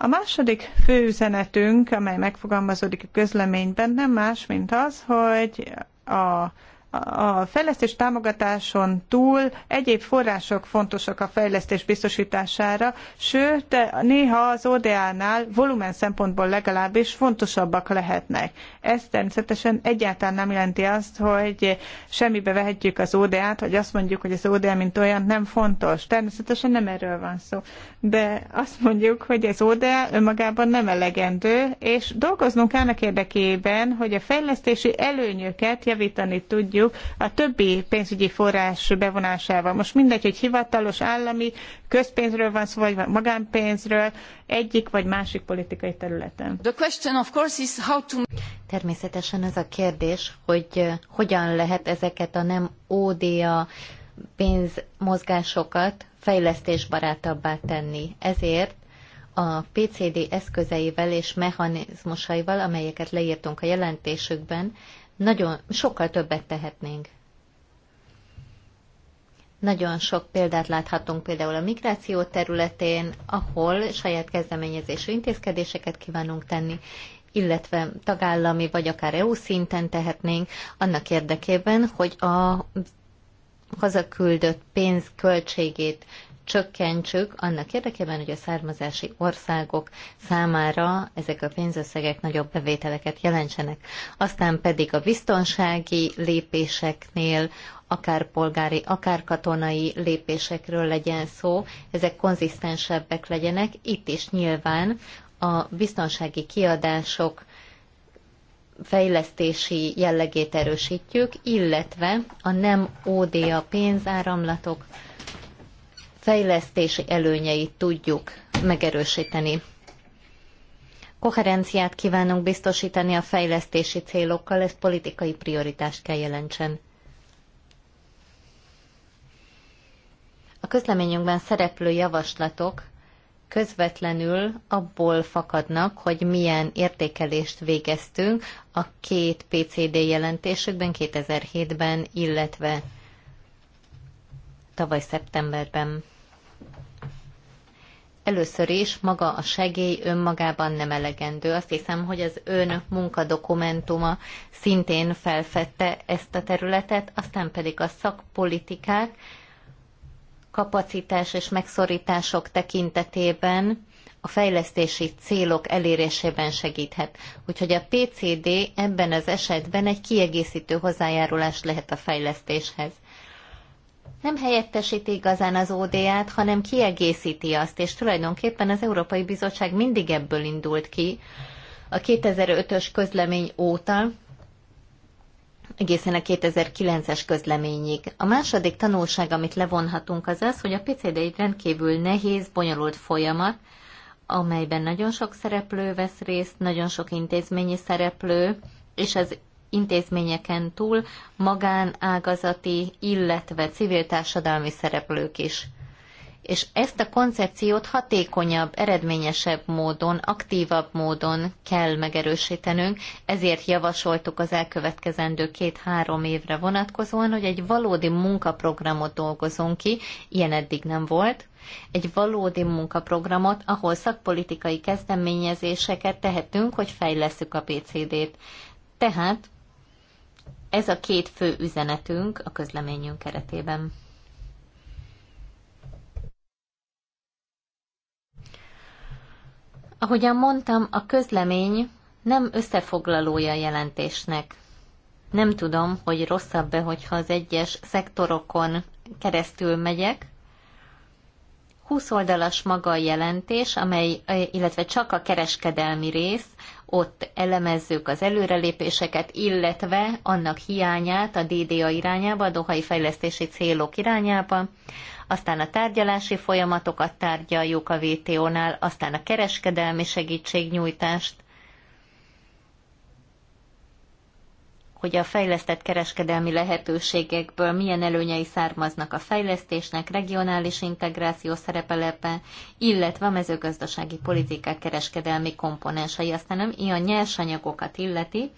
Speaker 3: A második fő üzenetünk, amely megfogalmazódik a közleményben, nem más, mint az, hogy a a fejlesztés támogatáson túl egyéb források fontosak a fejlesztés biztosítására, sőt, néha az ODA-nál volumen szempontból legalábbis fontosabbak lehetnek. Ez természetesen egyáltalán nem jelenti azt, hogy semmibe vehetjük az ODA-t, vagy azt mondjuk, hogy az ODA mint olyan nem fontos. Természetesen nem erről van szó. De azt mondjuk, hogy az ODA önmagában nem elegendő, és dolgoznunk annak érdekében, hogy a fejlesztési előnyöket javítani tudjuk, tudjuk a többi pénzügyi forrás bevonásával. Most mindegy, hogy hivatalos állami közpénzről van szó, vagy magánpénzről, egyik vagy másik politikai területen. The
Speaker 5: question of course is how to... Természetesen az a kérdés, hogy eh, hogyan lehet ezeket a nem ODA pénzmozgásokat fejlesztésbarátabbá tenni. Ezért a PCD eszközeivel és mechanizmusaival, amelyeket leírtunk a jelentésükben, nagyon, sokkal többet tehetnénk. Nagyon sok példát láthatunk például a migráció területén, ahol saját kezdeményezésű intézkedéseket kívánunk tenni, illetve tagállami vagy akár EU szinten tehetnénk, annak érdekében, hogy a hazaküldött pénz költségét csökkentsük annak érdekében, hogy a származási országok számára ezek a pénzösszegek nagyobb bevételeket jelentsenek. Aztán pedig a biztonsági lépéseknél, akár polgári, akár katonai lépésekről legyen szó, ezek konzisztensebbek legyenek. Itt is nyilván a biztonsági kiadások fejlesztési jellegét erősítjük, illetve a nem ODA pénzáramlatok fejlesztési előnyeit tudjuk megerősíteni. Koherenciát kívánunk biztosítani a fejlesztési célokkal, ez politikai prioritást kell jelentsen. A közleményünkben szereplő javaslatok közvetlenül abból fakadnak, hogy milyen értékelést végeztünk a két PCD jelentésükben 2007-ben, illetve tavaly szeptemberben. Először is maga a segély önmagában nem elegendő. Azt hiszem, hogy az ön munkadokumentuma szintén felfedte ezt a területet, aztán pedig a szakpolitikák, kapacitás és megszorítások tekintetében a fejlesztési célok elérésében segíthet. Úgyhogy a PCD ebben az esetben egy kiegészítő hozzájárulás lehet a fejlesztéshez nem helyettesíti igazán az ODA-t, hanem kiegészíti azt, és tulajdonképpen az Európai Bizottság mindig ebből indult ki a 2005-ös közlemény óta, egészen a 2009-es közleményig. A második tanulság, amit levonhatunk, az az, hogy a PCD egy rendkívül nehéz, bonyolult folyamat, amelyben nagyon sok szereplő vesz részt, nagyon sok intézményi szereplő, és az intézményeken túl magánágazati, illetve civil társadalmi szereplők is. És ezt a koncepciót hatékonyabb, eredményesebb módon, aktívabb módon kell megerősítenünk, ezért javasoltuk az elkövetkezendő két-három évre vonatkozóan, hogy egy valódi munkaprogramot dolgozunk ki, ilyen eddig nem volt, egy valódi munkaprogramot, ahol szakpolitikai kezdeményezéseket tehetünk, hogy fejleszük a PCD-t. Tehát ez a két fő üzenetünk a közleményünk keretében. Ahogyan mondtam, a közlemény nem összefoglalója jelentésnek. Nem tudom, hogy rosszabb-e, hogyha az egyes szektorokon keresztül megyek, 20 oldalas maga a jelentés, amely, eh, illetve csak a kereskedelmi rész, ott elemezzük az előrelépéseket, illetve annak hiányát a DDA irányába, a dohai fejlesztési célok irányába, aztán a tárgyalási folyamatokat tárgyaljuk a WTO-nál, aztán a kereskedelmi segítségnyújtást, hogy a fejlesztett kereskedelmi lehetőségekből milyen előnyei származnak a fejlesztésnek, regionális integráció szerepelepe, illetve a mezőgazdasági politikák kereskedelmi komponensai. Aztán nem a nyersanyagokat illeti,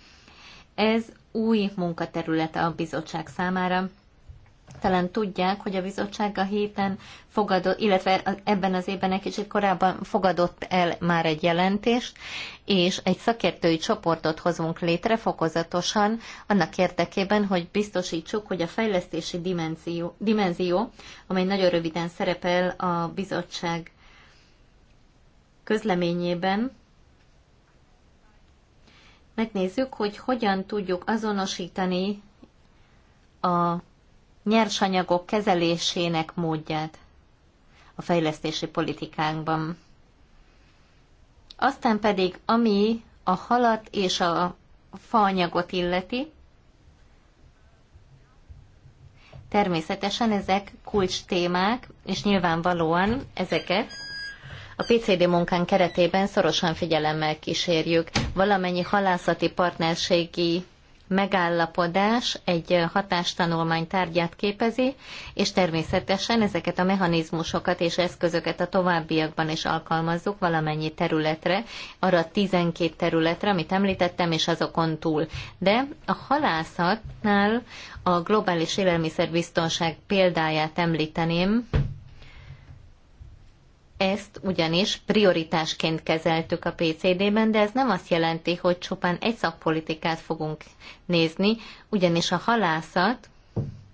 Speaker 5: ez új munkaterülete a bizottság számára, talán tudják, hogy a bizottság a héten fogadott, illetve ebben az évben egy kicsit korábban fogadott el már egy jelentést, és egy szakértői csoportot hozunk létre fokozatosan, annak érdekében, hogy biztosítsuk, hogy a fejlesztési dimenzió, dimenzió amely nagyon röviden szerepel a bizottság közleményében, megnézzük, hogy hogyan tudjuk azonosítani a nyersanyagok kezelésének módját a fejlesztési politikánkban. Aztán pedig, ami a halat és a faanyagot illeti, természetesen ezek kulcs témák, és nyilvánvalóan ezeket a PCD munkán keretében szorosan figyelemmel kísérjük. Valamennyi halászati partnerségi megállapodás egy hatástanulmány tárgyát képezi, és természetesen ezeket a mechanizmusokat és eszközöket a továbbiakban is alkalmazzuk valamennyi területre, arra 12 területre, amit említettem, és azokon túl. De a halászatnál a globális élelmiszerbiztonság példáját említeném, ezt ugyanis prioritásként kezeltük a PCD-ben, de ez nem azt jelenti, hogy csupán egy szakpolitikát fogunk nézni, ugyanis a halászat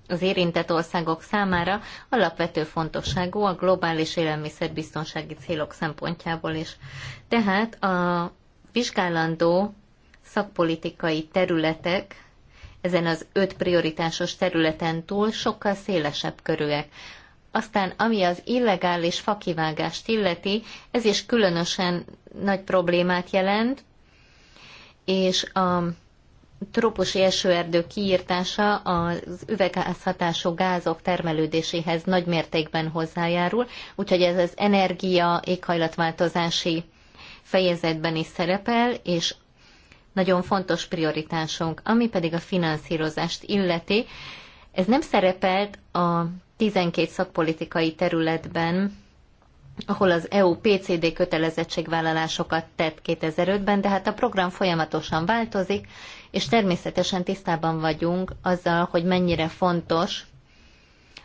Speaker 5: az érintett országok számára alapvető fontosságú a globális élelmiszerbiztonsági célok szempontjából is. Tehát a vizsgálandó szakpolitikai területek ezen az öt prioritásos területen túl sokkal szélesebb körűek. Aztán, ami az illegális fakivágást illeti, ez is különösen nagy problémát jelent, és a trópusi esőerdő kiírtása az üvegházhatású gázok termelődéséhez nagy mértékben hozzájárul, úgyhogy ez az energia éghajlatváltozási fejezetben is szerepel, és nagyon fontos prioritásunk, ami pedig a finanszírozást illeti. Ez nem szerepelt a 12 szakpolitikai területben, ahol az EU PCD kötelezettségvállalásokat tett 2005-ben, de hát a program folyamatosan változik, és természetesen tisztában vagyunk azzal, hogy mennyire fontos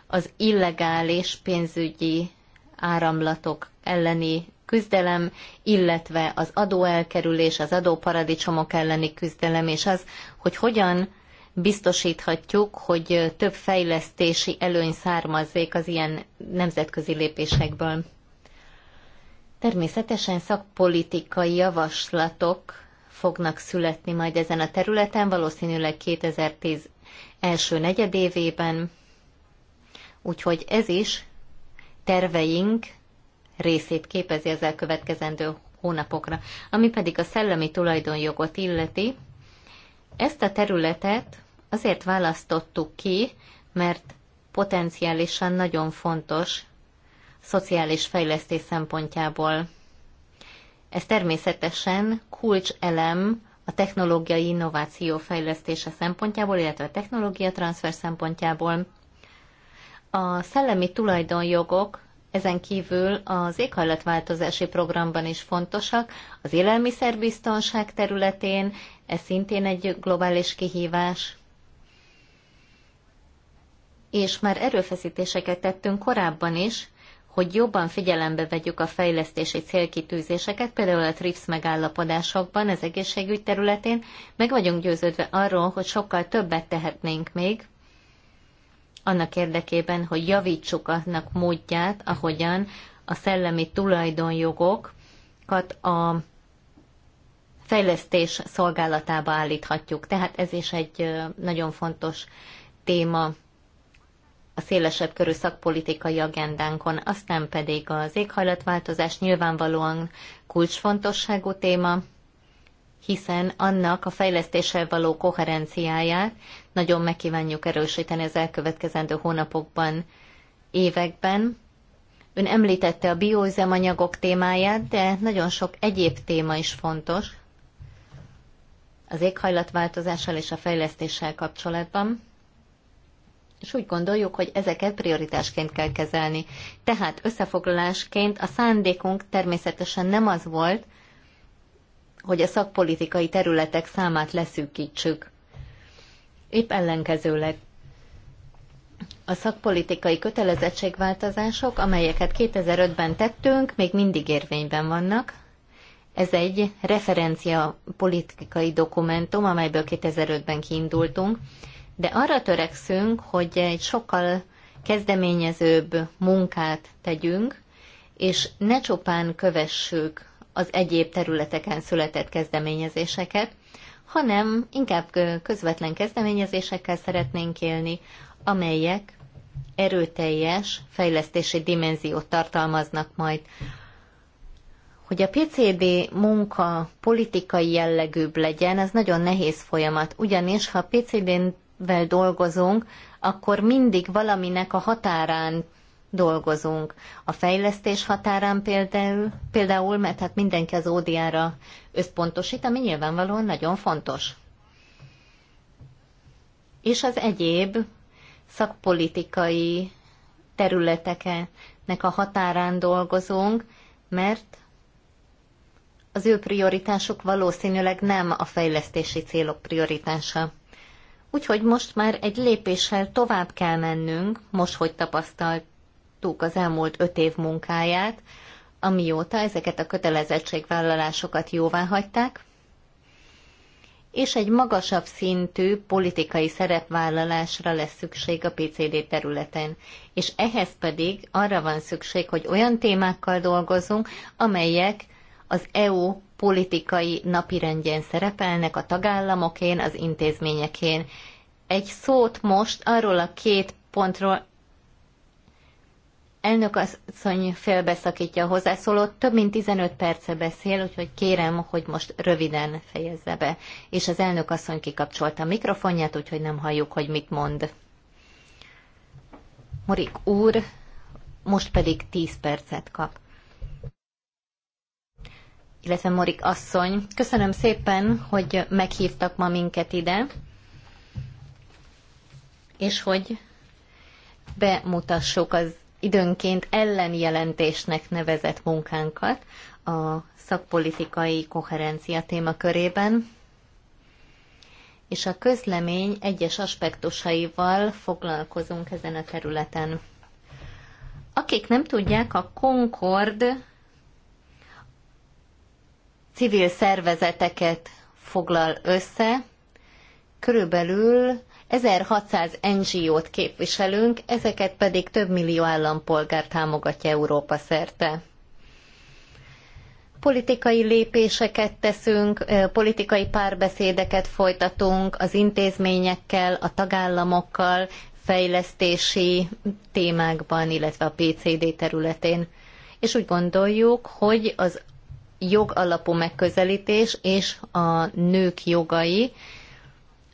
Speaker 5: az illegális pénzügyi áramlatok elleni küzdelem, illetve az adóelkerülés, az adóparadicsomok elleni küzdelem, és az, hogy hogyan biztosíthatjuk, hogy több fejlesztési előny származzék az ilyen nemzetközi lépésekből. Természetesen szakpolitikai javaslatok fognak születni majd ezen a területen, valószínűleg 2010 első negyedévében, úgyhogy ez is terveink részét képezi az elkövetkezendő hónapokra. Ami pedig a szellemi tulajdonjogot illeti, ezt a területet azért választottuk ki, mert potenciálisan nagyon fontos szociális fejlesztés szempontjából. Ez természetesen kulcselem a technológiai innováció fejlesztése szempontjából, illetve a technológia transfer szempontjából. A szellemi tulajdonjogok ezen kívül az éghajlatváltozási programban is fontosak, az élelmiszerbiztonság területén, ez szintén egy globális kihívás. És már erőfeszítéseket tettünk korábban is, hogy jobban figyelembe vegyük a fejlesztési célkitűzéseket, például a TRIPS megállapodásokban, az egészségügy területén, meg vagyunk győződve arról, hogy sokkal többet tehetnénk még, annak érdekében, hogy javítsuk annak módját, ahogyan a szellemi tulajdonjogokat a fejlesztés szolgálatába állíthatjuk. Tehát ez is egy nagyon fontos téma a szélesebb körű szakpolitikai agendánkon, aztán pedig az éghajlatváltozás nyilvánvalóan kulcsfontosságú téma, hiszen annak a fejlesztéssel való koherenciáját nagyon megkívánjuk erősíteni az elkövetkezendő hónapokban, években. Ön említette a bióüzemanyagok témáját, de nagyon sok egyéb téma is fontos az éghajlatváltozással és a fejlesztéssel kapcsolatban és úgy gondoljuk, hogy ezeket prioritásként kell kezelni. Tehát összefoglalásként a szándékunk természetesen nem az volt, hogy a szakpolitikai területek számát leszűkítsük. Épp ellenkezőleg a szakpolitikai kötelezettségváltozások, amelyeket 2005-ben tettünk, még mindig érvényben vannak. Ez egy referencia politikai dokumentum, amelyből 2005-ben kiindultunk, de arra törekszünk, hogy egy sokkal kezdeményezőbb munkát tegyünk, és ne csupán kövessük az egyéb területeken született kezdeményezéseket, hanem inkább közvetlen kezdeményezésekkel szeretnénk élni, amelyek erőteljes fejlesztési dimenziót tartalmaznak majd. Hogy a PCD munka politikai jellegűbb legyen, ez nagyon nehéz folyamat, ugyanis ha PCD-vel dolgozunk, akkor mindig valaminek a határán dolgozunk. A fejlesztés határán például, például mert hát mindenki az ódiára összpontosít, ami nyilvánvalóan nagyon fontos. És az egyéb szakpolitikai területeknek a határán dolgozunk, mert az ő prioritásuk valószínűleg nem a fejlesztési célok prioritása. Úgyhogy most már egy lépéssel tovább kell mennünk, most hogy tapasztalt láttuk az elmúlt öt év munkáját, amióta ezeket a kötelezettségvállalásokat jóvá hagyták, és egy magasabb szintű politikai szerepvállalásra lesz szükség a PCD területen. És ehhez pedig arra van szükség, hogy olyan témákkal dolgozunk, amelyek az EU politikai napirendjén szerepelnek a tagállamokén, az intézményekén. Egy szót most arról a két pontról, Elnök asszony félbeszakítja a hozzászólót, több mint 15 perce beszél, úgyhogy kérem, hogy most röviden fejezze be. És az elnök asszony kikapcsolta a mikrofonját, úgyhogy nem halljuk, hogy mit mond. Morik úr, most pedig 10 percet kap. Illetve Morik asszony, köszönöm szépen, hogy meghívtak ma minket ide, és hogy bemutassuk az időnként ellenjelentésnek nevezett munkánkat a szakpolitikai koherencia témakörében, és a közlemény egyes aspektusaival foglalkozunk ezen a területen. Akik nem tudják, a Concord civil szervezeteket foglal össze, körülbelül 1600 NGO-t képviselünk, ezeket pedig több millió állampolgár támogatja Európa szerte politikai lépéseket teszünk, politikai párbeszédeket folytatunk az intézményekkel, a tagállamokkal, fejlesztési témákban, illetve a PCD területén. És úgy gondoljuk, hogy az jogalapú megközelítés és a nők jogai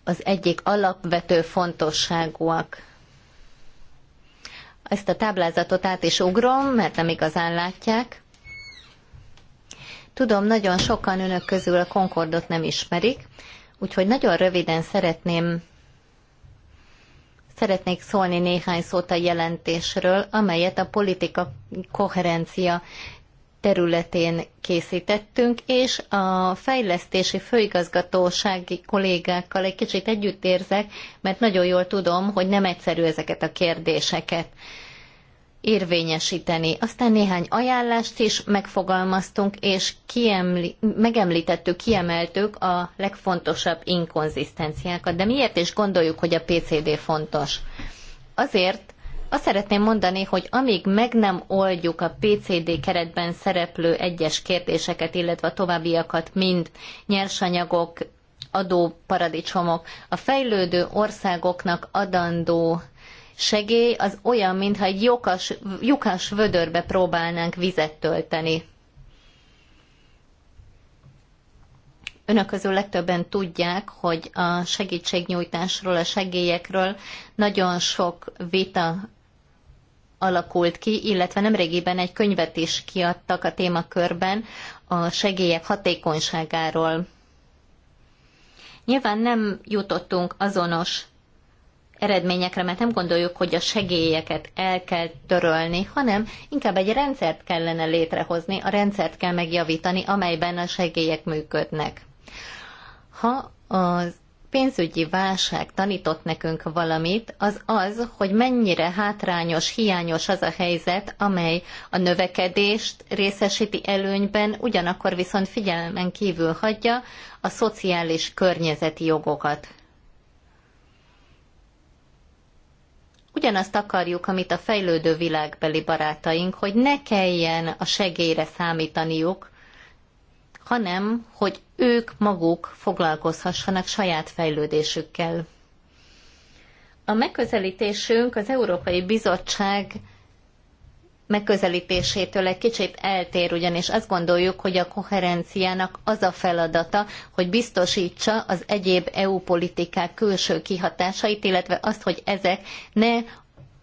Speaker 5: az egyik alapvető fontosságúak. Ezt a táblázatot át is ugrom, mert nem igazán látják. Tudom, nagyon sokan önök közül a Concordot nem ismerik, úgyhogy nagyon röviden szeretném szeretnék szólni néhány szót a jelentésről, amelyet a politika koherencia területén készítettünk, és a fejlesztési főigazgatósági kollégákkal egy kicsit együtt érzek, mert nagyon jól tudom, hogy nem egyszerű ezeket a kérdéseket érvényesíteni. Aztán néhány ajánlást is megfogalmaztunk, és kiemli, megemlítettük, kiemeltük a legfontosabb inkonzisztenciákat. De miért is gondoljuk, hogy a PCD fontos? Azért, azt szeretném mondani, hogy amíg meg nem oldjuk a PCD keretben szereplő egyes kérdéseket, illetve a továbbiakat, mind nyersanyagok, adóparadicsomok, a fejlődő országoknak adandó segély az olyan, mintha egy lyukas, lyukas vödörbe próbálnánk vizet tölteni. Önök közül legtöbben tudják, hogy a segítségnyújtásról, a segélyekről nagyon sok vita alakult ki, illetve nemrégiben egy könyvet is kiadtak a témakörben a segélyek hatékonyságáról. Nyilván nem jutottunk azonos eredményekre, mert nem gondoljuk, hogy a segélyeket el kell törölni, hanem inkább egy rendszert kellene létrehozni, a rendszert kell megjavítani, amelyben a segélyek működnek. Ha az pénzügyi válság tanított nekünk valamit, az az, hogy mennyire hátrányos, hiányos az a helyzet, amely a növekedést részesíti előnyben, ugyanakkor viszont figyelmen kívül hagyja a szociális környezeti jogokat. Ugyanazt akarjuk, amit a fejlődő világbeli barátaink, hogy ne kelljen a segélyre számítaniuk, hanem hogy ők maguk foglalkozhassanak saját fejlődésükkel. A megközelítésünk az Európai Bizottság megközelítésétől egy kicsit eltér, ugyanis azt gondoljuk, hogy a koherenciának az a feladata, hogy biztosítsa az egyéb EU politikák külső kihatásait, illetve azt, hogy ezek ne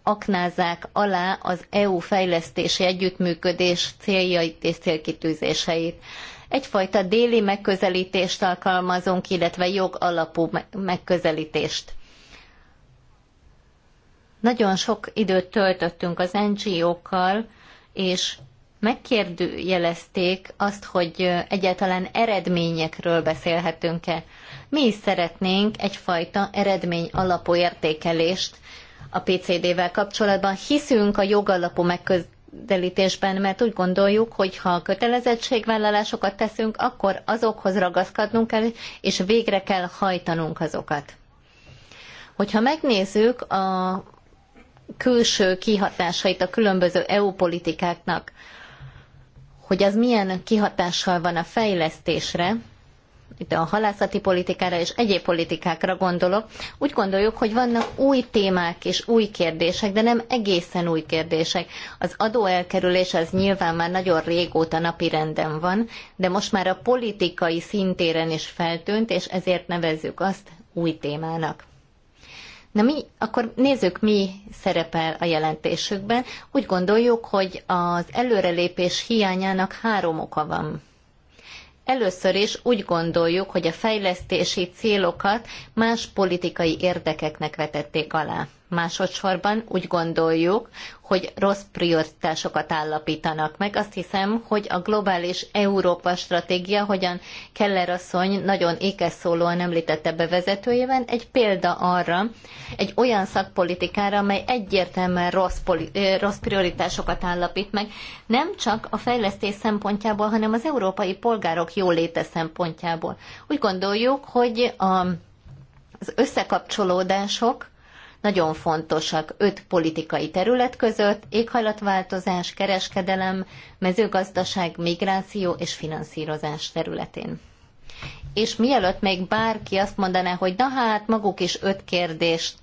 Speaker 5: aknázzák alá az EU fejlesztési együttműködés céljait és célkitűzéseit egyfajta déli megközelítést alkalmazunk, illetve jogalapú megközelítést. Nagyon sok időt töltöttünk az NGO-kkal, és megkérdőjelezték azt, hogy egyáltalán eredményekről beszélhetünk-e. Mi is szeretnénk egyfajta eredmény alapú értékelést a PCD-vel kapcsolatban. Hiszünk a jogalapú megköz- megközelítésben, mert úgy gondoljuk, hogy ha kötelezettségvállalásokat teszünk, akkor azokhoz ragaszkodnunk kell, és végre kell hajtanunk azokat. Hogyha megnézzük a külső kihatásait a különböző EU politikáknak, hogy az milyen kihatással van a fejlesztésre, itt a halászati politikára és egyéb politikákra gondolok, úgy gondoljuk, hogy vannak új témák és új kérdések, de nem egészen új kérdések. Az adóelkerülés az nyilván már nagyon régóta napirenden van, de most már a politikai szintéren is feltűnt, és ezért nevezzük azt új témának. Na mi, akkor nézzük, mi szerepel a jelentésükben. Úgy gondoljuk, hogy az előrelépés hiányának három oka van. Először is úgy gondoljuk, hogy a fejlesztési célokat más politikai érdekeknek vetették alá. Másodszorban úgy gondoljuk, hogy rossz prioritásokat állapítanak meg. Azt hiszem, hogy a globális Európa stratégia, hogyan Keller asszony nagyon ékes szólóan említette bevezetőjében, egy példa arra, egy olyan szakpolitikára, amely egyértelműen rossz, rossz prioritásokat állapít meg, nem csak a fejlesztés szempontjából, hanem az európai polgárok jóléte szempontjából. Úgy gondoljuk, hogy a, az összekapcsolódások, nagyon fontosak öt politikai terület között, éghajlatváltozás, kereskedelem, mezőgazdaság, migráció és finanszírozás területén. És mielőtt még bárki azt mondaná, hogy na hát maguk is öt kérdést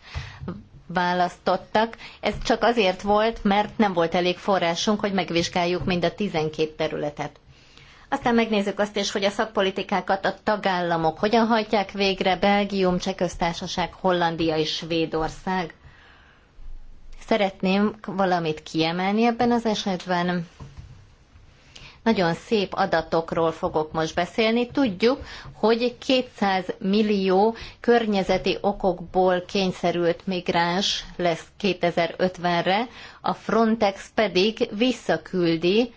Speaker 5: választottak, ez csak azért volt, mert nem volt elég forrásunk, hogy megvizsgáljuk mind a 12 területet. Aztán megnézzük azt is, hogy a szakpolitikákat a tagállamok hogyan hajtják végre, Belgium, Csehköztársaság, Hollandia és Svédország. Szeretném valamit kiemelni ebben az esetben. Nagyon szép adatokról fogok most beszélni. Tudjuk, hogy 200 millió környezeti okokból kényszerült migráns lesz 2050-re, a Frontex pedig visszaküldi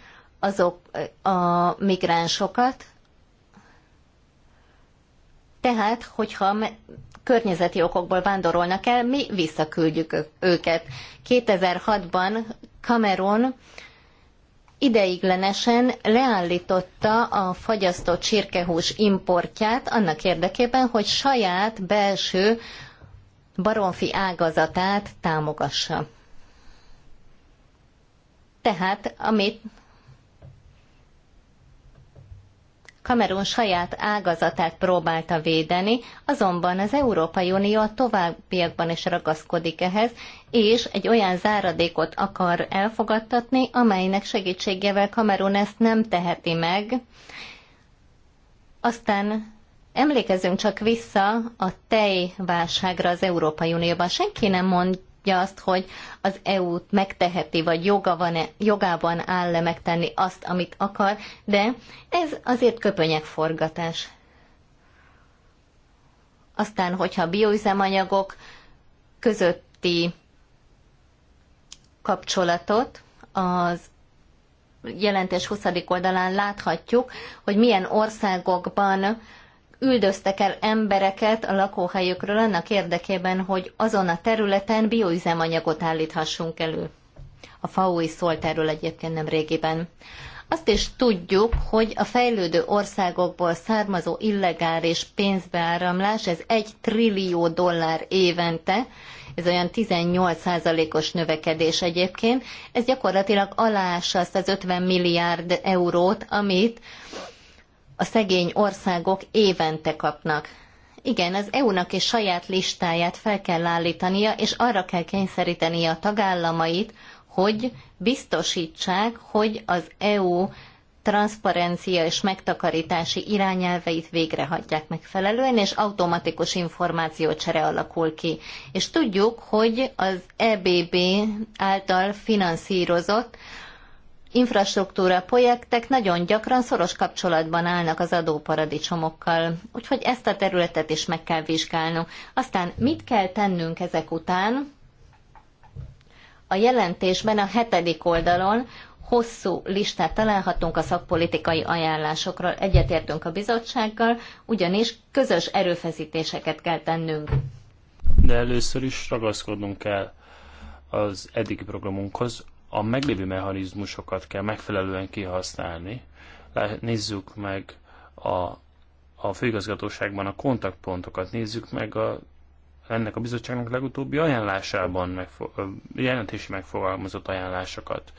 Speaker 5: azok a migránsokat, tehát, hogyha környezeti okokból vándorolnak el, mi visszaküldjük őket. 2006-ban Cameron ideiglenesen leállította a fagyasztott csirkehús importját annak érdekében, hogy saját belső baronfi ágazatát támogassa. Tehát, amit Kamerun saját ágazatát próbálta védeni, azonban az Európai Unió a továbbiakban is ragaszkodik ehhez, és egy olyan záradékot akar elfogadtatni, amelynek segítségével Kamerun ezt nem teheti meg. Aztán Emlékezzünk csak vissza a tejválságra az Európai Unióban. Senki nem mond, mondja azt, hogy az EU-t megteheti, vagy joga van-e, jogában áll-e megtenni azt, amit akar, de ez azért köpönyek forgatás. Aztán, hogyha bioüzemanyagok közötti kapcsolatot az jelentés 20. oldalán láthatjuk, hogy milyen országokban üldöztek el embereket a lakóhelyükről annak érdekében, hogy azon a területen bioüzemanyagot állíthassunk elő. A FAO is szólt erről egyébként nem régiben. Azt is tudjuk, hogy a fejlődő országokból származó illegális pénzbeáramlás, ez egy trillió dollár évente, ez olyan 18%-os növekedés egyébként, ez gyakorlatilag aláássa azt az 50 milliárd eurót, amit a szegény országok évente kapnak. Igen, az EU-nak is saját listáját fel kell állítania, és arra kell kényszerítenie a tagállamait, hogy biztosítsák, hogy az EU transzparencia és megtakarítási irányelveit végrehajtják megfelelően, és automatikus információcsere alakul ki. És tudjuk, hogy az EBB által finanszírozott infrastruktúra projektek nagyon gyakran szoros kapcsolatban állnak az adóparadicsomokkal, úgyhogy ezt a területet is meg kell vizsgálnunk. Aztán mit kell tennünk ezek után? A jelentésben a hetedik oldalon hosszú listát találhatunk a szakpolitikai ajánlásokról. Egyetértünk a bizottsággal, ugyanis közös erőfeszítéseket kell tennünk.
Speaker 4: De először is ragaszkodnunk kell az eddigi programunkhoz, a meglévő mechanizmusokat kell megfelelően kihasználni. Nézzük meg a, a főigazgatóságban a kontaktpontokat, nézzük meg a, ennek a bizottságnak legutóbbi ajánlásában, megfo- jelentési megfogalmazott ajánlásokat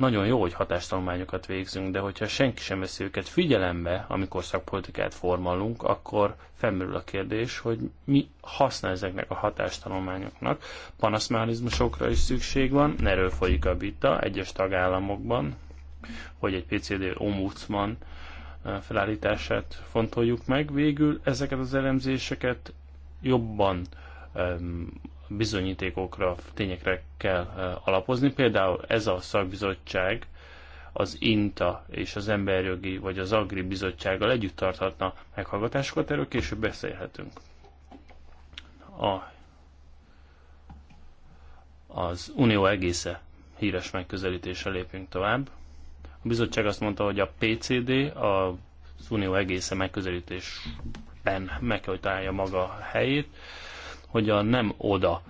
Speaker 4: nagyon jó, hogy hatástanulmányokat végzünk, de hogyha senki sem veszi őket figyelembe, amikor szakpolitikát formálunk, akkor felmerül a kérdés, hogy mi haszna ezeknek a hatástanulmányoknak. Panaszmechanizmusokra is szükség van, erről folyik a vita egyes tagállamokban, hogy egy PCD ombudsman eh, felállítását fontoljuk meg. Végül ezeket az elemzéseket jobban bizonyítékokra, tényekre kell e, alapozni. Például ez a szakbizottság az INTA és az Emberjogi vagy az Agri Bizottsággal együtt tarthatna meghallgatásokat, erről később beszélhetünk. A, az Unió egésze híres megközelítésre lépünk tovább. A bizottság azt mondta, hogy a PCD, az Unió egésze megközelítésben meg kell, hogy találja maga helyét hogy a nem oda,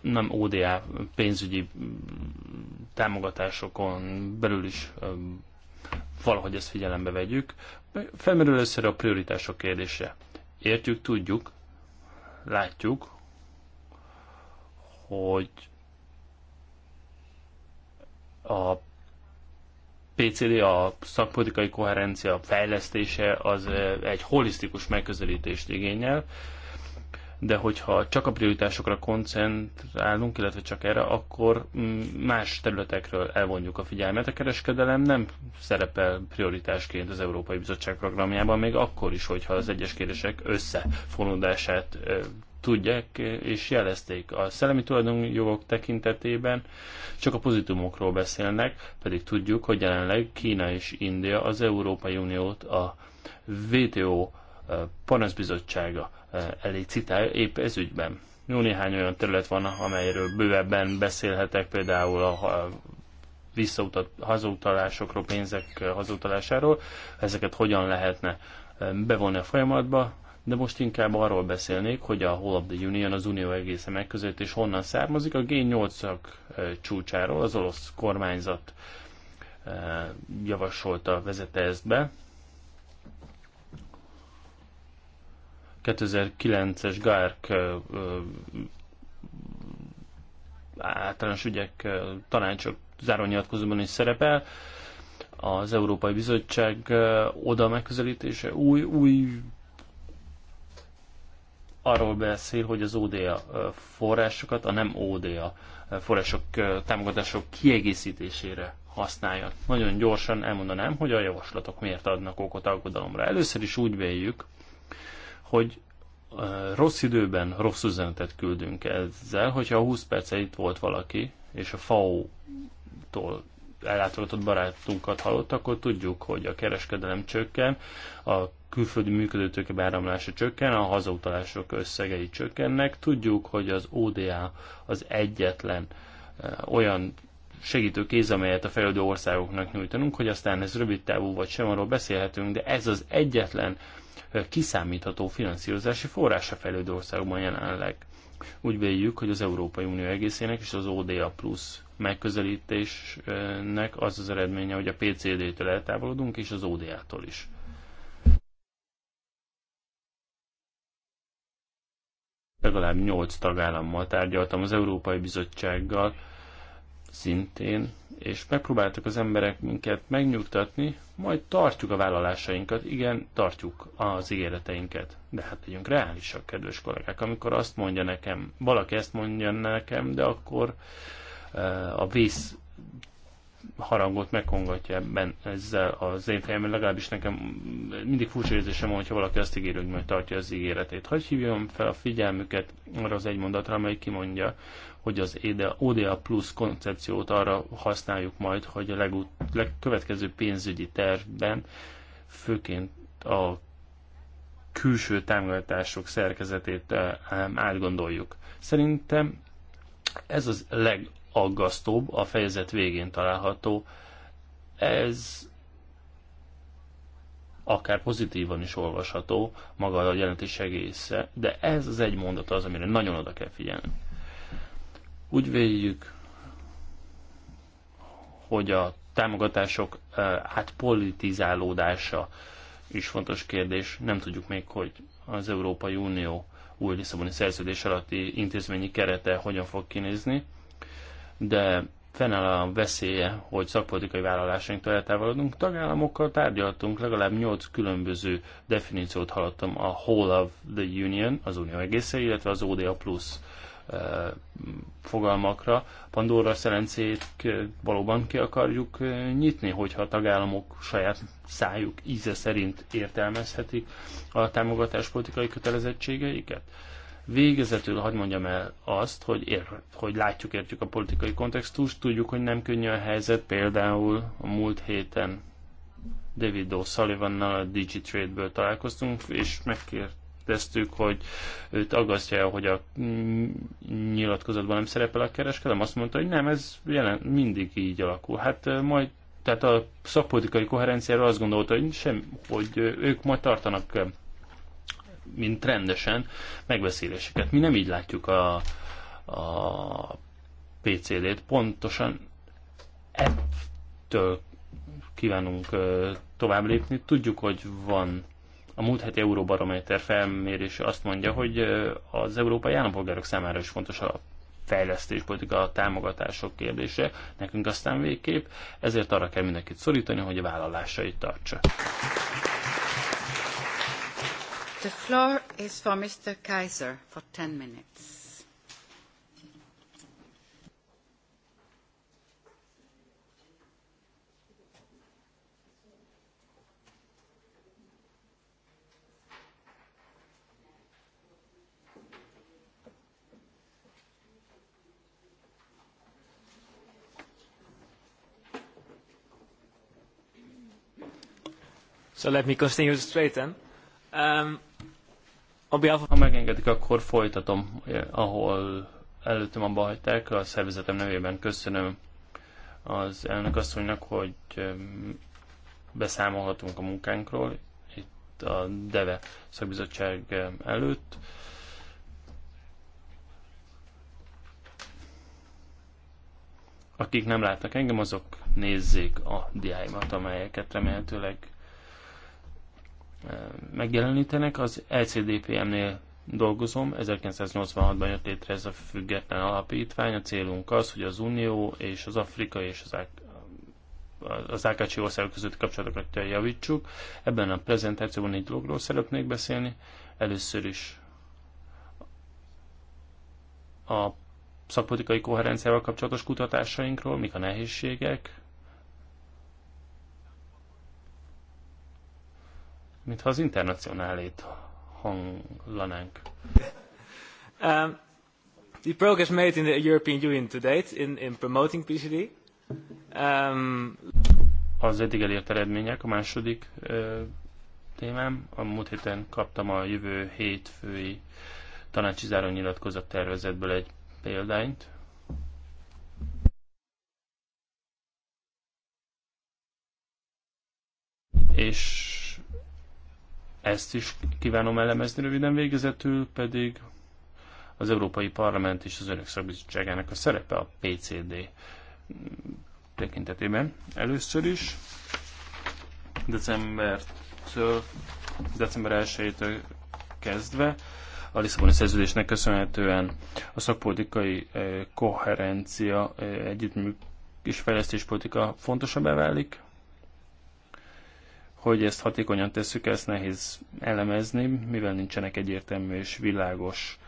Speaker 4: nem ODA pénzügyi támogatásokon belül is valahogy ezt figyelembe vegyük. Felmerül először a prioritások kérdése. Értjük, tudjuk, látjuk, hogy a PCD, a szakpolitikai koherencia fejlesztése az egy holisztikus megközelítést igényel, de hogyha csak a prioritásokra koncentrálunk, illetve csak erre, akkor mm, más területekről elvonjuk a figyelmet. A kereskedelem nem szerepel prioritásként az Európai Bizottság programjában, még akkor is, hogyha az egyes kérdések összefonódását tudják és jelezték. A szellemi tulajdonjogok tekintetében csak a pozitumokról beszélnek, pedig tudjuk, hogy jelenleg Kína és India az Európai Uniót a WTO panaszbizottsága elég citál épp ez ügyben. Jó néhány olyan terület van, amelyről bővebben beszélhetek, például a visszautat, hazautalásokról, pénzek eh, hazautalásáról, ezeket hogyan lehetne eh, bevonni a folyamatba, de most inkább arról beszélnék, hogy a Hall of the Union az unió egészen megközelít, és honnan származik a G8-ak eh, csúcsáról, az olasz kormányzat javasolta, vezette ezt be, 2009-es GARC általános ügyek tanácsok zárónyilatkozóban is szerepel. Az Európai Bizottság oda megközelítése új, új arról beszél, hogy az ODA forrásokat a nem ODA források, támogatások kiegészítésére használja. Nagyon gyorsan elmondanám, hogy a javaslatok miért adnak okot aggodalomra. Először is úgy véljük, hogy rossz időben rossz üzenetet küldünk ezzel, hogyha 20 perc itt volt valaki, és a FAO-tól ellátogatott barátunkat hallott, akkor tudjuk, hogy a kereskedelem csökken, a külföldi működőtőke beáramlása csökken, a hazautalások összegei csökkennek. Tudjuk, hogy az ODA az egyetlen olyan segítőkéz, amelyet a fejlődő országoknak nyújtanunk, hogy aztán ez rövid távú vagy sem, arról beszélhetünk, de ez az egyetlen kiszámítható finanszírozási forrása fejlődő országban jelenleg. Úgy véljük, hogy az Európai Unió egészének és az ODA plusz megközelítésnek az az eredménye, hogy a PCD-től eltávolodunk, és az ODA-tól is. Legalább 8 tagállammal tárgyaltam az Európai Bizottsággal, szintén, és megpróbáltak az emberek minket megnyugtatni, majd tartjuk a vállalásainkat, igen, tartjuk az ígéreteinket. De hát legyünk reálisak, kedves kollégák, amikor azt mondja nekem, valaki ezt mondja nekem, de akkor eh, a vész harangot megkongatja ebben ezzel az én fejemben, legalábbis nekem mindig furcsa érzésem, hogyha valaki azt ígéri, hogy majd tartja az ígéretét. Hogy hívjam fel a figyelmüket arra az egy mondatra, amely kimondja, hogy az ODA e Plus koncepciót arra használjuk majd, hogy a legut- legkövetkező pénzügyi tervben főként a külső támogatások szerkezetét eh, átgondoljuk. Szerintem ez az legaggasztóbb, a fejezet végén található. Ez akár pozitívan is olvasható maga a jelentés egésze, de ez az egy mondat az, amire nagyon oda kell figyelni. Úgy véljük, hogy a támogatások átpolitizálódása is fontos kérdés. Nem tudjuk még, hogy az Európai Unió új Lisszaboni szerződés alatti intézményi kerete hogyan fog kinézni, de fennáll a veszélye, hogy szakpolitikai vállalásainktól eltávolodunk. Tagállamokkal tárgyaltunk, legalább 8 különböző definíciót hallottam, a Whole of the Union, az Unió egészen, illetve az ODA Plus fogalmakra. Pandora szerencét valóban ki akarjuk nyitni, hogyha a tagállamok saját szájuk íze szerint értelmezhetik a támogatás politikai kötelezettségeiket. Végezetül hagyd mondjam el azt, hogy, ér, hogy látjuk, értjük a politikai kontextust, tudjuk, hogy nem könnyű a helyzet, például a múlt héten David O'Sullivannal a Digitrade-ből találkoztunk, és megkért kérdeztük, hogy őt aggasztja, hogy a mm, nyilatkozatban nem szerepel a kereskedelem, azt mondta, hogy nem, ez jelen, mindig így alakul. Hát majd tehát a szakpolitikai koherenciáról azt gondolta, hogy, sem, hogy ők majd tartanak mint rendesen megbeszéléseket. Mi nem így látjuk a, a PCD-t, pontosan ettől kívánunk tovább lépni. Tudjuk, hogy van a múlt heti Euróbarométer felmérése azt mondja, hogy az európai állampolgárok számára is fontos a fejlesztéspolitika, a támogatások kérdése, nekünk aztán végképp, ezért arra kell mindenkit szorítani, hogy a vállalásait tartsa.
Speaker 2: The floor is for Mr. Kaiser for 10 minutes.
Speaker 4: So let me continue straight then. Um, ha megengedik, akkor folytatom, eh, ahol előttem abba hagyták. A szervezetem nevében köszönöm az elnök asszonynak, hogy beszámolhatunk a munkánkról itt a DEVE szakbizottság előtt. Akik nem láttak engem, azok nézzék a diáimat, amelyeket remélhetőleg megjelenítenek. Az lcdpm e nél dolgozom, 1986-ban jött létre ez a független alapítvány. A célunk az, hogy az Unió és az Afrika és az az AKC országok közötti kapcsolatokat javítsuk. Ebben a prezentációban egy dologról szeretnék beszélni. Először is a szakpolitikai koherenciával kapcsolatos kutatásainkról, mik a nehézségek, mintha az internacionálét hanglanánk. Um, the progress made in the European Union to date in, in promoting PCD. Um... Az eddig elért eredmények, a második uh, témám. A múlt héten kaptam a jövő hétfői tanácsi záró nyilatkozat tervezetből egy példányt. És ezt is kívánom elemezni röviden végezetül, pedig az Európai Parlament és az Önök Szakbizottságának a szerepe a PCD tekintetében. Először is december, december 1 kezdve a Lisszaboni szerződésnek köszönhetően a szakpolitikai eh, koherencia eh, együttműk és fejlesztéspolitika fontosabbá válik, hogy ezt hatékonyan tesszük, ezt nehéz elemezni, mivel nincsenek egyértelmű és világos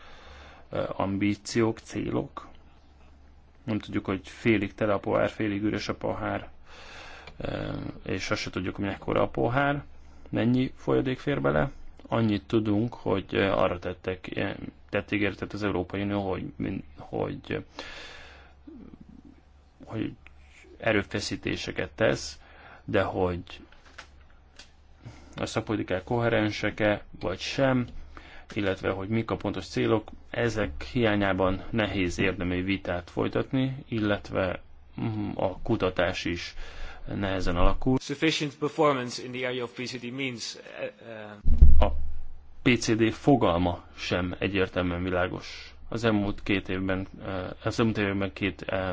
Speaker 4: ambíciók, célok. Nem tudjuk, hogy félig tele a pohár, félig üres a pohár, és azt se tudjuk, hogy mekkora a pohár, mennyi folyadék fér bele. Annyit tudunk, hogy arra tettek, tett ígéretet az Európai Unió, hogy, hogy, hogy erőfeszítéseket tesz, de hogy a szakpolitikák koherensek-e vagy sem, illetve hogy mik a pontos célok, ezek hiányában nehéz érdemi vitát folytatni, illetve mm, a kutatás is nehezen alakul. Sufficient performance in the area of PCD means, uh, uh a PCD fogalma sem egyértelműen világos. Az elmúlt két évben, uh, az elmúlt évben két uh,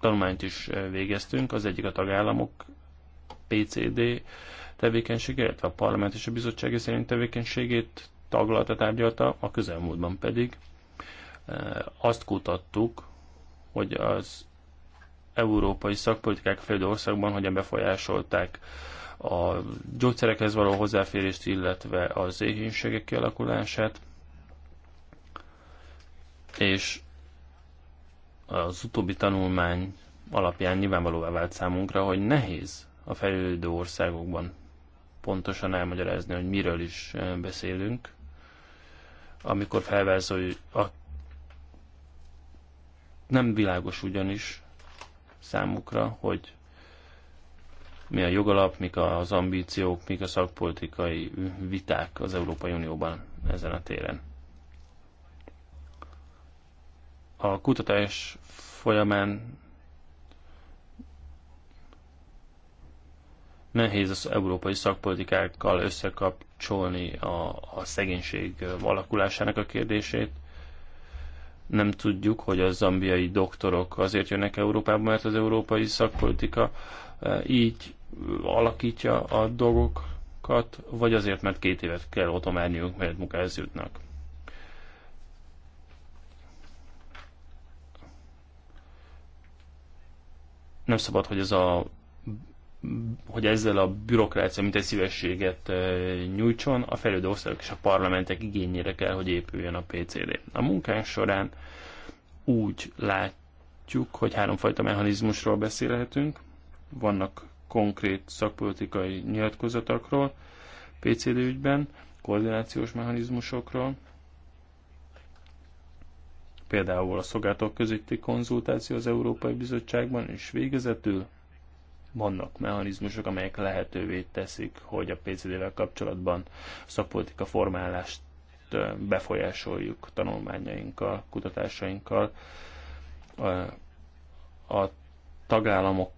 Speaker 4: tanulmányt is végeztünk, az egyik a tagállamok PCD tevékenysége, illetve a parlament és a bizottság szerint tevékenységét taglalta, tárgyalta, a közelmúltban pedig eh, azt kutattuk, hogy az európai szakpolitikák fejlődő országban hogyan befolyásolták a gyógyszerekhez való hozzáférést, illetve az éhénységek kialakulását, és az utóbbi tanulmány alapján nyilvánvalóvá vált számunkra, hogy nehéz a fejlődő országokban pontosan elmagyarázni, hogy miről is beszélünk, amikor felvázoljuk, a... nem világos ugyanis számukra, hogy mi a jogalap, mik az ambíciók, mik a szakpolitikai viták az Európai Unióban ezen a téren. A kutatás folyamán Nehéz az európai szakpolitikákkal összekapcsolni a, a szegénység alakulásának a kérdését. Nem tudjuk, hogy a zambiai doktorok azért jönnek Európába, mert az európai szakpolitika e, így alakítja a dolgokat, vagy azért, mert két évet kell otthon mert munkához jutnak. nem szabad, hogy ez a hogy ezzel a bürokrácia mint egy szívességet nyújtson, a fejlődő országok és a parlamentek igényére kell, hogy épüljön a PCD. A munkánk során úgy látjuk, hogy háromfajta mechanizmusról beszélhetünk. Vannak konkrét szakpolitikai nyilatkozatokról PCD ügyben, koordinációs mechanizmusokról, például a szolgáltatók közötti konzultáció az Európai Bizottságban, és végezetül vannak mechanizmusok, amelyek lehetővé teszik, hogy a PCD-vel kapcsolatban szakpolitika formálást befolyásoljuk tanulmányainkkal, kutatásainkkal. A tagállamok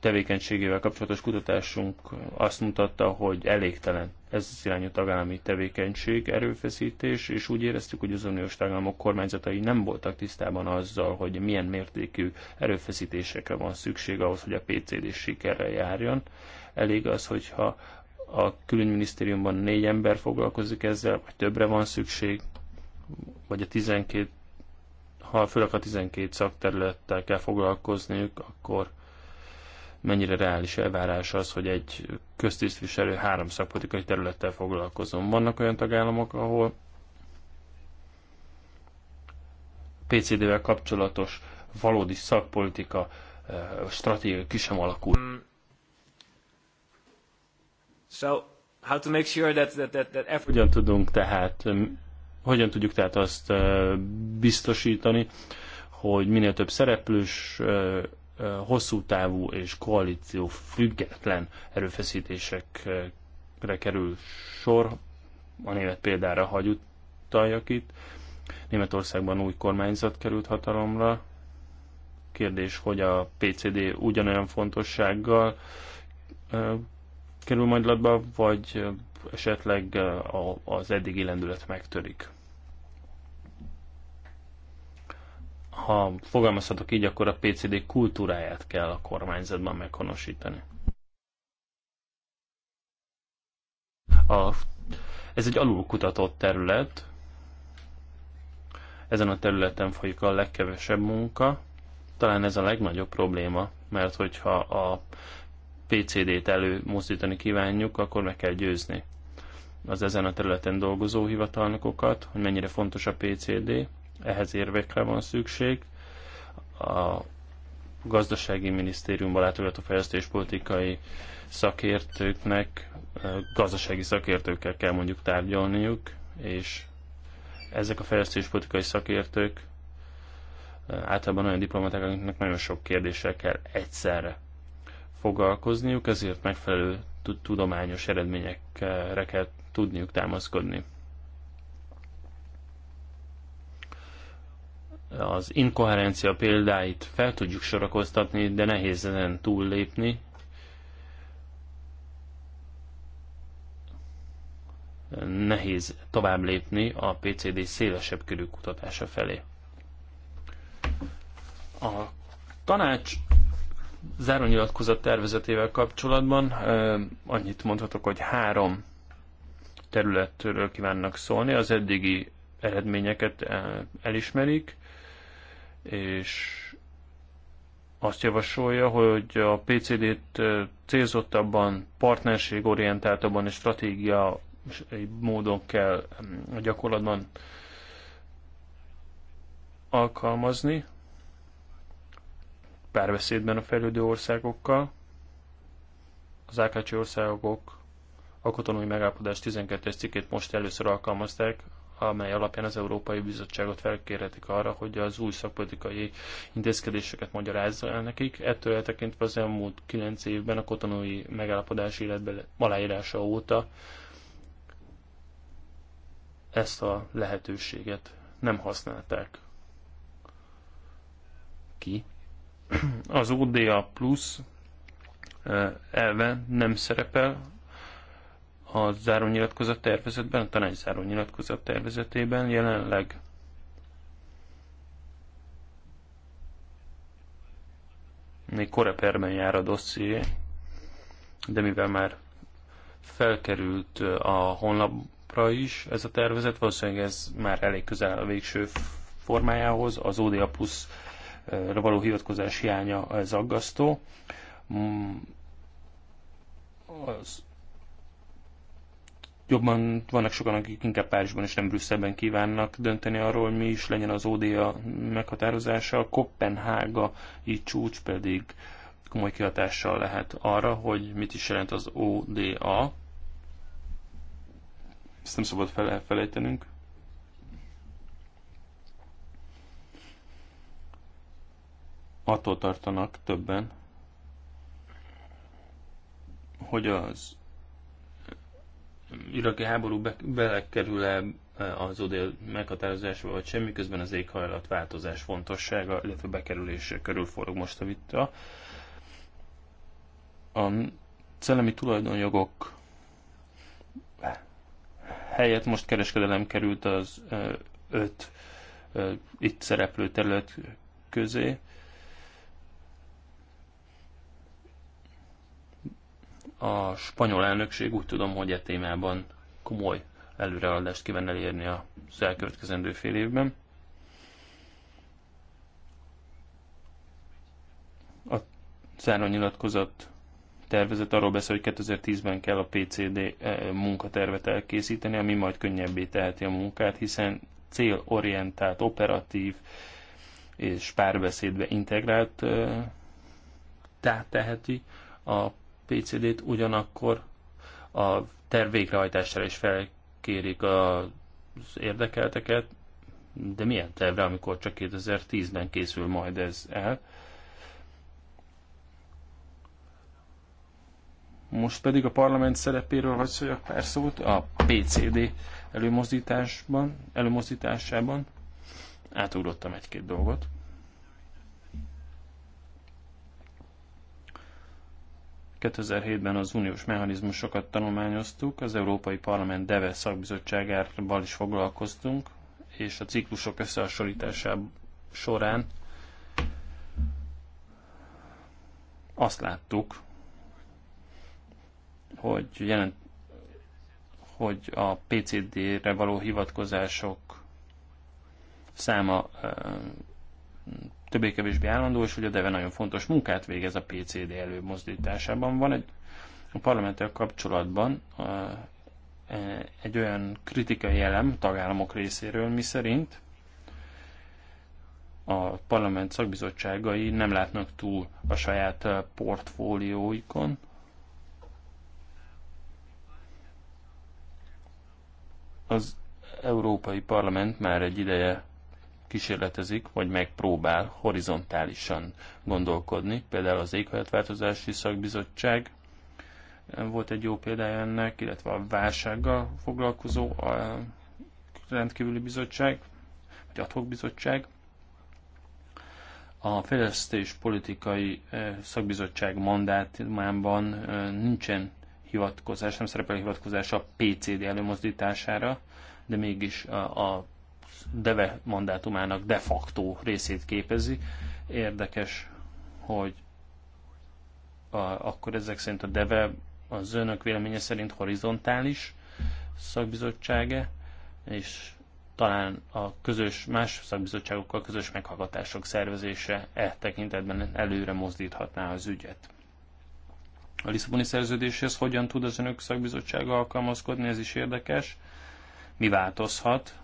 Speaker 4: tevékenységével kapcsolatos kutatásunk azt mutatta, hogy elégtelen ez az irányú tagállami tevékenység, erőfeszítés, és úgy éreztük, hogy az uniós tagállamok kormányzatai nem voltak tisztában azzal, hogy milyen mértékű erőfeszítésekre van szükség ahhoz, hogy a PCD sikerrel járjon. Elég az, hogyha a külügyminisztériumban négy ember foglalkozik ezzel, vagy többre van szükség, vagy a 12, ha főleg a 12 szakterülettel kell foglalkozniuk, akkor mennyire reális elvárás az, hogy egy köztisztviselő három szakpolitikai területtel foglalkozom. Vannak olyan tagállamok, ahol PCD-vel kapcsolatos valódi szakpolitika eh, stratégia ki sem alakul. Mm. So, how to make sure that, that, that, that every... Hogyan tudunk tehát, eh, hogyan tudjuk tehát azt eh, biztosítani, hogy minél több szereplős hosszú távú és koalíció független erőfeszítésekre kerül sor. A német példára hagyutaljak itt. Németországban új kormányzat került hatalomra. Kérdés, hogy a PCD ugyanolyan fontossággal kerül majd latba, vagy esetleg az eddigi lendület megtörik. ha fogalmazhatok így, akkor a PCD kultúráját kell a kormányzatban meghonosítani. A, ez egy alulkutatott terület, ezen a területen folyik a legkevesebb munka, talán ez a legnagyobb probléma, mert hogyha a PCD-t előmozdítani kívánjuk, akkor meg kell győzni az ezen a területen dolgozó hivatalnokokat, hogy mennyire fontos a PCD, ehhez érvekre van szükség. A gazdasági minisztériumban látogató fejlesztéspolitikai szakértőknek, gazdasági szakértőkkel kell mondjuk tárgyalniuk, és ezek a fejlesztéspolitikai szakértők általában olyan diplomaták, akiknek nagyon sok kérdéssel kell egyszerre foglalkozniuk, ezért megfelelő tudományos eredményekre kell tudniuk támaszkodni. az inkoherencia példáit fel tudjuk sorakoztatni, de nehéz ezen túllépni. Nehéz tovább lépni a PCD szélesebb körű kutatása felé. A tanács zárónyilatkozat tervezetével kapcsolatban annyit mondhatok, hogy három területről kívánnak szólni. Az eddigi eredményeket elismerik, és azt javasolja, hogy a PCD-t célzottabban, partnerségorientáltabban és stratégia módon kell mm, a gyakorlatban alkalmazni párbeszédben a fejlődő országokkal. Az ákácsi országok alkotónói megállapodás 12-es cikkét most először alkalmazták, amely alapján az Európai Bizottságot felkérhetik arra, hogy az új szakpolitikai intézkedéseket magyarázza el nekik. Ettől eltekintve az elmúlt 9 évben a kotonói megállapodás életben aláírása óta ezt a lehetőséget nem használták ki. Az ODA plusz eh, elve nem szerepel a zárónyilatkozat tervezetben, a tanács zárónyilatkozat tervezetében jelenleg még koreperben jár a dosszié, de mivel már felkerült eh, a honlapra is ez a tervezet, valószínűleg ez már elég közel a végső formájához, az ODA plusz eh, való hivatkozás hiánya ez aggasztó. Mm, az jobban vannak sokan, akik inkább Párizsban és nem Brüsszelben kívánnak dönteni arról, mi is legyen az ODA meghatározása. A Kopenhága így csúcs pedig komoly kihatással lehet arra, hogy mit is jelent az ODA. Ezt nem szabad felejtenünk. Attól tartanak többen, hogy az iraki háború be, belekerül-e e, az odél meghatározásba vagy semmi közben az éghajlatváltozás fontossága, illetve bekerülése körül forog most a vita. A szellemi tulajdonjogok helyett most kereskedelem került az e, öt e, itt szereplő terület közé. a spanyol elnökség úgy tudom, hogy e témában komoly előrehaladást kíván elérni a elkövetkezendő fél évben. A nyilatkozat tervezet arról beszél, hogy 2010-ben kell a PCD eh, munkatervet elkészíteni, ami majd könnyebbé teheti a munkát, hiszen célorientált, operatív és párbeszédbe integrált eh, tehát teheti a PCD-t, ugyanakkor a terv végrehajtására is felkérik az érdekelteket, de milyen tervre, amikor csak 2010-ben készül majd ez el? Most pedig a parlament szerepéről hagy szóljak pár szót a PCD előmozdításban, előmozdításában. Átugrottam egy-két dolgot. 2007-ben az uniós mechanizmusokat tanulmányoztuk, az Európai Parlament DEVE szakbizottságával is foglalkoztunk, és a ciklusok összehasonlítása során azt láttuk, hogy, jelent, hogy a PCD-re való hivatkozások száma többé-kevésbé állandó, és hogy a DEVE nagyon fontos munkát végez a PCD előmozdításában. Van egy a parlamenttel kapcsolatban a, e, egy olyan kritikai elem tagállamok részéről, mi szerint a parlament szakbizottságai nem látnak túl a saját e, portfólióikon, az Európai Parlament már egy ideje kísérletezik, vagy megpróbál horizontálisan gondolkodni. Például az Éghajlatváltozási Szakbizottság eh, volt egy jó példája ennek, illetve a válsággal foglalkozó a rendkívüli bizottság, vagy adhok bizottság. A fejlesztés politikai eh, szakbizottság mandátumában eh, nincsen hivatkozás, nem szerepel hivatkozás a PCD előmozdítására, de mégis a, a deve mandátumának de facto részét képezi. Érdekes, hogy a, akkor ezek szerint a deve az önök véleménye szerint horizontális szakbizottsága, és talán a közös más szakbizottságokkal közös meghallgatások szervezése e tekintetben előre mozdíthatná az ügyet. A Lisszaboni szerződéshez hogyan tud az önök szakbizottsága alkalmazkodni, ez is érdekes. Mi változhat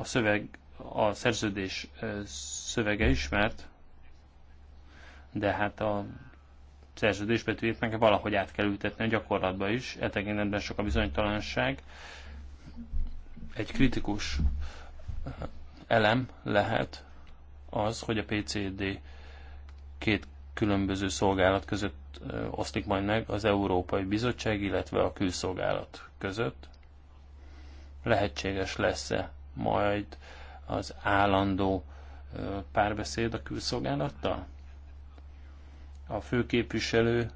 Speaker 4: a szöveg, a szerződés szövege ismert, de hát a szerződés betűjét meg valahogy át kell ültetni a gyakorlatba is, e tekintetben sok a bizonytalanság. Egy kritikus elem lehet az, hogy a PCD két különböző szolgálat között oszlik majd meg az Európai Bizottság, illetve a külszolgálat között. Lehetséges lesz-e majd az állandó párbeszéd a külszolgálattal? A főképviselő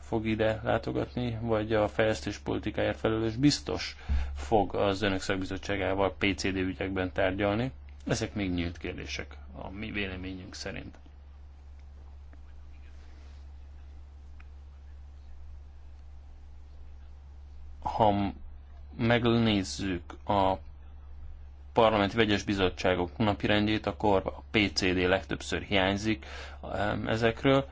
Speaker 4: fog ide látogatni, vagy a fejlesztés politikáért felelős biztos fog az önök szakbizottságával PCD ügyekben tárgyalni? Ezek még nyílt kérdések a mi véleményünk szerint. Ha megnézzük a parlamenti vegyes bizottságok napirendjét, akkor a PCD legtöbbször hiányzik um, ezekről,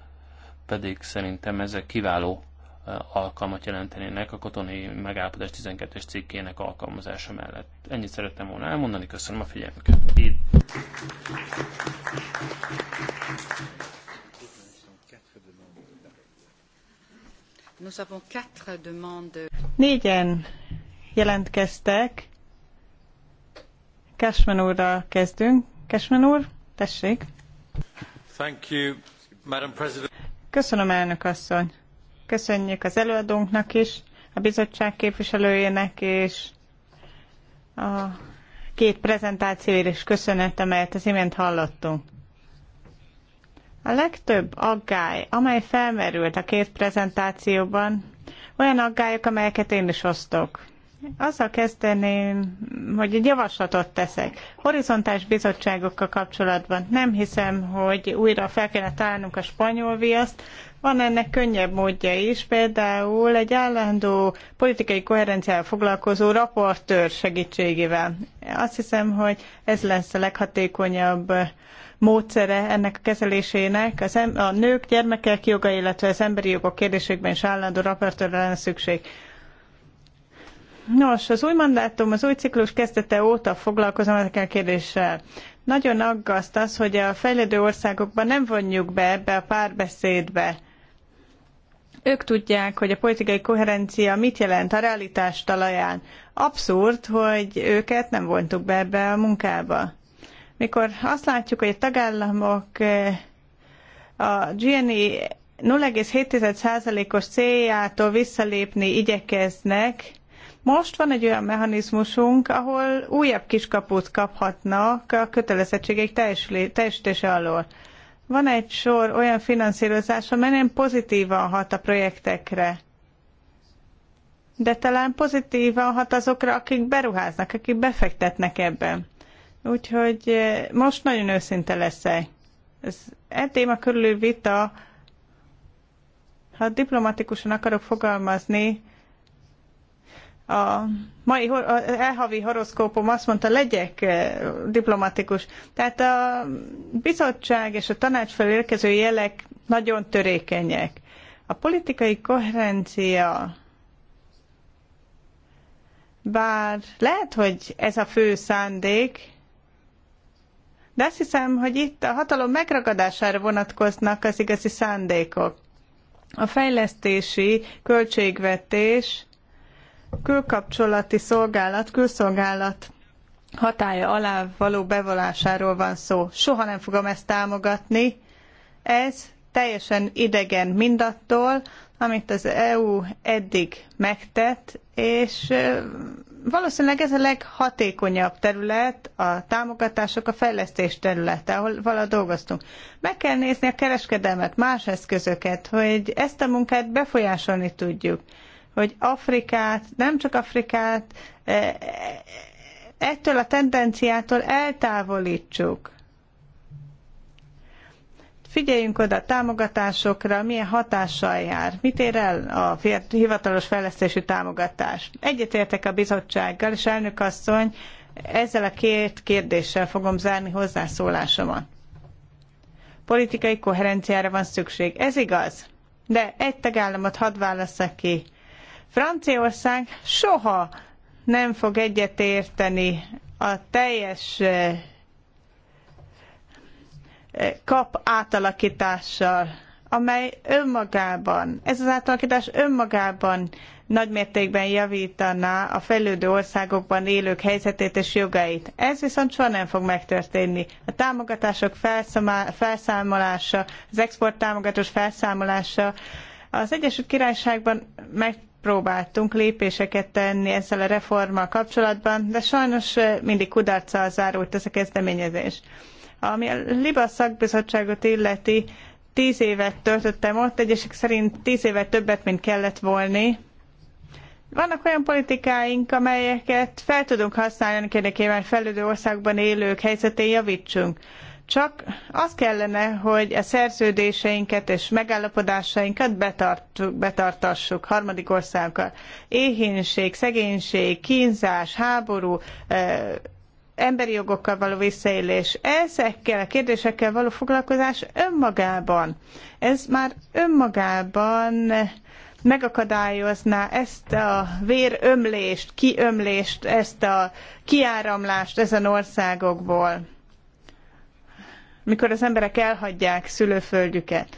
Speaker 4: pedig szerintem ezek kiváló uh, alkalmat jelentenének a katonai megállapodás 12-es cikkének alkalmazása mellett. Ennyit szerettem volna elmondani, köszönöm a figyelmüket. Én...
Speaker 3: Négyen jelentkeztek Cashman úrral kezdünk. Cashman úr, tessék.
Speaker 2: Thank you, Madam President.
Speaker 3: Köszönöm, elnök asszony. Köszönjük az előadónknak is, a bizottság képviselőjének és a két prezentációért is köszönet, amelyet az imént hallottunk. A legtöbb aggály, amely felmerült a két prezentációban, olyan aggályok, amelyeket én is osztok. Azzal kezdeném, hogy egy javaslatot teszek. Horizontális bizottságokkal kapcsolatban nem hiszem, hogy újra fel kellene találnunk a spanyol viaszt. Van ennek könnyebb módja is, például egy állandó politikai koherenciával foglalkozó raportőr segítségével. Azt hiszem, hogy ez lesz a leghatékonyabb módszere ennek a kezelésének. Az em- a nők, gyermekek joga, illetve az emberi jogok kérdésekben is állandó raportőrre lenne szükség. Nos, az új mandátum, az új ciklus kezdete óta foglalkozom ezekkel a kérdéssel. Nagyon aggaszt az, hogy a fejlődő országokban nem vonjuk be ebbe a párbeszédbe. Ők tudják, hogy a politikai koherencia mit jelent a realitás talaján. Abszurd, hogy őket nem vontuk be ebbe a munkába. Mikor azt látjuk, hogy a tagállamok eh, a GNI 0,7%-os céljától visszalépni igyekeznek, most van egy olyan mechanizmusunk, ahol újabb kiskaput kaphatnak a kötelezettségek teljesítése alól. Van egy sor olyan finanszírozás, amely nem pozitívan hat a projektekre, de talán pozitívan hat azokra, akik beruháznak, akik befektetnek ebben. Úgyhogy eh, most nagyon őszinte leszek. Ez e téma körülő vita, ha diplomatikusan akarok fogalmazni, a mai elhavi horoszkópom azt mondta, legyek e, diplomatikus. Tehát a bizottság és a tanács felérkező jelek nagyon törékenyek. A politikai koherencia bár lehet, hogy ez a fő szándék, de azt hiszem, hogy itt a hatalom megragadására vonatkoznak az igazi szándékok. A fejlesztési költségvetés külkapcsolati szolgálat, külszolgálat hatája alá való bevonásáról van szó. Soha nem fogom ezt támogatni. Ez teljesen idegen mindattól, amit az EU eddig megtett, és valószínűleg ez a leghatékonyabb terület, a támogatások, a fejlesztés területe, ahol vala dolgoztunk. Meg kell nézni a kereskedelmet, más eszközöket, hogy ezt a munkát befolyásolni tudjuk hogy Afrikát, nem csak Afrikát, e, e, ettől a tendenciától eltávolítsuk. Figyeljünk oda a támogatásokra, milyen hatással jár, mit ér el a hivatalos fejlesztési támogatás. Egyetértek a bizottsággal, és elnök asszony, ezzel a két kérdéssel fogom zárni hozzászólásomat. Politikai koherenciára van szükség, ez igaz? De egy tagállamot hadd válasszak ki Franciaország soha nem fog egyetérteni a teljes eh, eh, kap átalakítással, amely önmagában, ez az átalakítás önmagában nagymértékben javítaná a fejlődő országokban élők helyzetét és jogait. Ez viszont soha nem fog megtörténni. A támogatások felszámolása, az export felszámolása az Egyesült Királyságban meg Próbáltunk lépéseket tenni ezzel a reformmal kapcsolatban, de sajnos eh, mindig kudarccal zárult ez a kezdeményezés. Ami a Liba szakbizottságot illeti, tíz évet töltöttem ott, egyesek szerint tíz évet többet, mint kellett volna. Vannak olyan politikáink, amelyeket fel tudunk használni annak érdekében, hogy országban élők helyzetén javítsunk. Csak az kellene, hogy a szerződéseinket és megállapodásainkat betartjuk, betartassuk harmadik országokkal. Éhénység, szegénység, kínzás, háború, eh, emberi jogokkal való visszaélés, ezekkel a kérdésekkel való foglalkozás önmagában, ez már önmagában megakadályozná ezt a vérömlést, kiömlést, ezt a kiáramlást ezen országokból mikor az emberek elhagyják szülőföldjüket.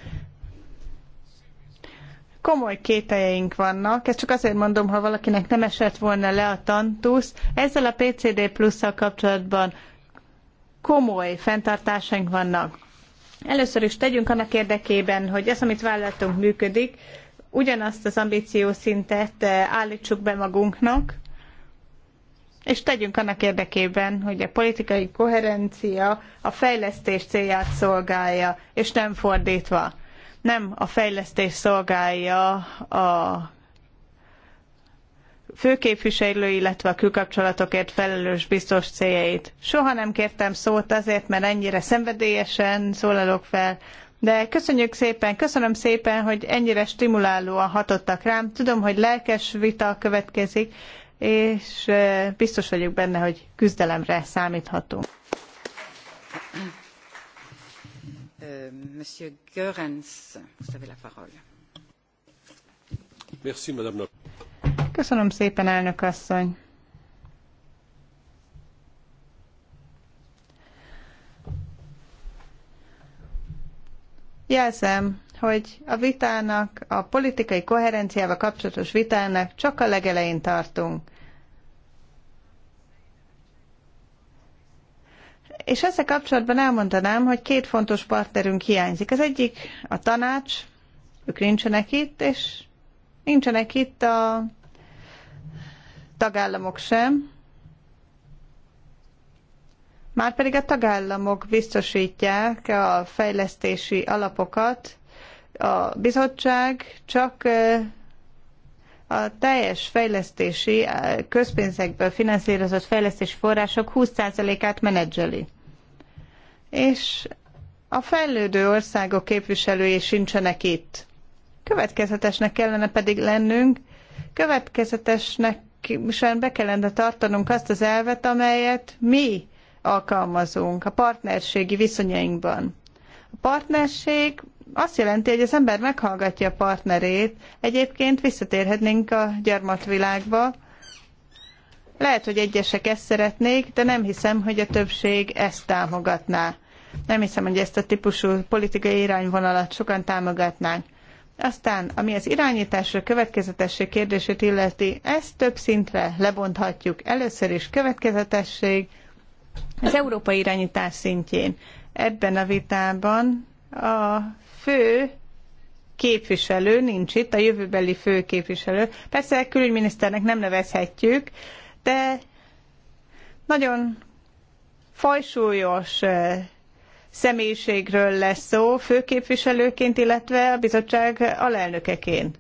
Speaker 3: Komoly kételjeink vannak, ezt csak azért mondom, ha valakinek nem esett volna le a tantusz. Ezzel a PCD plusszal kapcsolatban komoly fenntartásaink vannak. Először is tegyünk annak érdekében, hogy ez, amit vállaltunk, működik, ugyanazt az ambíciószintet eh, állítsuk be magunknak, és tegyünk annak érdekében, hogy a politikai koherencia a fejlesztés célját szolgálja, és nem fordítva. Nem a fejlesztés szolgálja a főképviselő, illetve a külkapcsolatokért felelős biztos céljait. Soha nem kértem szót azért, mert ennyire szenvedélyesen szólalok fel, de köszönjük szépen, köszönöm szépen, hogy ennyire stimulálóan hatottak rám. Tudom, hogy lelkes vita következik, és biztos vagyok benne, hogy küzdelemre számíthatunk.
Speaker 2: Monsieur Görens, vous avez la parole. Merci, madame.
Speaker 3: Köszönöm szépen, elnök asszony. Jelzem, hogy a vitának, a politikai koherenciával kapcsolatos vitának csak a legelején tartunk. És ezzel kapcsolatban elmondanám, hogy két fontos partnerünk hiányzik. Az egyik a tanács, ők nincsenek itt, és nincsenek itt a tagállamok sem. Márpedig a tagállamok biztosítják a fejlesztési alapokat, a bizottság csak a teljes fejlesztési közpénzekből finanszírozott fejlesztési források 20%-át menedzseli. És a fejlődő országok képviselői sincsenek itt. Következetesnek kellene pedig lennünk, következetesnek sem be kellene tartanunk azt az elvet, amelyet mi alkalmazunk a partnerségi viszonyainkban. A partnerség azt jelenti, hogy az ember meghallgatja a partnerét, egyébként visszatérhetnénk a gyarmatvilágba. Lehet, hogy egyesek ezt szeretnék, de nem hiszem, hogy a többség ezt támogatná. Nem hiszem, hogy ezt a típusú politikai irányvonalat sokan támogatnánk. Aztán, ami az irányításra következetesség kérdését illeti, ezt több szintre lebonthatjuk. Először is következetesség az európai irányítás szintjén. Ebben a vitában a fő képviselő nincs itt, a jövőbeli fő képviselő. Persze külügyminiszternek nem nevezhetjük, de nagyon fajsúlyos eh, személyiségről lesz szó, főképviselőként, illetve a bizottság alelnökeként.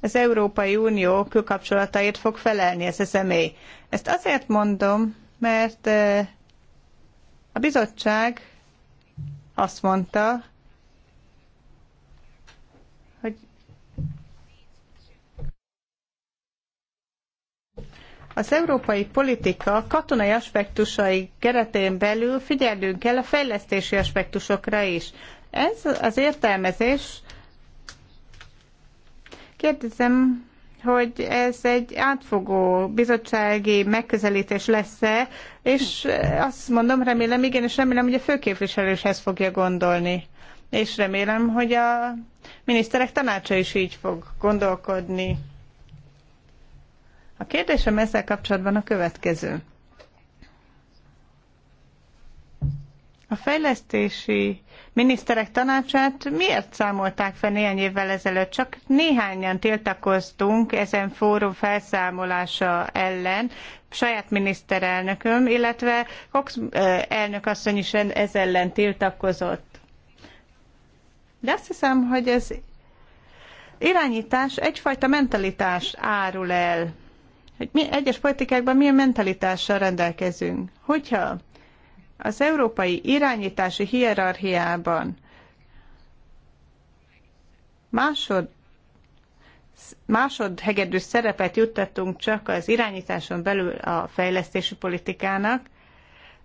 Speaker 3: Az Európai Unió külkapcsolatait fog felelni ez a személy. Ezt azért mondom, mert eh, a bizottság azt mondta, Az európai politika katonai aspektusai keretén belül figyelnünk kell a fejlesztési aspektusokra is. Ez az értelmezés, kérdezem, hogy ez egy átfogó bizottsági megközelítés lesz-e, és azt mondom, remélem, igen, és remélem, hogy a főképviselő is ezt fogja gondolni. És remélem, hogy a miniszterek tanácsa is így fog gondolkodni. A kérdésem ezzel kapcsolatban a következő. A fejlesztési miniszterek tanácsát miért számolták fel néhány évvel ezelőtt? Csak néhányan tiltakoztunk ezen fórum felszámolása ellen, saját miniszterelnököm, illetve Cox elnök asszony is ez ellen tiltakozott. De azt hiszem, hogy ez irányítás egyfajta mentalitás árul el hogy mi egyes politikákban milyen mentalitással rendelkezünk. Hogyha az európai irányítási hierarchiában másod, másod hegedű szerepet juttatunk csak az irányításon belül a fejlesztési politikának,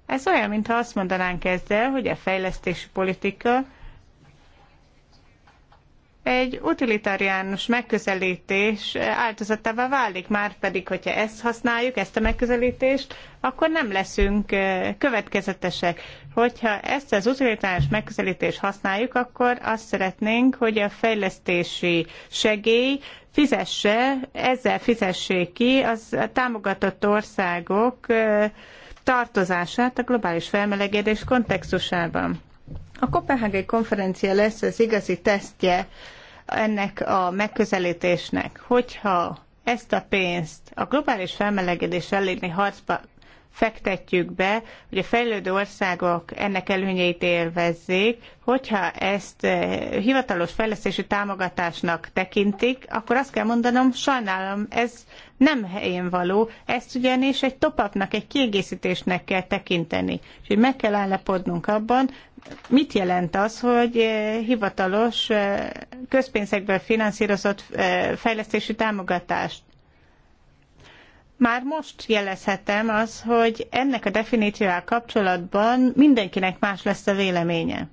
Speaker 3: ez olyan, mintha azt mondanánk ezzel, hogy a fejlesztési politika egy utilitáriánus megközelítés áltozatává válik, már pedig, hogyha ezt használjuk, ezt a megközelítést, akkor nem leszünk következetesek. Hogyha ezt az utilitáriánus megközelítést használjuk, akkor azt szeretnénk, hogy a fejlesztési segély fizesse, ezzel fizessék ki az a támogatott országok tartozását a globális felmelegedés kontextusában. A Kopenhágai konferencia lesz az igazi tesztje ennek a megközelítésnek, hogyha ezt a pénzt a globális felmelegedés elleni harcba fektetjük be, hogy a fejlődő országok ennek előnyeit élvezzék, hogyha ezt eh, hivatalos fejlesztési támogatásnak tekintik, akkor azt kell mondanom, sajnálom, ez nem helyén való, ezt ugyanis egy topapnak, egy kiegészítésnek kell tekinteni. És hogy meg kell állapodnunk abban, mit jelent az, hogy eh, hivatalos eh, közpénzekből finanszírozott fejlesztési támogatást már most jelezhetem az, hogy ennek a definícióval kapcsolatban mindenkinek más lesz a véleménye.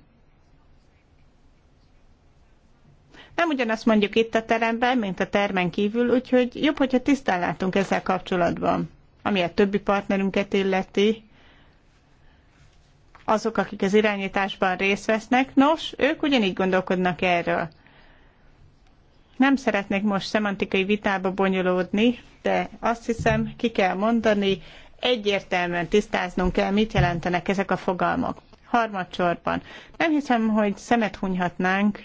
Speaker 3: Nem ugyanazt mondjuk itt a teremben, mint a termen kívül, úgyhogy jobb, hogyha tisztán látunk ezzel kapcsolatban, ami a többi partnerünket illeti, azok, akik az irányításban részt vesznek, nos, ők ugyanígy gondolkodnak erről. Nem szeretnék most szemantikai vitába bonyolódni, de azt hiszem, ki kell mondani, egyértelműen tisztáznunk kell, mit jelentenek ezek a fogalmak. Harmadsorban, nem hiszem, hogy szemet hunyhatnánk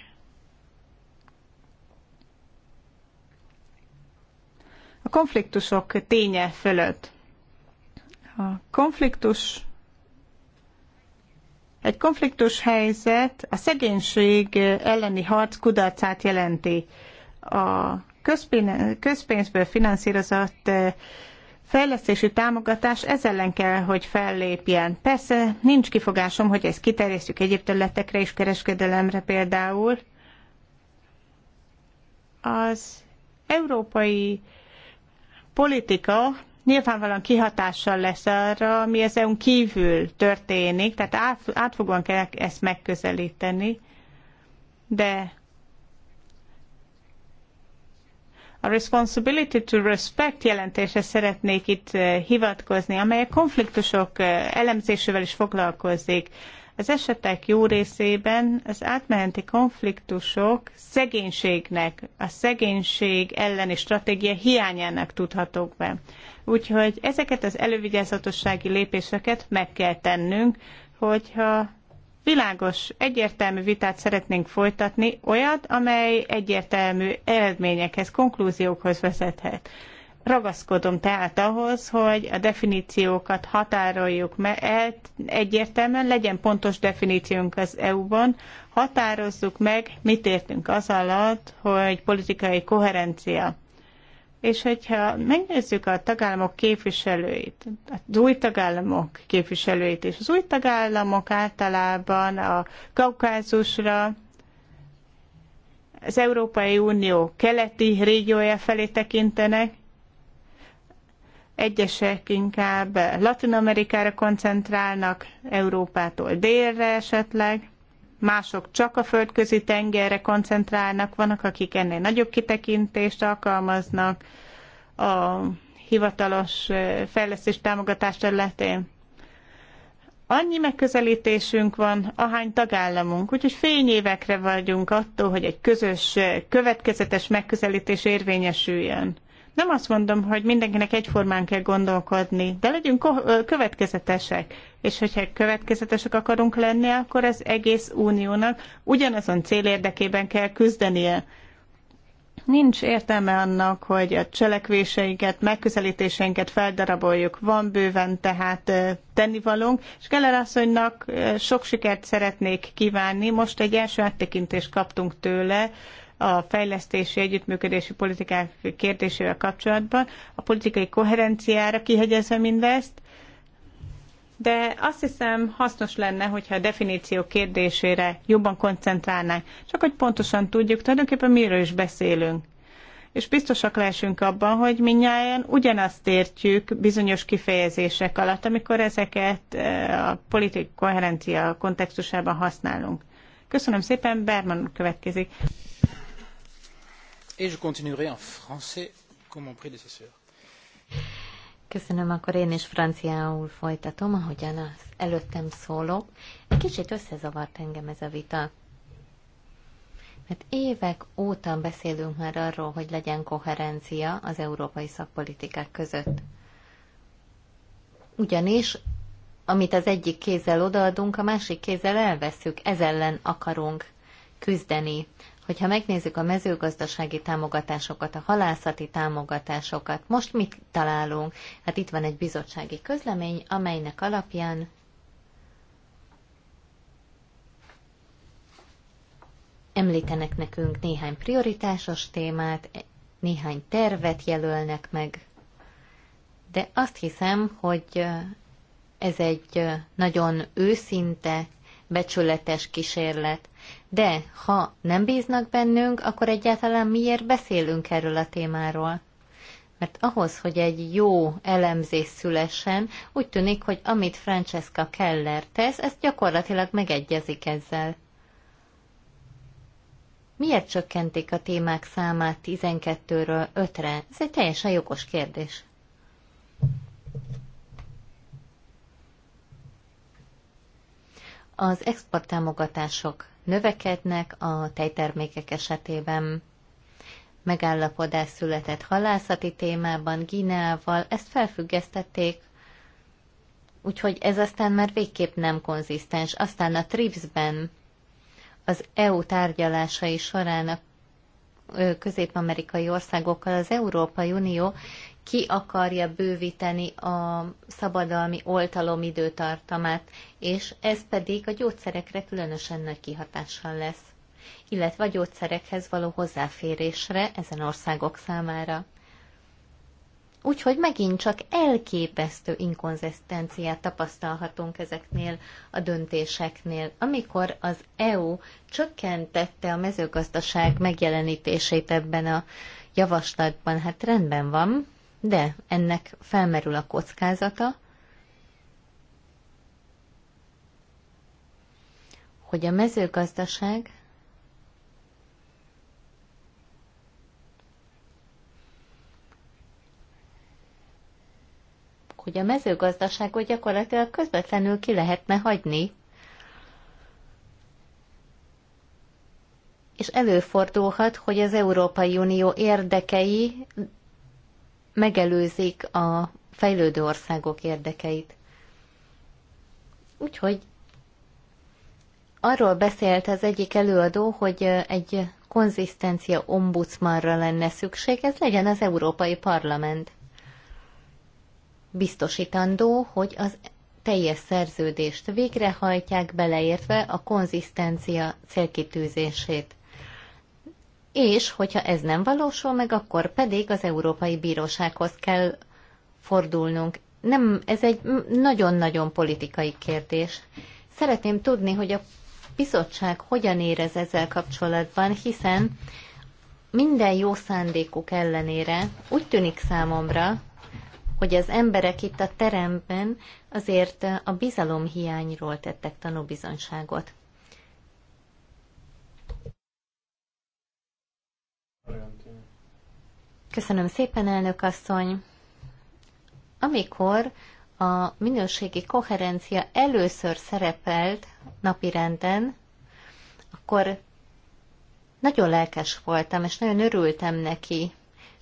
Speaker 3: a konfliktusok ténye fölött. A konfliktus egy konfliktus helyzet a szegénység elleni harc kudarcát jelenti a közpénzből finanszírozott eh, fejlesztési támogatás ez ellen kell, hogy fellépjen. Persze nincs kifogásom, hogy ezt kiterjesztjük egyéb területekre és kereskedelemre például. Az európai politika nyilvánvalóan kihatással lesz arra, ami az EU-n kívül történik, tehát átfogóan kell ezt megközelíteni, de a responsibility to respect jelentésre szeretnék itt eh, hivatkozni, amely a konfliktusok eh, elemzésével is foglalkozik. Az esetek jó részében az átmeneti konfliktusok szegénységnek, a szegénység elleni stratégia hiányának tudhatók be. Úgyhogy ezeket az elővigyázatossági lépéseket meg kell tennünk, hogyha világos, egyértelmű vitát szeretnénk folytatni, olyat, amely egyértelmű eredményekhez, konklúziókhoz vezethet. Ragaszkodom tehát ahhoz, hogy a definíciókat határoljuk mert egyértelműen legyen pontos definíciónk az EU-ban, határozzuk meg, mit értünk az alatt, hogy politikai koherencia. És hogyha megnézzük a tagállamok képviselőit, az új tagállamok képviselőit, és az új tagállamok általában a kaukázusra, az Európai Unió keleti régiója felé tekintenek, egyesek inkább Latin Amerikára koncentrálnak, Európától délre esetleg, mások csak a földközi tengerre koncentrálnak, vannak, akik ennél nagyobb kitekintést alkalmaznak a hivatalos fejlesztés támogatás területén. Annyi megközelítésünk van, ahány tagállamunk, úgyhogy fényévekre vagyunk attól, hogy egy közös, következetes megközelítés érvényesüljön. Nem azt mondom, hogy mindenkinek egyformán kell gondolkodni, de legyünk következetesek. És hogyha következetesek akarunk lenni, akkor az egész uniónak ugyanazon cél érdekében kell küzdenie. Nincs értelme annak, hogy a cselekvéseinket, megközelítéseinket feldaraboljuk. Van bőven tehát tennivalónk, és Keller asszonynak sok sikert szeretnék kívánni. Most egy első áttekintést kaptunk tőle a fejlesztési együttműködési politikák kérdésével kapcsolatban, a politikai koherenciára kihegyezve mindezt, de azt hiszem hasznos lenne, hogyha a definíció kérdésére jobban koncentrálnánk, csak hogy pontosan tudjuk tulajdonképpen miről is beszélünk. És biztosak lehessünk abban, hogy minnyáján ugyanazt értjük bizonyos kifejezések alatt, amikor ezeket eh, a politikai koherencia kontextusában használunk. Köszönöm szépen, Berman következik
Speaker 2: et je continuerai en français comme mon prédécesseur.
Speaker 5: Köszönöm, akkor én is franciául folytatom, ahogyan az előttem szóló. Egy kicsit összezavart engem ez a vita. Mert évek óta beszélünk már arról, hogy legyen koherencia az európai szakpolitikák között. Ugyanis, amit az egyik kézzel odaadunk, a másik kézzel elveszük, ez ellen akarunk küzdeni hogyha megnézzük a mezőgazdasági támogatásokat, a halászati támogatásokat, most mit találunk? Hát itt van egy bizottsági közlemény, amelynek alapján említenek nekünk néhány prioritásos témát, néhány tervet jelölnek meg, de azt hiszem, hogy ez egy nagyon őszinte, becsületes kísérlet de ha nem bíznak bennünk, akkor egyáltalán miért beszélünk erről a témáról? Mert ahhoz, hogy egy jó elemzés szülessen, úgy tűnik, hogy amit Francesca Keller tesz, ez gyakorlatilag megegyezik ezzel. Miért csökkentik a témák számát 12-ről 5-re? Ez egy teljesen jogos kérdés. Az exporttámogatások növekednek a tejtermékek esetében. Megállapodás született halászati témában, Gineával, ezt felfüggesztették, úgyhogy ez aztán már végképp nem konzisztens. Aztán a TRIPS-ben az EU tárgyalásai során a közép-amerikai országokkal az Európai Unió ki akarja bővíteni a szabadalmi oltalom időtartamát, és ez pedig a gyógyszerekre különösen nagy kihatással lesz, illetve a gyógyszerekhez való hozzáférésre ezen országok számára. Úgyhogy megint csak elképesztő inkonzisztenciát tapasztalhatunk ezeknél a döntéseknél. Amikor az EU csökkentette a mezőgazdaság megjelenítését ebben a javaslatban, hát rendben van, de ennek felmerül a kockázata, hogy a mezőgazdaság hogy a mezőgazdaságot gyakorlatilag közvetlenül ki lehetne hagyni. És előfordulhat, hogy az Európai Unió érdekei megelőzik a fejlődő országok érdekeit. Úgyhogy arról beszélt az egyik előadó, hogy egy konzisztencia ombudsmanra lenne szükség, ez legyen az Európai Parlament. Biztosítandó, hogy az teljes szerződést végrehajtják, beleértve a konzisztencia célkitűzését és hogyha ez nem valósul meg, akkor pedig az Európai Bírósághoz kell fordulnunk. Nem, ez egy nagyon-nagyon politikai kérdés. Szeretném tudni, hogy a bizottság hogyan érez ezzel kapcsolatban, hiszen minden jó szándékuk ellenére úgy tűnik számomra, hogy az emberek itt a teremben azért a bizalomhiányról tettek tanúbizonságot. Köszönöm szépen, elnök asszony. Amikor a minőségi koherencia először szerepelt napirenden, akkor nagyon lelkes voltam, és nagyon örültem neki.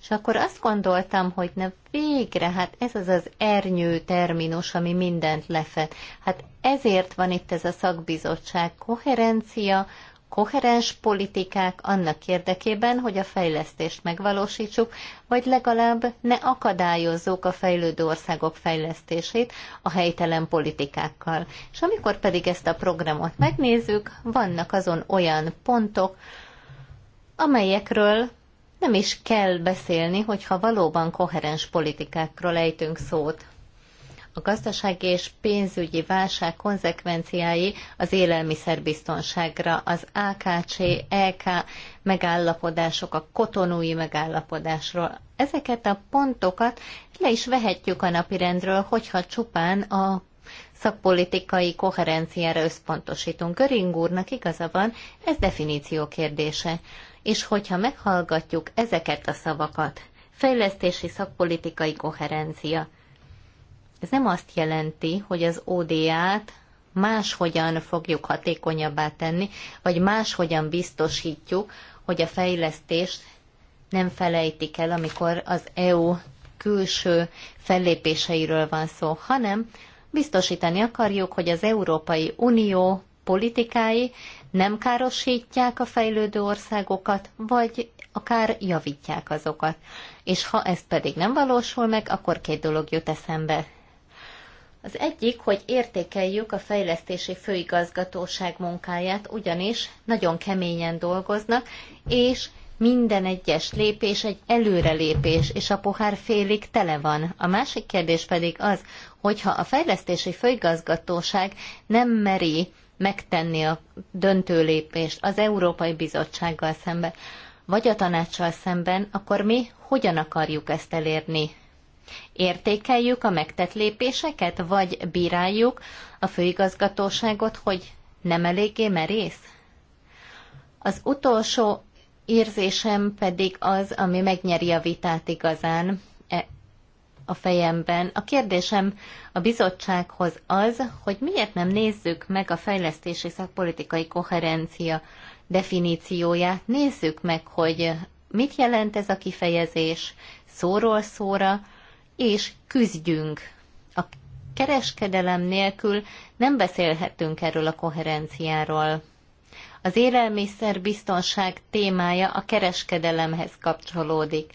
Speaker 5: És akkor azt gondoltam, hogy na végre, hát ez az az ernyő terminus, ami mindent lefed. Hát ezért van itt ez a szakbizottság koherencia, koherens politikák annak érdekében, hogy a fejlesztést megvalósítsuk, vagy legalább ne akadályozzuk a fejlődő országok fejlesztését a helytelen politikákkal. És amikor pedig ezt a programot megnézzük, vannak azon olyan pontok, amelyekről nem is kell beszélni, hogyha valóban koherens politikákról ejtünk szót a gazdasági és pénzügyi válság konzekvenciái az élelmiszerbiztonságra, az AKC, EK megállapodások, a kotonúi megállapodásról. Ezeket a pontokat le is vehetjük a napirendről, hogyha csupán a szakpolitikai koherenciára összpontosítunk. Göring úrnak igaza van, ez definíció kérdése. És hogyha meghallgatjuk ezeket a szavakat, fejlesztési szakpolitikai koherencia, ez nem azt jelenti, hogy az ODA-t máshogyan fogjuk hatékonyabbá tenni, vagy máshogyan biztosítjuk, hogy a fejlesztést nem felejtik el, amikor az EU külső fellépéseiről van szó, hanem biztosítani akarjuk, hogy az Európai Unió politikái nem károsítják a fejlődő országokat, vagy akár javítják azokat. És ha ez pedig nem valósul meg, akkor két dolog jut eszembe. Az egyik, hogy értékeljük a fejlesztési főigazgatóság munkáját, ugyanis nagyon keményen dolgoznak, és minden egyes lépés egy előrelépés, és a pohár félig tele van. A másik kérdés pedig az, hogyha a fejlesztési főigazgatóság nem meri megtenni a döntő lépést az Európai Bizottsággal szemben, vagy a tanácssal szemben, akkor mi hogyan akarjuk ezt elérni? Értékeljük a megtett lépéseket, vagy bíráljuk a főigazgatóságot, hogy nem eléggé merész? Az utolsó érzésem pedig az, ami megnyeri a vitát igazán e, a fejemben. A kérdésem a bizottsághoz az, hogy miért nem nézzük meg a fejlesztési szakpolitikai koherencia definícióját, nézzük meg, hogy mit jelent ez a kifejezés szóról szóra, és küzdjünk. A kereskedelem nélkül nem beszélhetünk erről a koherenciáról. Az élelmiszer biztonság témája a kereskedelemhez kapcsolódik.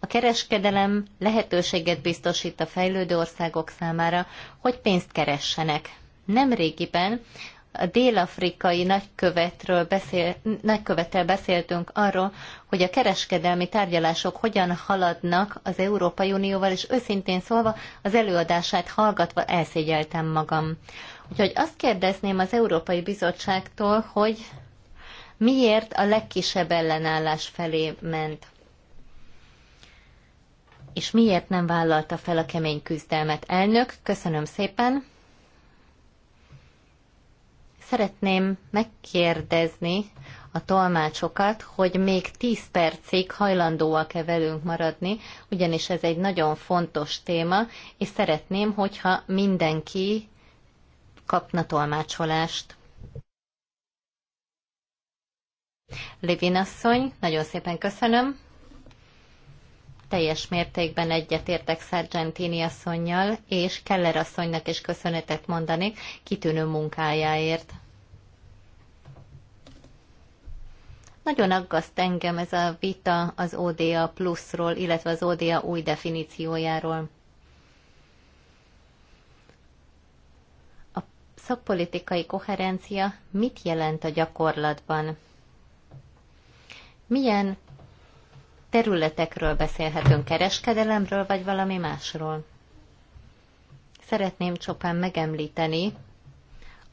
Speaker 5: A kereskedelem lehetőséget biztosít a fejlődő országok számára, hogy pénzt keressenek. Nemrégiben a dél-afrikai nagykövetről beszél, nagykövettel beszéltünk arról, hogy a kereskedelmi tárgyalások hogyan haladnak az Európai Unióval, és őszintén szólva az előadását hallgatva elszégyeltem magam. Úgyhogy azt kérdezném az Európai Bizottságtól, hogy miért a legkisebb ellenállás felé ment? És miért nem vállalta fel a kemény küzdelmet? Elnök, köszönöm szépen! Szeretném megkérdezni a tolmácsokat, hogy még 10 percig hajlandóak-e velünk maradni, ugyanis ez egy nagyon fontos téma, és szeretném, hogyha mindenki kapna tolmácsolást. Livin asszony, nagyon szépen köszönöm teljes mértékben egyetértek Sargentini asszonynal, és Keller asszonynak is köszönetet mondanék kitűnő munkájáért. Nagyon aggaszt engem ez a vita az ODA pluszról, illetve az ODA új definíciójáról. A szakpolitikai koherencia mit jelent a gyakorlatban? Milyen területekről beszélhetünk, kereskedelemről, vagy valami másról? Szeretném csupán megemlíteni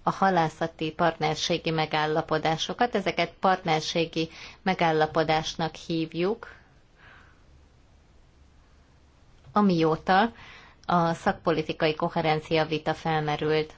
Speaker 5: a halászati partnerségi megállapodásokat. Ezeket partnerségi megállapodásnak hívjuk, amióta a szakpolitikai koherencia vita felmerült.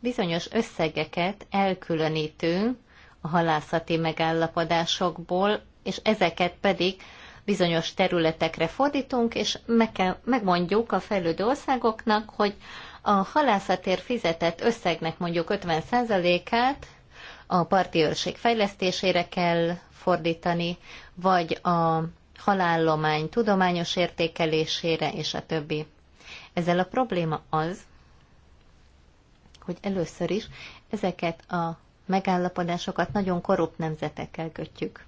Speaker 5: Bizonyos összegeket elkülönítünk a halászati megállapodásokból, és ezeket pedig bizonyos területekre fordítunk, és meg kell, megmondjuk a fejlődő országoknak, hogy a halászatért fizetett összegnek mondjuk 50%-át a parti őrség fejlesztésére kell fordítani, vagy a halállomány tudományos értékelésére, és a többi. Ezzel a probléma az, hogy először is ezeket a megállapodásokat nagyon korrupt nemzetekkel kötjük.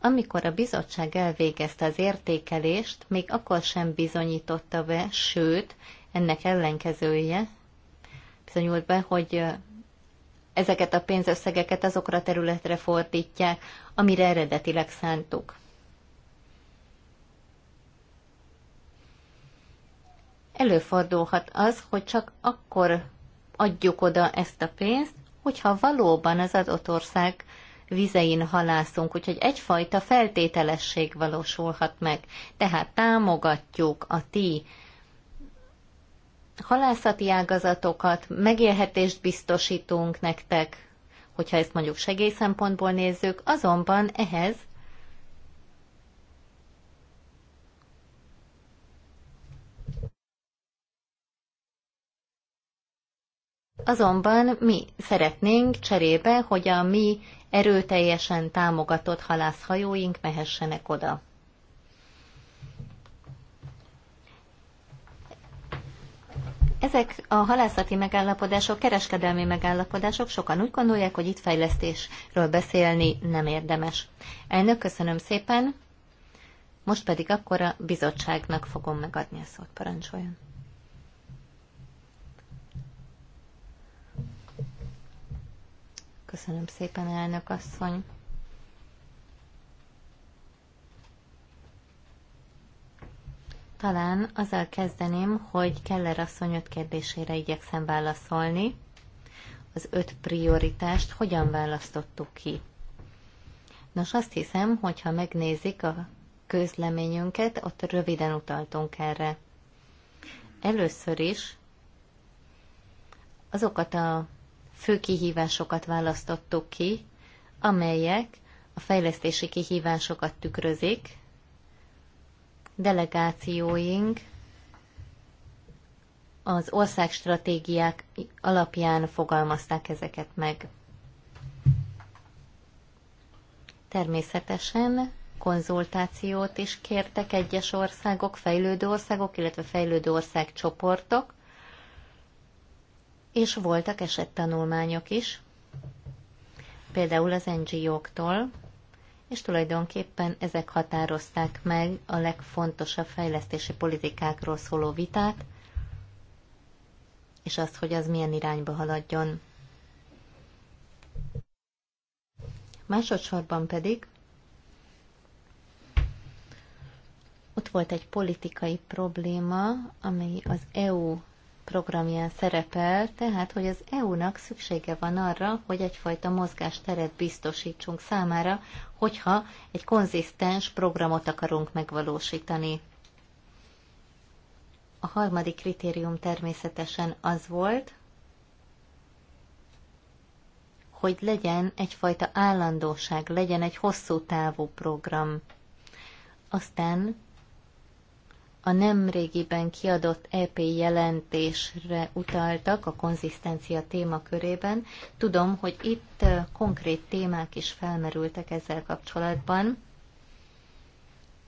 Speaker 5: Amikor a bizottság elvégezte az értékelést, még akkor sem bizonyította be, sőt, ennek ellenkezője bizonyult be, hogy ezeket a pénzösszegeket azokra a területre fordítják, amire eredetileg szántuk. Előfordulhat az, hogy csak akkor adjuk oda ezt a pénzt, hogyha valóban az adott ország vizein halászunk, úgyhogy egyfajta feltételesség valósulhat meg. Tehát támogatjuk a ti halászati ágazatokat, megélhetést biztosítunk nektek, hogyha ezt mondjuk segélyszempontból nézzük, azonban ehhez azonban mi szeretnénk cserébe, hogy a mi erőteljesen támogatott halászhajóink mehessenek oda. Ezek a halászati megállapodások, kereskedelmi megállapodások, sokan úgy gondolják, hogy itt fejlesztésről beszélni nem érdemes. Elnök, köszönöm szépen, most pedig akkor a bizottságnak fogom megadni a szót, parancsoljon. Köszönöm szépen, elnök asszony. Talán azzal kezdeném, hogy Keller asszony öt kérdésére igyekszem válaszolni. Az öt prioritást hogyan választottuk ki? Nos, azt hiszem, hogy ha megnézik a közleményünket, ott röviden utaltunk erre. Először is azokat a fő kihívásokat választottuk ki, amelyek a fejlesztési kihívásokat tükrözik. Delegációink az országstratégiák alapján fogalmazták ezeket meg. Természetesen konzultációt is kértek egyes országok, fejlődő országok, illetve fejlődő ország csoportok, és voltak esettanulmányok is, például az NGO-któl, és tulajdonképpen ezek határozták meg a legfontosabb fejlesztési politikákról szóló vitát, és azt, hogy az milyen irányba haladjon. Másodszorban pedig ott volt egy politikai probléma, amely az EU programján szerepel, tehát hogy az EU-nak szüksége van arra, hogy egyfajta mozgásteret biztosítsunk számára, hogyha egy konzisztens programot akarunk megvalósítani. A harmadik kritérium természetesen az volt, hogy legyen egyfajta állandóság, legyen egy hosszú távú program. Aztán a nemrégiben kiadott EP jelentésre utaltak a konzisztencia témakörében. Tudom, hogy itt konkrét témák is felmerültek ezzel kapcsolatban.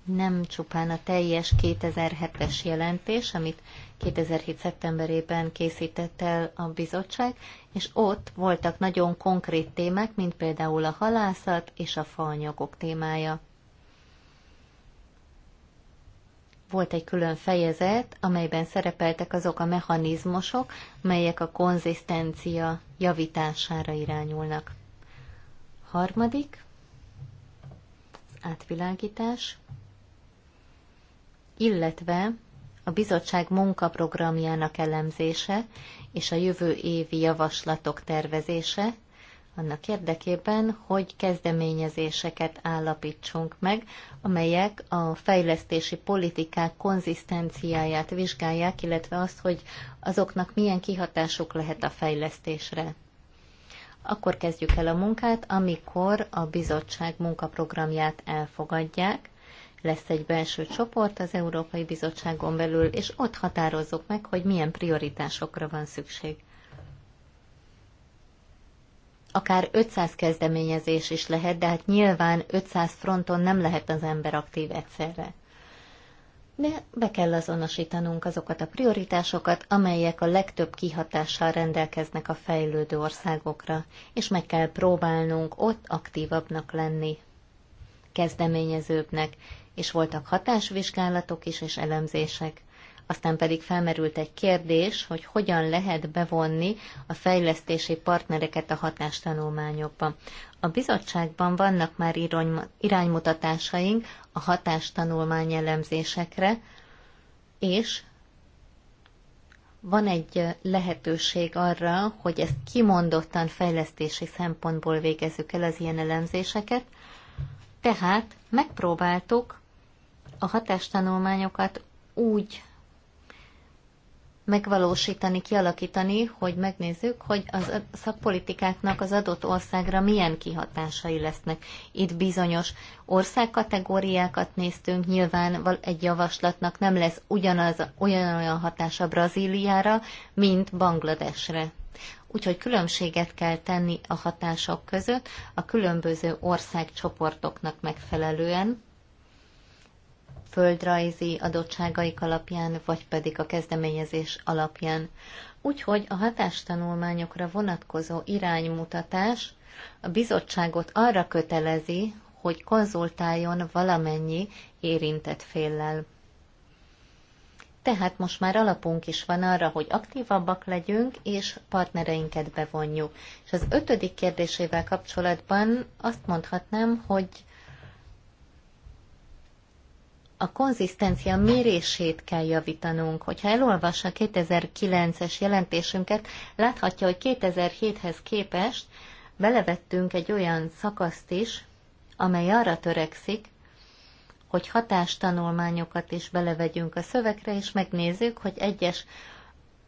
Speaker 5: Nem csupán a teljes 2007-es jelentés, amit 2007. szeptemberében készített el a bizottság, és ott voltak nagyon konkrét témák, mint például a halászat és a faanyagok témája. volt egy külön fejezet, amelyben szerepeltek azok a mechanizmusok, melyek a konzisztencia javítására irányulnak. Harmadik, az átvilágítás, illetve a bizottság munkaprogramjának elemzése és a jövő évi javaslatok tervezése, annak érdekében, hogy kezdeményezéseket állapítsunk meg, amelyek a fejlesztési politikák konzisztenciáját vizsgálják, illetve azt, hogy azoknak milyen kihatásuk lehet a fejlesztésre. Akkor kezdjük el a munkát, amikor a bizottság munkaprogramját elfogadják, lesz egy belső csoport az Európai Bizottságon belül, és ott határozzuk meg, hogy milyen prioritásokra van szükség akár 500 kezdeményezés is lehet, de hát nyilván 500 fronton nem lehet az ember aktív egyszerre. De be kell azonosítanunk azokat a prioritásokat, amelyek a legtöbb kihatással rendelkeznek a fejlődő országokra, és meg kell próbálnunk ott aktívabbnak lenni, kezdeményezőbbnek, és voltak hatásvizsgálatok is és elemzések. Aztán pedig felmerült egy kérdés, hogy hogyan lehet bevonni a fejlesztési partnereket a hatástanulmányokba. A bizottságban vannak már iránymutatásaink a hatástanulmány elemzésekre, és van egy lehetőség arra, hogy ezt kimondottan fejlesztési szempontból végezzük el az ilyen elemzéseket, tehát megpróbáltuk a hatástanulmányokat úgy megvalósítani, kialakítani, hogy megnézzük, hogy az szakpolitikáknak az adott országra milyen kihatásai lesznek. Itt bizonyos országkategóriákat néztünk, nyilván egy javaslatnak nem lesz ugyanaz, olyan-olyan hatása Brazíliára, mint Bangladesre. Úgyhogy különbséget kell tenni a hatások között a különböző országcsoportoknak megfelelően, földrajzi adottságaik alapján, vagy pedig a kezdeményezés alapján. Úgyhogy a hatástanulmányokra vonatkozó iránymutatás a bizottságot arra kötelezi, hogy konzultáljon valamennyi érintett féllel. Tehát most már alapunk is van arra, hogy aktívabbak legyünk, és partnereinket bevonjuk. És az ötödik kérdésével kapcsolatban azt mondhatnám, hogy a konzisztencia mérését kell javítanunk. Hogyha elolvassa 2009-es jelentésünket, láthatja, hogy 2007-hez képest belevettünk egy olyan szakaszt is, amely arra törekszik, hogy hatástanulmányokat is belevegyünk a szövegre, és megnézzük, hogy egyes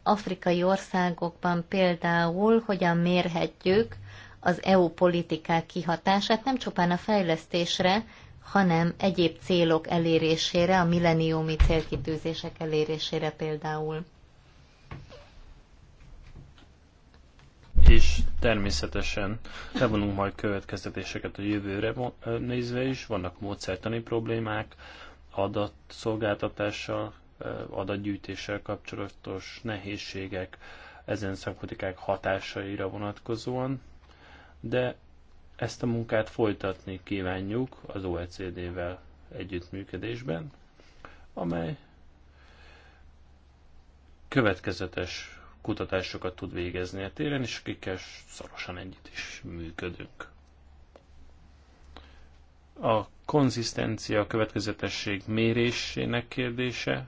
Speaker 5: afrikai országokban például hogyan mérhetjük az EU politikák kihatását nem csupán a fejlesztésre, hanem egyéb célok elérésére, a milleniumi célkitűzések elérésére például.
Speaker 4: És természetesen levonunk majd következtetéseket a jövőre nézve is, vannak módszertani problémák, adatszolgáltatással, adatgyűjtéssel kapcsolatos nehézségek, ezen szakpolitikák hatásaira vonatkozóan, de ezt a munkát folytatni kívánjuk az OECD-vel együttműködésben, amely következetes kutatásokat tud végezni a téren, és akikkel szorosan együtt is működünk. A konzisztencia, a következetesség mérésének kérdése,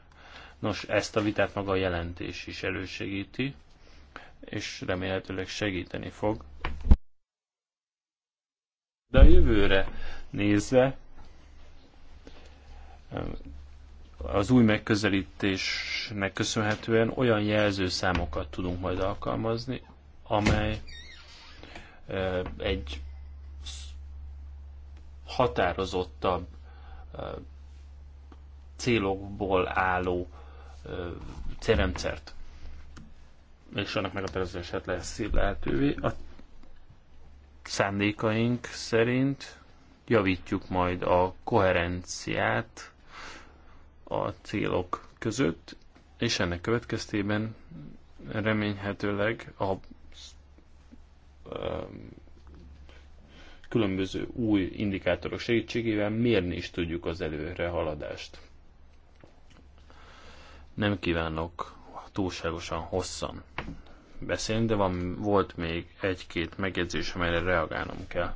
Speaker 4: nos, ezt a vitát maga a jelentés is elősegíti, és remélhetőleg segíteni fog de a jövőre nézve az új megközelítésnek köszönhetően olyan jelzőszámokat tudunk majd alkalmazni, amely egy határozottabb célokból álló célrendszert és annak a lesz lehetővé. A szándékaink szerint javítjuk majd a koherenciát a célok között, és ennek következtében reményhetőleg a um, különböző új indikátorok segítségével mérni is tudjuk az előre haladást. Nem kívánok túlságosan hosszan beszélni, de van, volt még egy-két megjegyzés, amelyre reagálnom kell.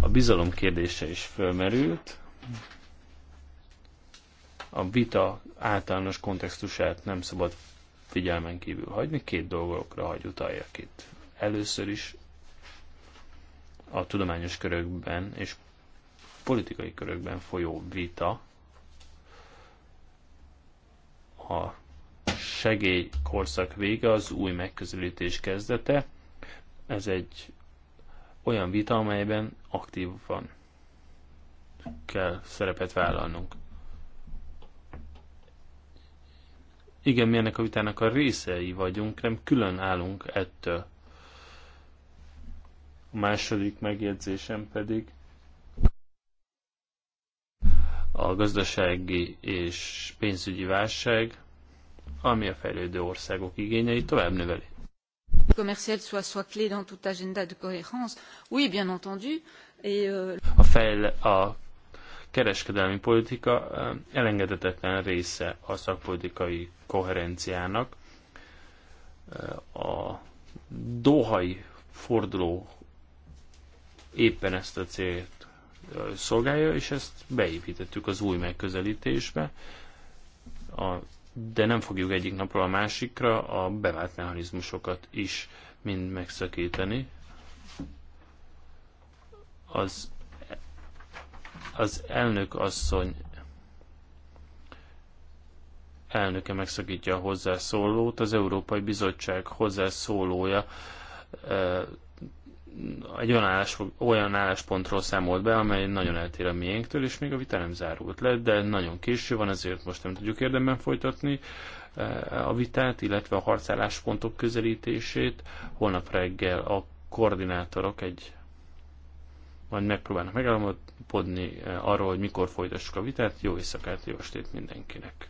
Speaker 4: A bizalom kérdése is fölmerült. A vita általános kontextusát nem szabad figyelmen kívül hagyni. Két dolgokra hagy utaljak itt. Először is a tudományos körökben és politikai körökben folyó vita a segélykorszak vége az új megközelítés kezdete. Ez egy olyan vita, amelyben aktívan kell szerepet vállalnunk. Igen, mi ennek a vitának a részei vagyunk, nem külön állunk ettől. A második megjegyzésem pedig a gazdasági és pénzügyi válság ami a fejlődő országok igényeit tovább növeli.
Speaker 2: commercial soit soit clé dans toute agenda de cohérence. Oui, bien entendu. Et,
Speaker 4: euh... a, a kereskedelmi politika eh, elengedhetetlen része a szakpolitikai koherenciának. Eh, a dohai forduló éppen ezt a célt eh, szolgálja, és ezt beépítettük az új megközelítésbe. A de nem fogjuk egyik napról a másikra a bevált mechanizmusokat is mind megszakítani. Az, az elnök asszony elnöke megszakítja a hozzászólót, az Európai Bizottság hozzászólója eh, egy olyan, állás, olyan álláspontról számolt be, amely nagyon eltér a miénktől, és még a vita nem zárult le, de nagyon késő van, ezért most nem tudjuk érdemben folytatni eh, a vitát, illetve a harcálláspontok közelítését. Holnap reggel a koordinátorok egy majd megpróbálnak megállapodni eh, arról, hogy mikor folytassuk a vitát. Jó éjszakát, jó estét mindenkinek!